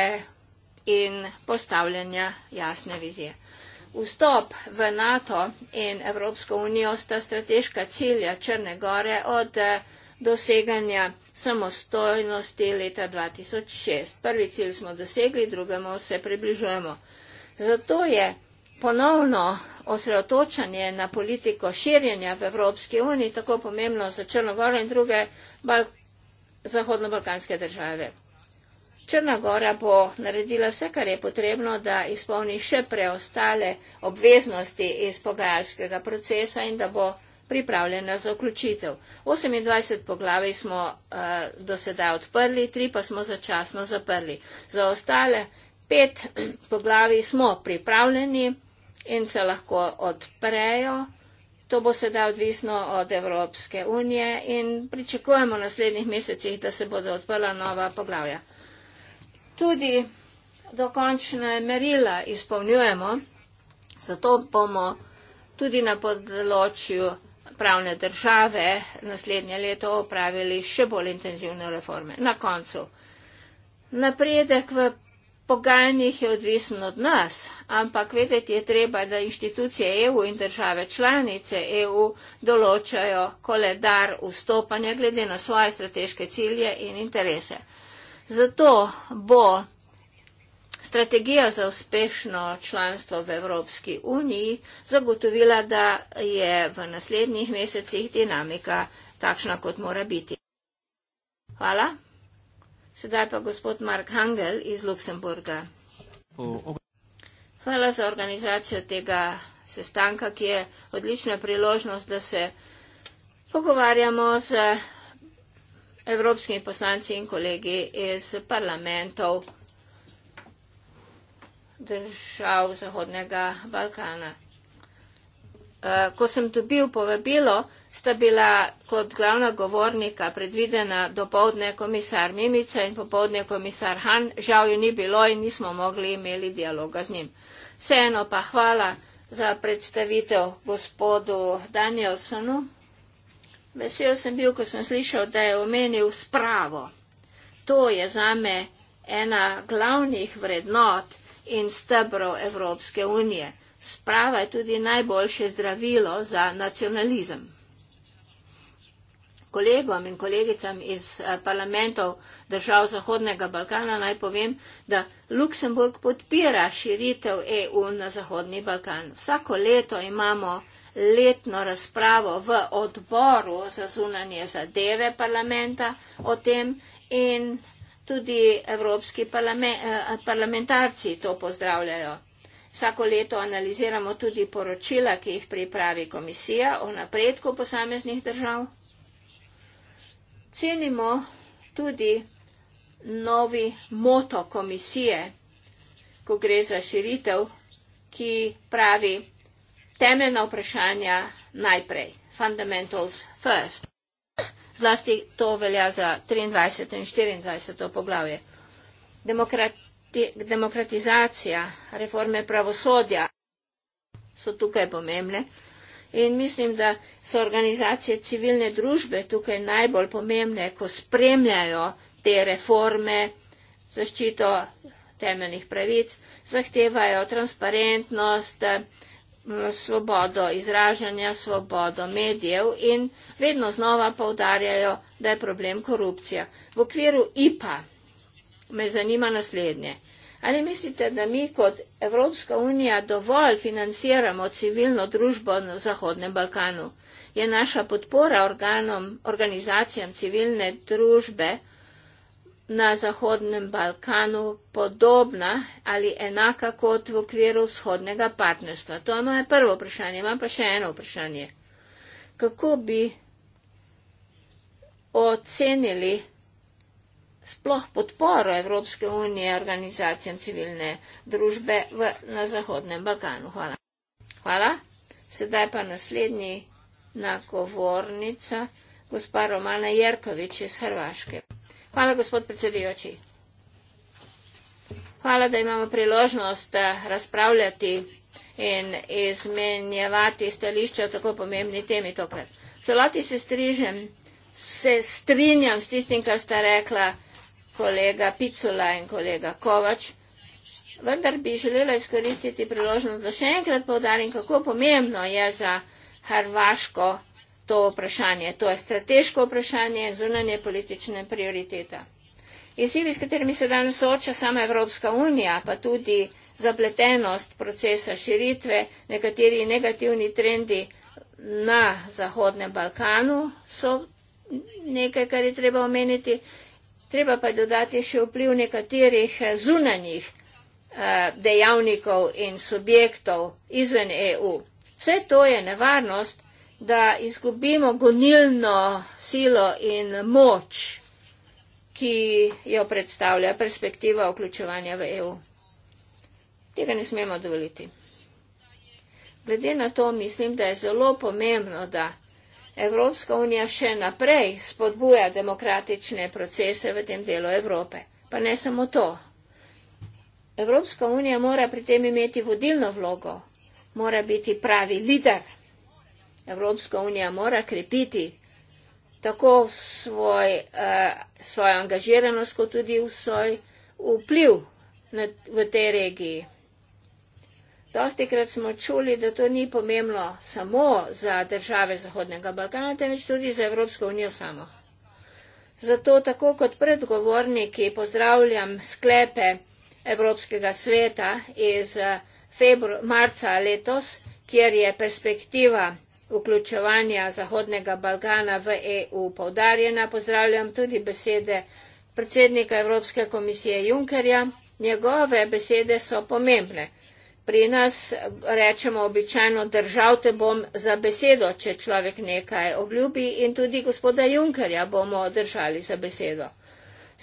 in postavljanja jasne vizije. Vstop v NATO in Evropsko unijo sta strateška cilja Črne gore od doseganja samostojnosti leta 2006. Prvi cilj smo dosegli, drugemu se približujemo. Zato je ponovno osredotočanje na politiko širjenja v Evropski uniji tako pomembno za Črnogoro in druge bal zahodno-balkanske države. Črna Gora bo naredila vse, kar je potrebno, da izpolni še preostale obveznosti iz pogajalskega procesa in da bo pripravljena za vključitev. 28 poglavij smo uh, do sedaj odprli, tri pa smo začasno zaprli. Za ostale pet *clears throat* poglavij smo pripravljeni in se lahko odprejo. To bo sedaj odvisno od Evropske unije in pričakujemo v naslednjih mesecih, da se bodo odprla nova poglavja. Tudi dokončne merila izpolnjujemo, zato bomo tudi na področju pravne države naslednje leto opravili še bolj intenzivne reforme. Na koncu, napredek v pogajanjih je odvisen od nas, ampak vedeti je treba, da inštitucije EU in države članice EU določajo koledar vstopanja glede na svoje strateške cilje in interese. Zato bo strategija za uspešno članstvo v Evropski uniji zagotovila, da je v naslednjih mesecih dinamika takšna, kot mora biti. Hvala. Sedaj pa gospod Mark Hangel iz Luksemburga. Hvala za organizacijo tega sestanka, ki je odlična priložnost, da se pogovarjamo z evropskimi poslanci in kolegi iz parlamentov držav Zahodnega Balkana. Eh, ko sem dobil povabilo, sta bila kot glavna govornika predvidena dopoldne komisar Mimica in popoldne komisar Han. Žal ju ni bilo in nismo mogli imeli dialoga z njim. Vseeno pa hvala za predstavitev gospodu Danielsonu. Vesel sem bil, ko sem slišal, da je omenil spravo. To je zame ena glavnih vrednot, in stebrov Evropske unije. Sprava je tudi najboljše zdravilo za nacionalizem. Kolegom in kolegicam iz eh, parlamentov držav Zahodnega Balkana naj povem, da Luksemburg podpira širitev EU na Zahodni Balkan. Vsako leto imamo letno razpravo v odboru za zunanje zadeve parlamenta o tem in tudi evropski parlament, eh, parlamentarci to pozdravljajo. Vsako leto analiziramo tudi poročila, ki jih pripravi komisija o napredku posameznih držav. Cenimo tudi novi moto komisije, ko gre za širitev, ki pravi temeljna vprašanja najprej. Fundamentals first. Zlasti to velja za 23. in 24. poglavje. Demokrati, demokratizacija, reforme pravosodja so tukaj pomembne in mislim, da so organizacije civilne družbe tukaj najbolj pomembne, ko spremljajo te reforme, zaščito temeljnih pravic, zahtevajo transparentnost, svobodo izražanja, svobodo medijev in vedno znova povdarjajo, da je problem korupcija. V okviru IPA me zanima naslednje. Ali mislite, da mi kot Evropska unija dovolj financiramo civilno družbo na Zahodnem Balkanu? Je naša podpora organom, organizacijam civilne družbe na Zahodnem Balkanu podobna ali enaka kot v okviru vzhodnega partnerstva? To je moje prvo vprašanje. Imam pa še eno vprašanje. Kako bi ocenili sploh podporo Evropske unije organizacijam civilne družbe v, na Zahodnem Balkanu? Hvala. Hvala. Sedaj pa naslednji nagovornica, gospa Romana Jerković iz Hrvaške. Hvala, gospod predsedujoči. Hvala, da imamo priložnost eh, razpravljati in izmenjevati stališče o tako pomembni temi tokrat. Celoti se strižem, se strinjam s tistim, kar sta rekla kolega Picula in kolega Kovač, vendar bi želela izkoristiti priložnost, da še enkrat povdarim, kako pomembno je za Hrvaško to vprašanje. To je strateško vprašanje, zunanje politične prioriteta. Izzivi, s katerimi se danes sooča sama Evropska unija, pa tudi zapletenost procesa širitve, nekateri negativni trendi na Zahodnem Balkanu so nekaj, kar je treba omeniti. Treba pa dodati še vpliv nekaterih eh, zunanjih eh, dejavnikov in subjektov izven EU. Vse to je nevarnost, da izgubimo gonilno silo in moč, ki jo predstavlja perspektiva vključevanja v EU. Tega ne smemo dovoliti. Glede na to mislim, da je zelo pomembno, da Evropska unija še naprej spodbuja demokratične procese v tem delu Evrope. Pa ne samo to. Evropska unija mora pri tem imeti vodilno vlogo, mora biti pravi lider Evropska unija mora krepiti tako svoj, uh, svojo angažiranost, kot tudi svoj vpliv na, v tej regiji. Dosti krat smo čuli, da to ni pomembno samo za države Zahodnega Balkana, temveč tudi za Evropsko unijo samo. Zato tako kot predgovorniki pozdravljam sklepe Evropskega sveta iz februar, marca letos, kjer je perspektiva vključevanja Zahodnega Balkana v EU povdarjena. Pozdravljam tudi besede predsednika Evropske komisije Junkerja. Njegove besede so pomembne. Pri nas rečemo običajno držav te bom za besedo, če človek nekaj obljubi in tudi gospoda Junkerja bomo držali za besedo.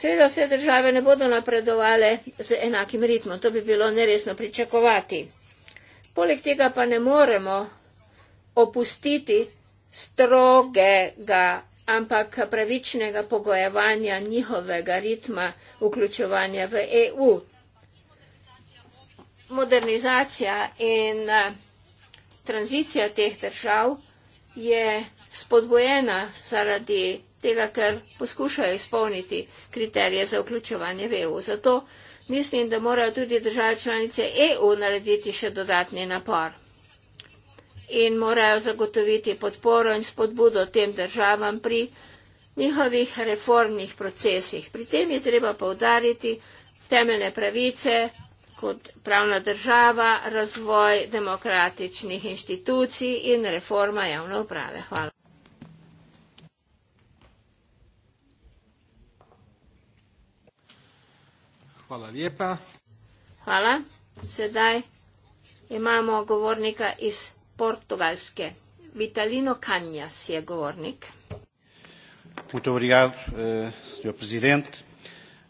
Seveda se države ne bodo napredovale z enakim ritmom, to bi bilo neresno pričakovati. Poleg tega pa ne moremo opustiti strogega, ampak pravičnega pogojevanja njihovega ritma vključevanja v EU. Modernizacija in eh, tranzicija teh držav je spodbojena zaradi tega, ker poskušajo izpolniti kriterije za vključevanje v EU. Zato mislim, da morajo tudi države članice EU narediti še dodatni napor in morajo zagotoviti podporo in spodbudo tem državam pri njihovih reformnih procesih. Pri tem je treba povdariti temeljne pravice kot pravna država, razvoj demokratičnih inštitucij in reforma javne uprave. Hvala. Hvala lepa. Hvala. Sedaj imamo govornika iz portugalske. Vitalino Canjas je govornik. Muito obrigado, eh, senhor presidente.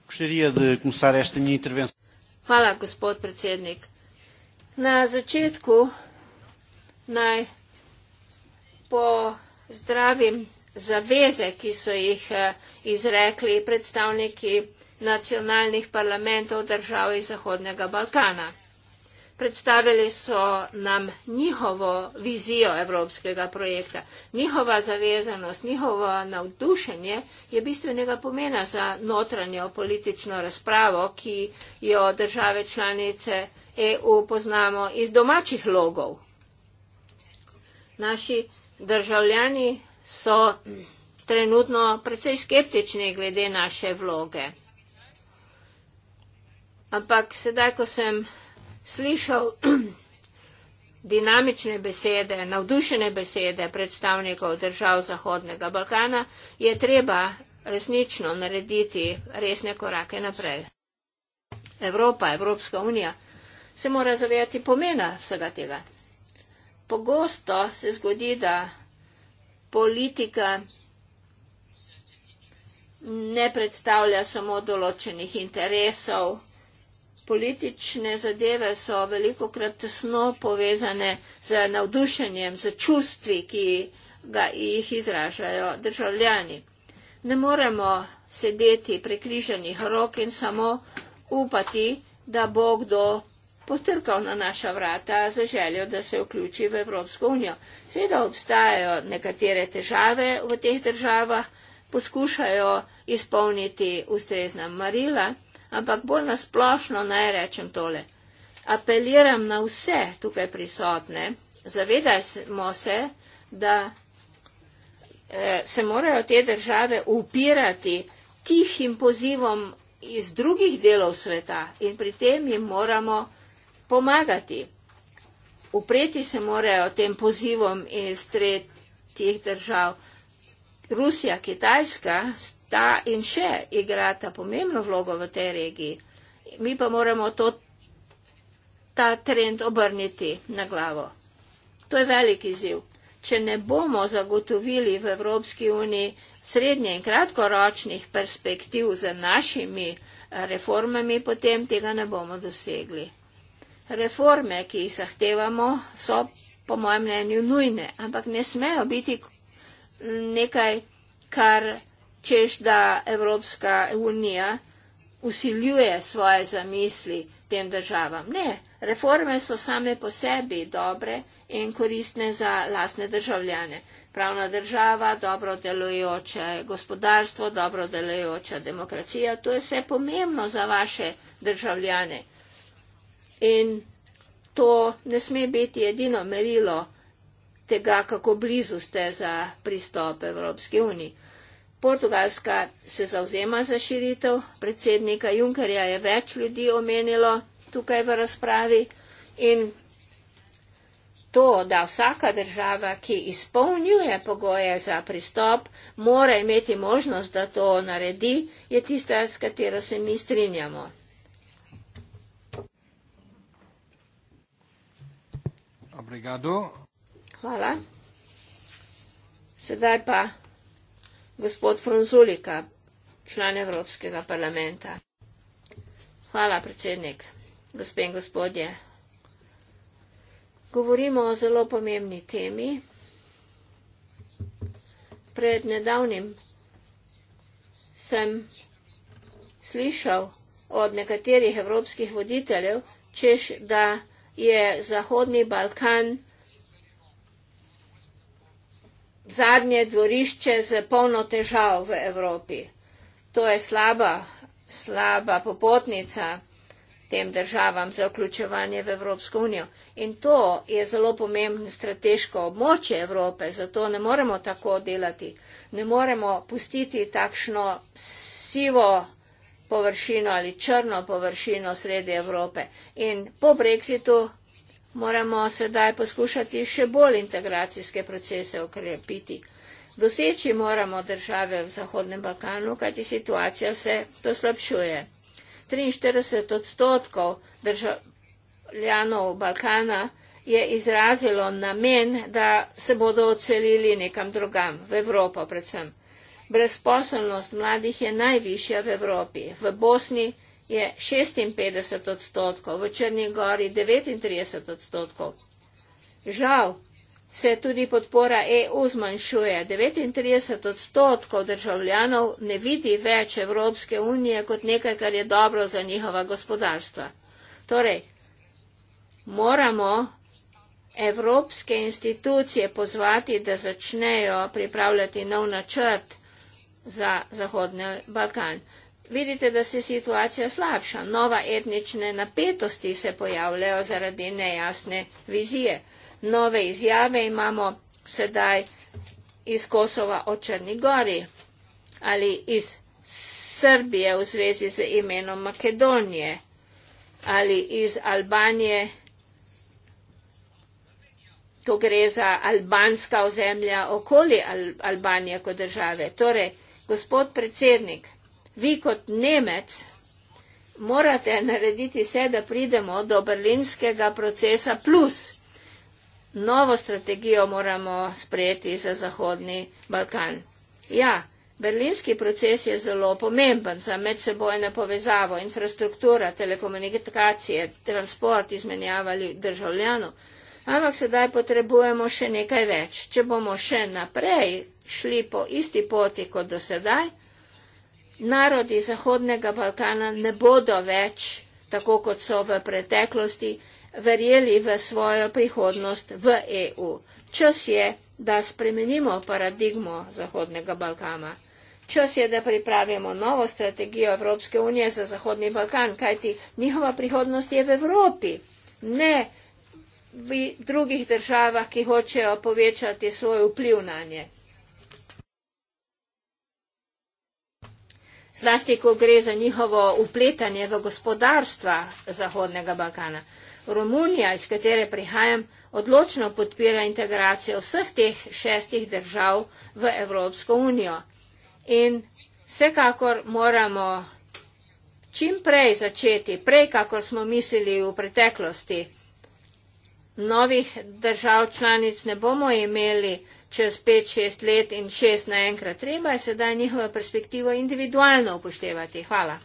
Gostaria de começar esta minha intervenção. Hvala, gospod predsednik. Na začetku naj pozdravim zaveze, ki so jih eh, izrekli predstavniki nacionalnih parlamentov držav iz Zahodnega Balkana predstavili so nam njihovo vizijo evropskega projekta. Njihova zavezanost, njihovo navdušenje je bistvenega pomena za notranjo politično razpravo, ki jo države članice EU poznamo iz domačih logov. Naši državljani so trenutno precej skeptični glede naše vloge. Ampak sedaj, ko sem slišal *clears throat* dinamične besede, navdušene besede predstavnikov držav Zahodnega Balkana, je treba resnično narediti resne korake naprej. Evropa, Evropska unija se mora zavedati pomena vsega tega. Pogosto se zgodi, da politika ne predstavlja samo določenih interesov, politične zadeve so veliko krat tesno povezane z navdušenjem, z čustvi, ki ga jih izražajo državljani. Ne moremo sedeti prekriženih rok in samo upati, da bo kdo potrkal na naša vrata za željo, da se vključi v Evropsko unijo. Seveda obstajajo nekatere težave v teh državah, poskušajo izpolniti ustrezna marila, ampak bolj nasplošno naj rečem tole. Apeliram na vse tukaj prisotne, zavedajmo se, da eh, se morajo te države upirati tihim pozivom iz drugih delov sveta in pri tem jim moramo pomagati. Upreti se morajo tem pozivom iz tretjih držav. Rusija, Kitajska, ta in še igrata pomembno vlogo v tej regiji. Mi pa moramo to, ta trend obrniti na glavo. To je veliki ziv. Če ne bomo zagotovili v Evropski uniji srednje in kratkoročnih perspektiv z našimi eh, reformami, potem tega ne bomo dosegli. Reforme, ki jih zahtevamo, so po mojem mnenju nujne, ampak ne smejo biti nekaj, kar češ da Evropska unija usiljuje svoje zamisli tem državam. Ne, reforme so same po sebi dobre in koristne za lasne državljane. Pravna država, dobro delujoče gospodarstvo, dobro delujoča demokracija, to je vse pomembno za vaše državljane. In to ne sme biti edino merilo tega, kako blizu ste za pristop Evropske unije. Portugalska se zauzema za širitev, predsednika Junkerja je več ljudi omenilo tukaj v razpravi in to, da vsaka država, ki izpolnjuje pogoje za pristop, mora imeti možnost, da to naredi, je tista, s katero se mi strinjamo. Obrigado. Hvala. Sedaj pa gospod Fronzulika, član Evropskega parlamenta. Hvala, predsednik, gospe in gospodje. Govorimo o zelo pomembni temi. Pred nedavnim sem slišal od nekaterih evropskih voditeljev, češ, da je Zahodni Balkan zadnje dvorišče z polno težav v Evropi. To je slaba, slaba popotnica tem državam za vključevanje v Evropsko unijo. In to je zelo pomembno strateško območje Evrope, zato ne moremo tako delati. Ne moremo pustiti takšno sivo površino ali črno površino sredi Evrope. In po brexitu moramo sedaj poskušati še bolj integracijske procese okrepiti. Doseči moramo države v Zahodnem Balkanu, kajti situacija se poslabšuje. 43 odstotkov državljanov Balkana je izrazilo namen, da se bodo odselili nekam drugam, v Evropo predvsem. Brezposobnost mladih je najvišja v Evropi. V Bosni je 56 odstotkov, v Črni gori 39 odstotkov. Žal se tudi podpora EU zmanjšuje. 39 odstotkov državljanov ne vidi več Evropske unije kot nekaj, kar je dobro za njihova gospodarstva. Torej, moramo evropske institucije pozvati, da začnejo pripravljati nov načrt za Zahodni Balkan. Vidite, da se situacija slabša. Nova etnične napetosti se pojavljajo zaradi nejasne vizije. Nove izjave imamo sedaj iz Kosova o Črni Gori ali iz Srbije v zvezi z imenom Makedonije ali iz Albanije. Tu gre za albanska ozemlja okoli Albanije kot države. Torej, gospod predsednik, vi kot Nemec morate narediti vse, da pridemo do berlinskega procesa plus novo strategijo moramo sprejeti za Zahodni Balkan. Ja, berlinski proces je zelo pomemben za medsebojno povezavo, infrastruktura, telekomunikacije, transport, izmenjavali državljanov. Ampak sedaj potrebujemo še nekaj več. Če bomo še naprej šli po isti poti kot do sedaj, Narodi Zahodnega Balkana ne bodo več, tako kot so v preteklosti, verjeli v svojo prihodnost v EU. Čas je, da spremenimo paradigmo Zahodnega Balkana. Čas je, da pripravimo novo strategijo Evropske unije za Zahodni Balkan, kajti njihova prihodnost je v Evropi, ne v drugih državah, ki hočejo povečati svoj vpliv na nje. zlasti, ko gre za njihovo upletanje v gospodarstva Zahodnega Balkana. Romunija, iz katere prihajam, odločno podpira integracijo vseh teh šestih držav v Evropsko unijo. In vsekakor moramo čim prej začeti, prej kakor smo mislili v preteklosti, novih držav članic ne bomo imeli, čez 5-6 let in 6 naenkrat. Treba je sedaj njihovo perspektivo individualno upoštevati. Hvala.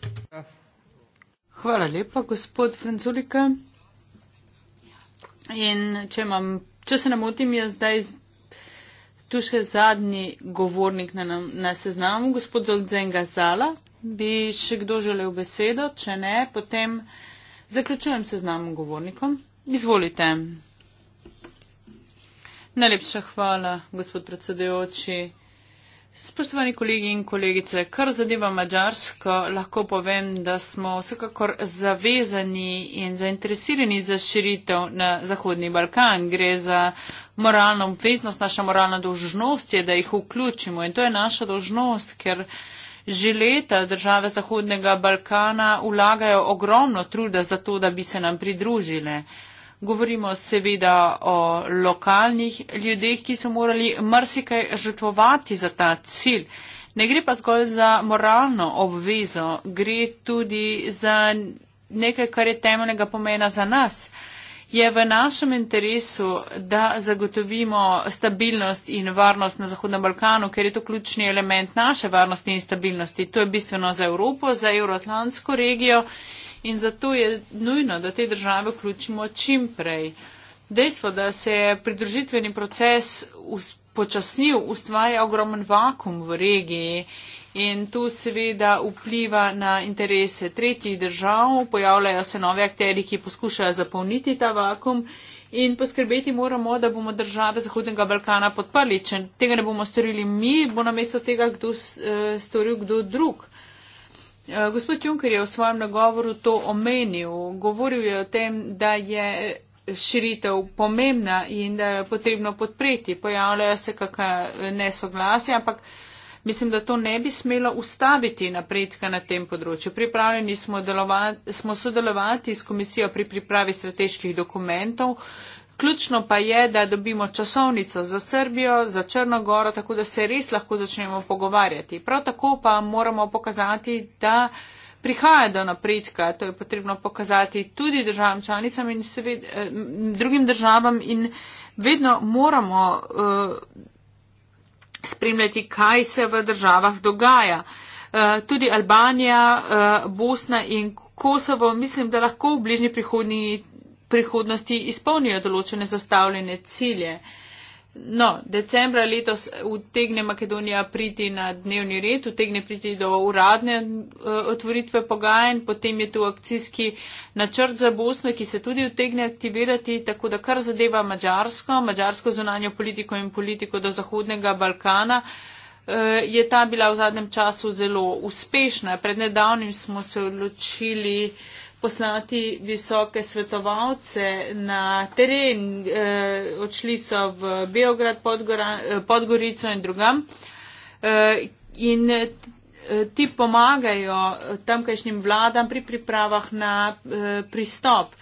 Hvala lepa, gospod Franculika. In če, imam, če se ne motim, je zdaj tu še zadnji govornik na, na seznamu, gospod Zoldzenga Zala. Bi še kdo želel besedo? Če ne, potem zaključujem seznam govornikom. Izvolite. Najlepša hvala, gospod predsedujoči. Spoštovani kolegi in kolegice, kar zadeva Mačarsko, lahko povem, da smo vsekakor zavezani in zainteresirani za širitev na Zahodni Balkan. Gre za moralno obveznost, naša moralna dolžnost je, da jih vključimo in to je naša dolžnost, ker že leta države Zahodnega Balkana vlagajo ogromno truda za to, da bi se nam pridružile. Govorimo seveda o lokalnih ljudeh, ki so morali mrsikaj žrtvovati za ta cilj. Ne gre pa zgolj za moralno obvezo, gre tudi za nekaj, kar je temeljnega pomena za nas. Je v našem interesu, da zagotovimo stabilnost in varnost na Zahodnem Balkanu, ker je to ključni element naše varnosti in stabilnosti. To je bistveno za Evropo, za Euroatlantsko regijo in zato je nujno, da te države vključimo čim prej. Dejstvo, da se je pridružitveni proces počasnil, ustvarja ogromen vakum v regiji in tu seveda vpliva na interese tretjih držav, pojavljajo se nove akteri, ki poskušajo zapolniti ta vakum. In poskrbeti moramo, da bomo države Zahodnega Balkana podprli. Če tega ne bomo storili mi, bo namesto tega kdo, eh, storil kdo drug. Eh, gospod Junker je v svojem nagovoru to omenil. Govoril je o tem, da je širitev pomembna in da je potrebno podpreti. Pojavljajo se kakšne nesoglasje, ampak mislim, da to ne bi smelo ustaviti napredka na tem področju. Pripravljeni smo, delovati, smo sodelovati s komisijo pri pripravi strateških dokumentov, uh, Ključno pa je, da dobimo časovnico za Srbijo, za Črnogoro, tako da se res lahko začnemo pogovarjati. Prav tako pa moramo pokazati, da prihaja do napredka. To je potrebno pokazati tudi državam članicam in seved, eh, drugim državam in vedno moramo eh, spremljati, kaj se v državah dogaja. Eh, tudi Albanija, eh, Bosna in Kosovo, mislim, da lahko v bližnji prihodnji prihodnosti izpolnijo določene zastavljene cilje. No, decembra letos utegne Makedonija priti na dnevni red, utegne priti do uradne e, otvoritve pogajanj, potem je tu akcijski načrt za Bosno, ki se tudi utegne aktivirati, tako da kar zadeva Mačarsko, Mačarsko zunanjo politiko in politiko do Zahodnega Balkana, e, je ta bila v zadnjem času zelo uspešna. Pred nedavnim smo se odločili poslati visoke svetovalce na teren, eh, odšli so v Beograd, Podgora, eh, Podgorico in drugam. Eh, in ti pomagajo tamkajšnjim vladam pri pripravah na pristop.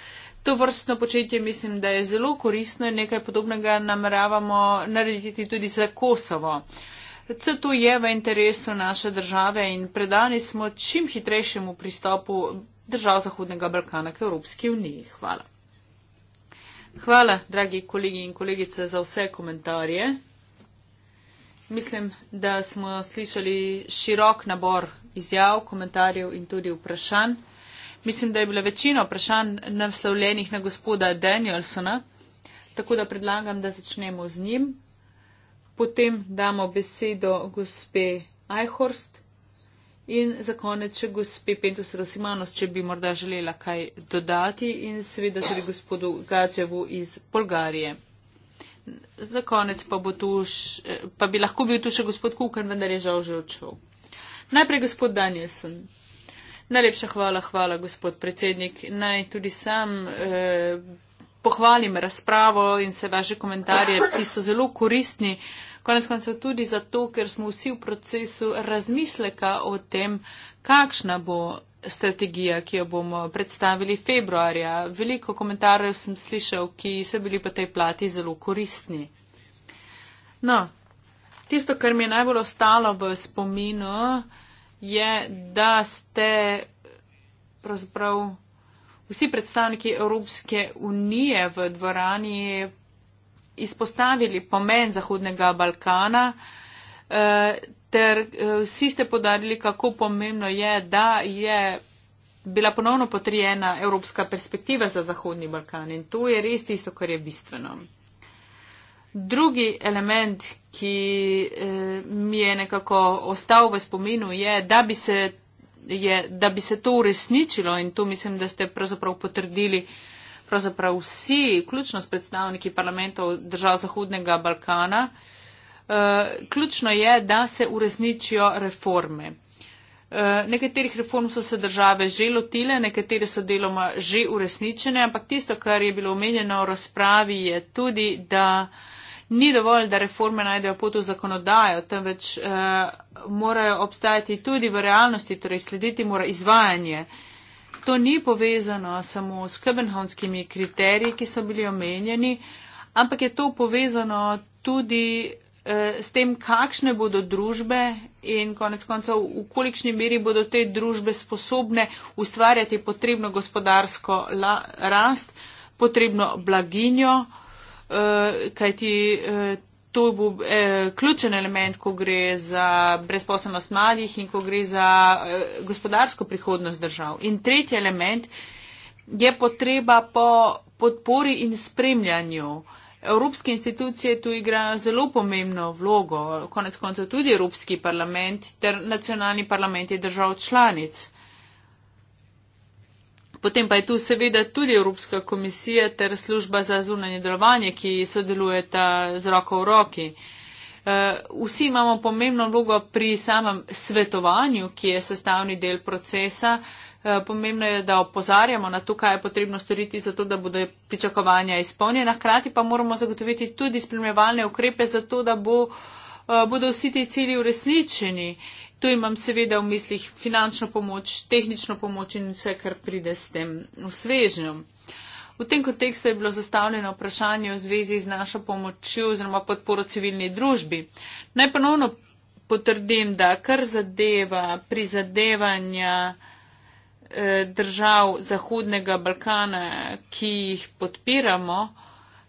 To vrstno početje mislim, da je zelo koristno in nekaj podobnega nameravamo narediti tudi za Kosovo. Vse to je v interesu naše države in predani smo čim hitrejšemu pristopu držav Zahodnega Balkana k Evropski uniji. Hvala. Hvala, dragi kolegi in kolegice, za vse komentarje. Mislim, da smo slišali širok nabor izjav, komentarjev in tudi vprašanj. Mislim, da je bila večina vprašanj naslovljenih na gospoda Danielsona, tako da predlagam, da začnemo z njim. Potem damo besedo gospe Eichhorst. In za konec, če gospe Pentus Rosimanos, če bi morda želela kaj dodati in seveda tudi gospodu Gađevu iz Bolgarije. Za konec pa, š, pa bi lahko bil tu še gospod Kukan, vendar je žal že odšel. Najprej gospod Danielson. Najlepša hvala, hvala gospod predsednik. Naj tudi sam eh, pohvalim razpravo in se vaše komentarje, ki so zelo koristni. Eh, konec koncev tudi zato, ker smo vsi v procesu razmisleka o tem, kakšna bo strategija, ki jo bomo predstavili februarja. Veliko komentarjev sem slišal, ki so bili po tej plati zelo koristni. No, tisto, kar mi je najbolj ostalo v spominu, je, da ste pravzaprav vsi predstavniki Evropske unije v dvorani izpostavili pomen Zahodnega Balkana, eh, ter eh, vsi ste podarili, kako pomembno je, da je bila ponovno potrjena evropska perspektiva za Zahodni Balkan in to je res tisto, kar je bistveno. Drugi element, ki eh, mi je nekako ostal v spominu, je, da bi se, je, da bi se to uresničilo in to mislim, da ste pravzaprav potrdili pravzaprav vsi, vključno s predstavniki parlamentov držav Zahodnega Balkana, eh, ključno je, da se uresničijo reforme. Eh, nekaterih reform so se države že lotile, nekatere so deloma že uresničene, ampak tisto, kar je bilo omenjeno v razpravi, je tudi, da ni dovolj, da reforme najdejo pot v zakonodajo, temveč eh, morajo obstajati tudi v realnosti, torej slediti mora izvajanje eh, to ni povezano samo s kebenhonskimi kriteriji, ki so bili omenjeni, ampak je to povezano tudi eh, s tem, kakšne bodo družbe in konec koncev, v kolikšni meri bodo te družbe sposobne ustvarjati potrebno gospodarsko la, rast, potrebno blaginjo, eh, kajti eh, to bo eh, ključen element, ko gre za brezposobnost mladih in ko gre za eh, gospodarsko prihodnost držav. In tretji element je potreba po podpori in spremljanju. Evropske institucije tu igrajo zelo pomembno vlogo, konec koncev tudi Evropski parlament ter nacionalni parlamenti držav članic. Potem pa je tu seveda tudi Evropska komisija ter služba za zunanje delovanje, ki sodelujeta z roko v roki. Eh, vsi imamo pomembno vlogo pri samem svetovanju, ki je sestavni del procesa. Eh, pomembno je, da opozarjamo na to, kaj je potrebno storiti, zato da bodo pričakovanja izpolnjena. Hkrati pa moramo zagotoviti tudi spremljevalne ukrepe, zato da bo, eh, bodo vsi ti cilji uresničeni. Uh, Tu imam seveda v mislih finančno pomoč, tehnično pomoč in vse, kar pride s tem svežnjom. V tem kontekstu je bilo zastavljeno vprašanje v zvezi z našo pomočjo oziroma podporo civilni družbi. Naj ponovno potrdim, da kar zadeva prizadevanja eh, držav Zahodnega Balkana, ki jih podpiramo,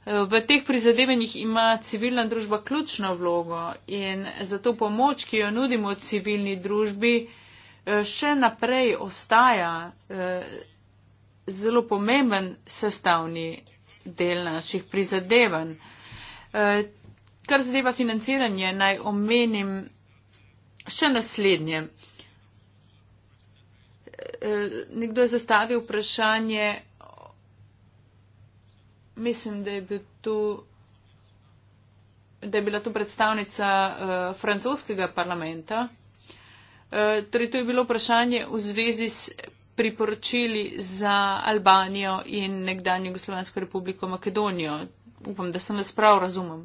Eh, v teh prizadevanjih ima civilna družba ključno vlogo in zato pomoč, ki jo nudimo civilni družbi, eh, še naprej ostaja eh, zelo pomemben sestavni del naših prizadevanj. Kar zadeva financiranje, naj omenim še naslednje. Nekdo je zastavil vprašanje, mislim, da je bil tu. Da je bila to predstavnica uh, francoskega parlamenta. Uh, torej, to je bilo vprašanje v zvezi s priporočili za Albanijo in nekdanje Jugoslovansko republiko Makedonijo. Upam, da sem vas prav razumem.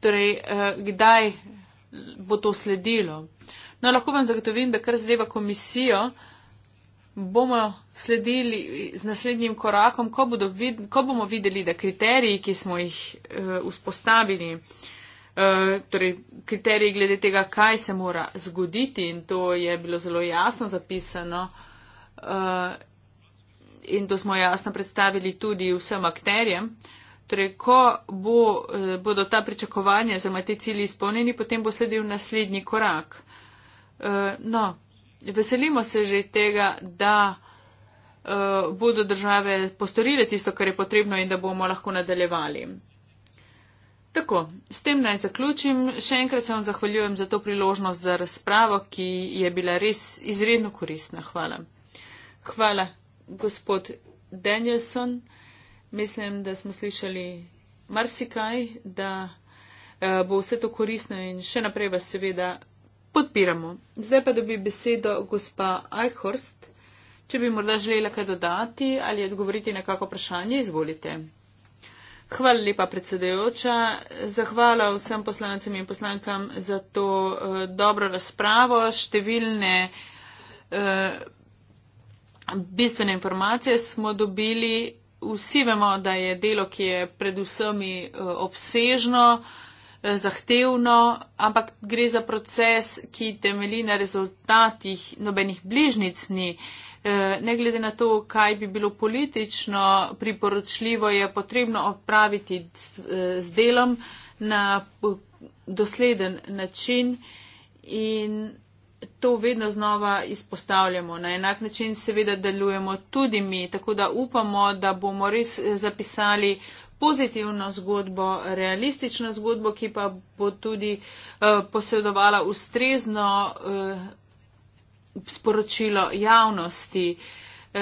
Torej, uh, kdaj bo to sledilo? No, lahko vam zagotovim, da kar zadeva komisijo, uh, bomo sledili z naslednjim korakom, ko, vid, ko bomo videli, da kriteriji, ki smo jih uh, vzpostavili, uh, torej kriteriji glede tega, kaj se mora zgoditi, in to je bilo zelo jasno zapisano, uh, in to smo jasno predstavili tudi vsem akterjem. Torej, ko bo, bodo ta pričakovanja oziroma te cilji izpolnjeni, potem bo sledil naslednji korak. No, veselimo se že tega, da eh, bodo države postorile tisto, kar je potrebno in da bomo lahko nadaljevali. Tako, s tem naj zaključim. Še enkrat se vam zahvaljujem za to priložnost za razpravo, ki je bila res izredno koristna. Hvala. Hvala, gospod Danielson. Mislim, da smo slišali marsikaj, da eh, bo vse to koristno in še naprej vas seveda podpiramo. Zdaj pa dobi besedo gospa Eichhorst. Če bi morda želela kaj dodati ali odgovoriti na kako vprašanje, izvolite. Hvala lepa predsedajoča. Zahvala vsem poslancem in poslankam za to uh, dobro razpravo. Številne uh, bistvene informacije smo dobili. Vsi vemo, da je delo, ki je pred vsemi uh, obsežno, uh, Eh, zahtevno, ampak gre za proces, ki temeli na rezultatih nobenih bližnic ni. Eh, ne glede na to, kaj bi bilo politično priporočljivo, je potrebno opraviti z, eh, z delom na dosleden način in to vedno znova izpostavljamo. Na enak način seveda delujemo tudi mi, tako da upamo, da bomo res zapisali pozitivno zgodbo, realistično zgodbo, ki pa bo tudi uh, eh, posedovala ustrezno uh, sporočilo javnosti. Uh,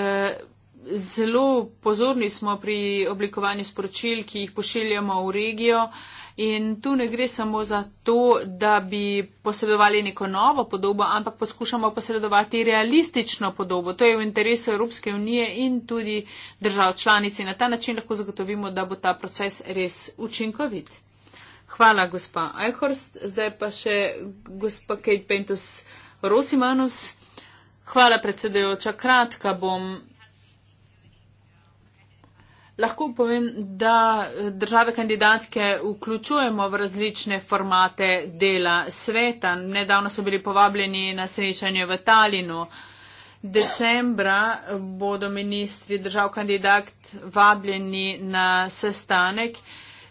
zelo pozorni smo pri oblikovanju sporočil, ki jih pošiljamo v regijo. Uh, In tu ne gre samo za to, da bi posredovali neko novo podobo, ampak poskušamo posredovati realistično podobo. To je v interesu Evropske unije in tudi držav članic in na ta način lahko zagotovimo, da bo ta proces res učinkovit. Hvala, gospa Eichhorst. Zdaj pa še gospa Kate Pentus Rosimanus. Hvala, predsedujoča. Kratka bom. Lahko povem, da eh, države kandidatke vključujemo v različne formate dela sveta. Nedavno so bili povabljeni na srečanje v Talinu. Decembra bodo ministri držav kandidat vabljeni na sestanek,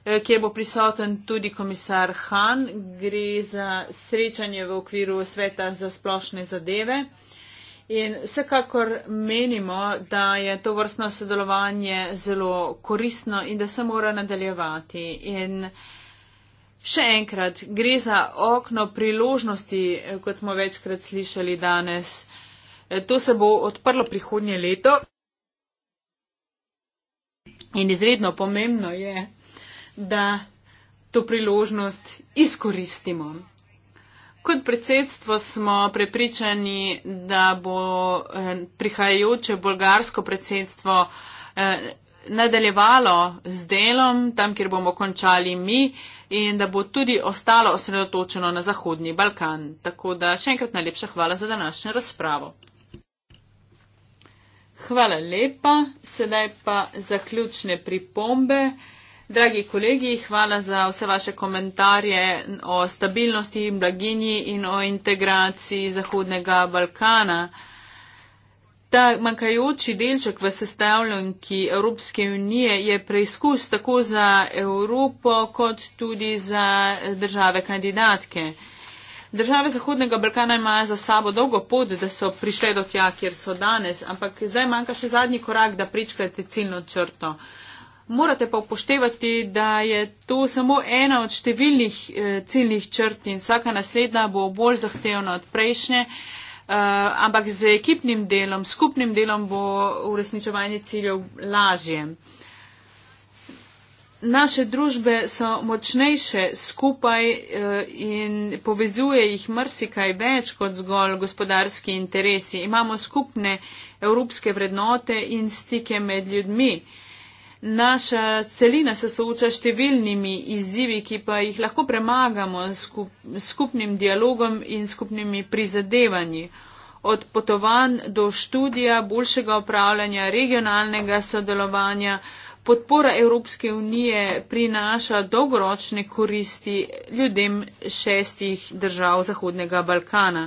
eh, kjer bo prisoten tudi komisar Han. Gre za srečanje v okviru sveta za splošne zadeve. In vsekakor menimo, da je to vrstno sodelovanje zelo koristno in da se mora nadaljevati. In še enkrat, gre za okno priložnosti, kot smo večkrat slišali danes. To se bo odprlo prihodnje leto. In izredno pomembno je, da to priložnost izkoristimo. Kot predsedstvo smo prepričani, da bo eh, prihajajoče bolgarsko predsedstvo eh, nadaljevalo z delom tam, kjer bomo končali mi in da bo tudi ostalo osredotočeno na Zahodni Balkan. Tako da še enkrat najlepša hvala za današnjo razpravo. Hvala lepa. Sedaj pa zaključne pripombe. Dragi kolegi, hvala za vse vaše komentarje o stabilnosti in blaginji in o integraciji Zahodnega Balkana. Ta manjkajoči delček v sestavljanki Evropske unije je preizkus tako za Evropo kot tudi za države kandidatke. Države Zahodnega Balkana imajo za sabo dolgo pot, da so prišle do tja, kjer so danes, ampak zdaj manjka še zadnji korak, da pričkajte ciljno črto. Morate pa upoštevati, da je to samo ena od številnih eh, ciljnih črt in vsaka naslednja bo bolj zahtevna od prejšnje, eh, ampak z ekipnim delom, skupnim delom bo uresničevanje ciljev lažje. Naše družbe so močnejše skupaj eh, in povezuje jih mrsikaj več kot zgolj gospodarski interesi. Imamo skupne evropske vrednote in stike med ljudmi. Eh, Naša celina se sooča številnimi izzivi, ki pa jih lahko premagamo s skupnim dialogom in skupnimi prizadevanji. Od potovanj do študija, boljšega upravljanja, regionalnega sodelovanja, podpora Evropske unije prinaša dolgoročne koristi ljudem šestih držav Zahodnega Balkana.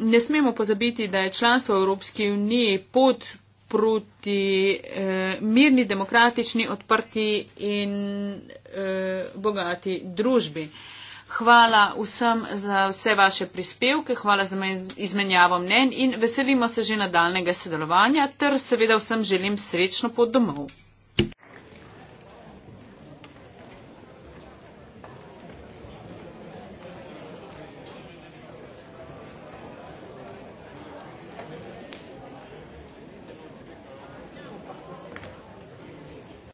Ne smemo pozabiti, da je članstvo v Evropski uniji pot proti eh, mirni, demokratični, odprti in eh, bogati družbi. Hvala vsem za vse vaše prispevke, hvala za izmenjavo mnen in veselimo se že nadaljnega sodelovanja ter seveda vsem želim srečno pod domov.